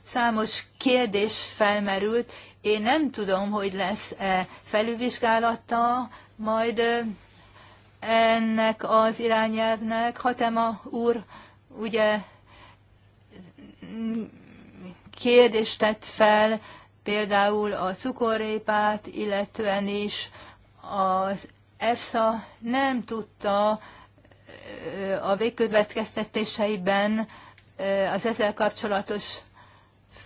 számos kérdés felmerült. Én nem tudom, hogy lesz-e felülvizsgálata majd ennek az irányelvnek. Hatema úr ugye kérdést tett fel, például a cukorrépát, illetően is az EFSA nem tudta a végkövetkeztetéseiben az ezzel kapcsolatos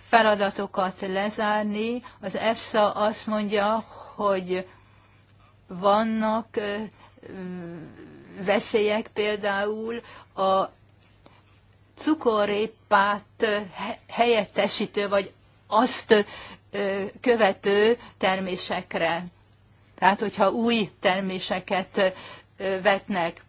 feladatokat lezárni. Az EFSA azt mondja, hogy vannak veszélyek például a cukorrépát helyettesítő vagy azt követő termésekre. Tehát, hogyha új terméseket vetnek.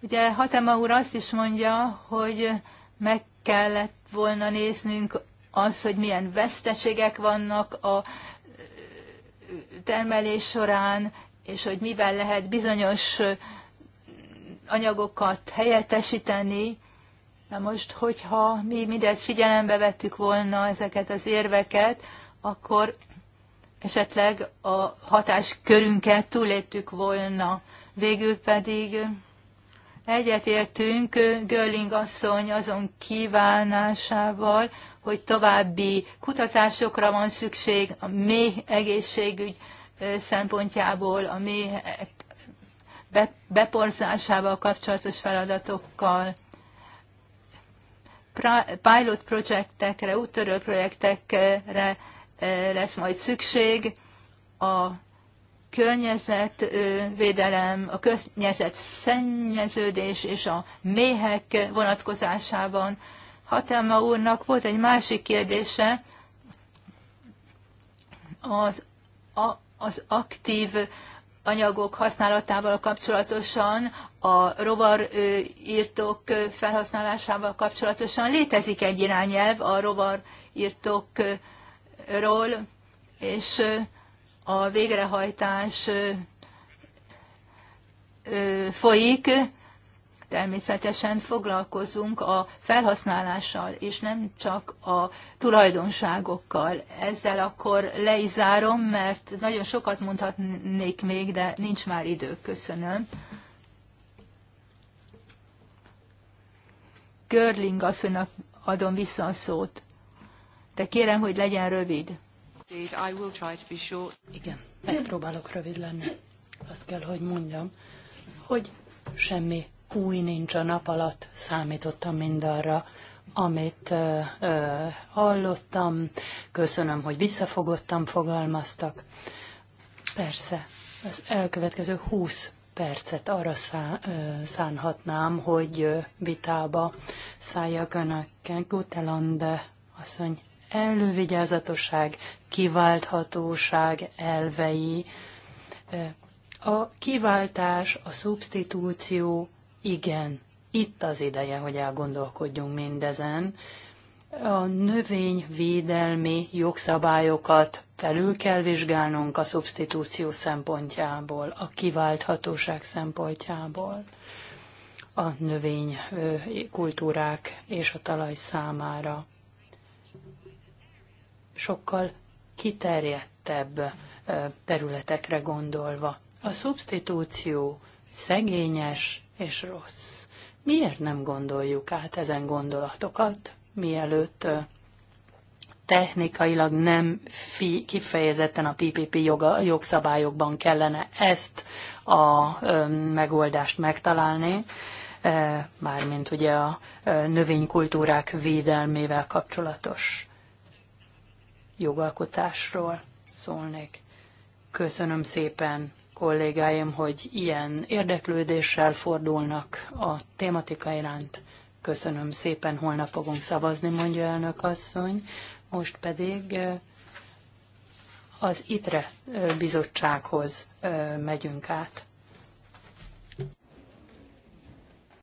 Ugye Hatema úr azt is mondja, hogy meg kellett volna néznünk az, hogy milyen veszteségek vannak a termelés során, és hogy mivel lehet bizonyos anyagokat helyettesíteni, Na most, hogyha mi mindezt figyelembe vettük volna ezeket az érveket, akkor esetleg a hatáskörünket túléptük volna. Végül pedig egyetértünk Görling asszony azon kívánásával, hogy további kutatásokra van szükség a mély egészségügy szempontjából, a mély beporzásával kapcsolatos feladatokkal pilot projektekre, úttörő projektekre eh, lesz majd szükség a környezetvédelem, a környezet szennyeződés és a méhek vonatkozásában. Hatelma úrnak volt egy másik kérdése, az, a, az aktív anyagok használatával kapcsolatosan, a rovarírtók felhasználásával kapcsolatosan létezik egy irányelv a rovarírtókról, és a végrehajtás folyik, természetesen foglalkozunk a felhasználással, és nem csak a tulajdonságokkal. Ezzel akkor le is zárom, mert nagyon sokat mondhatnék még, de nincs már idő. Köszönöm. Görling asszonynak adom vissza a szót. De kérem, hogy legyen rövid. Igen, megpróbálok rövid lenni. Azt kell, hogy mondjam, hogy semmi új nincs a nap alatt, számítottam mindarra, amit ö, ö, hallottam. Köszönöm, hogy visszafogottam, fogalmaztak. Persze, az elkövetkező 20 percet arra szá, ö, szánhatnám, hogy ö, vitába szálljak önökkel. Gutelande asszony elővigyázatosság, kiválthatóság elvei, a kiváltás, a szubstitúció igen, itt az ideje, hogy elgondolkodjunk mindezen. A növényvédelmi jogszabályokat felül kell vizsgálnunk a szubstitúció szempontjából, a kiválthatóság szempontjából, a növénykultúrák és a talaj számára. Sokkal kiterjedtebb területekre gondolva. A szubstitúció szegényes és rossz. Miért nem gondoljuk át ezen gondolatokat, mielőtt technikailag nem fi, kifejezetten a PPP joga, jogszabályokban kellene ezt a ö, megoldást megtalálni, e, mármint ugye a ö, növénykultúrák védelmével kapcsolatos jogalkotásról szólnék. Köszönöm szépen kollégáim, hogy ilyen érdeklődéssel fordulnak a tématika iránt. Köszönöm szépen, holnap fogunk szavazni, mondja elnök asszony. Most pedig az ITRE bizottsághoz megyünk át.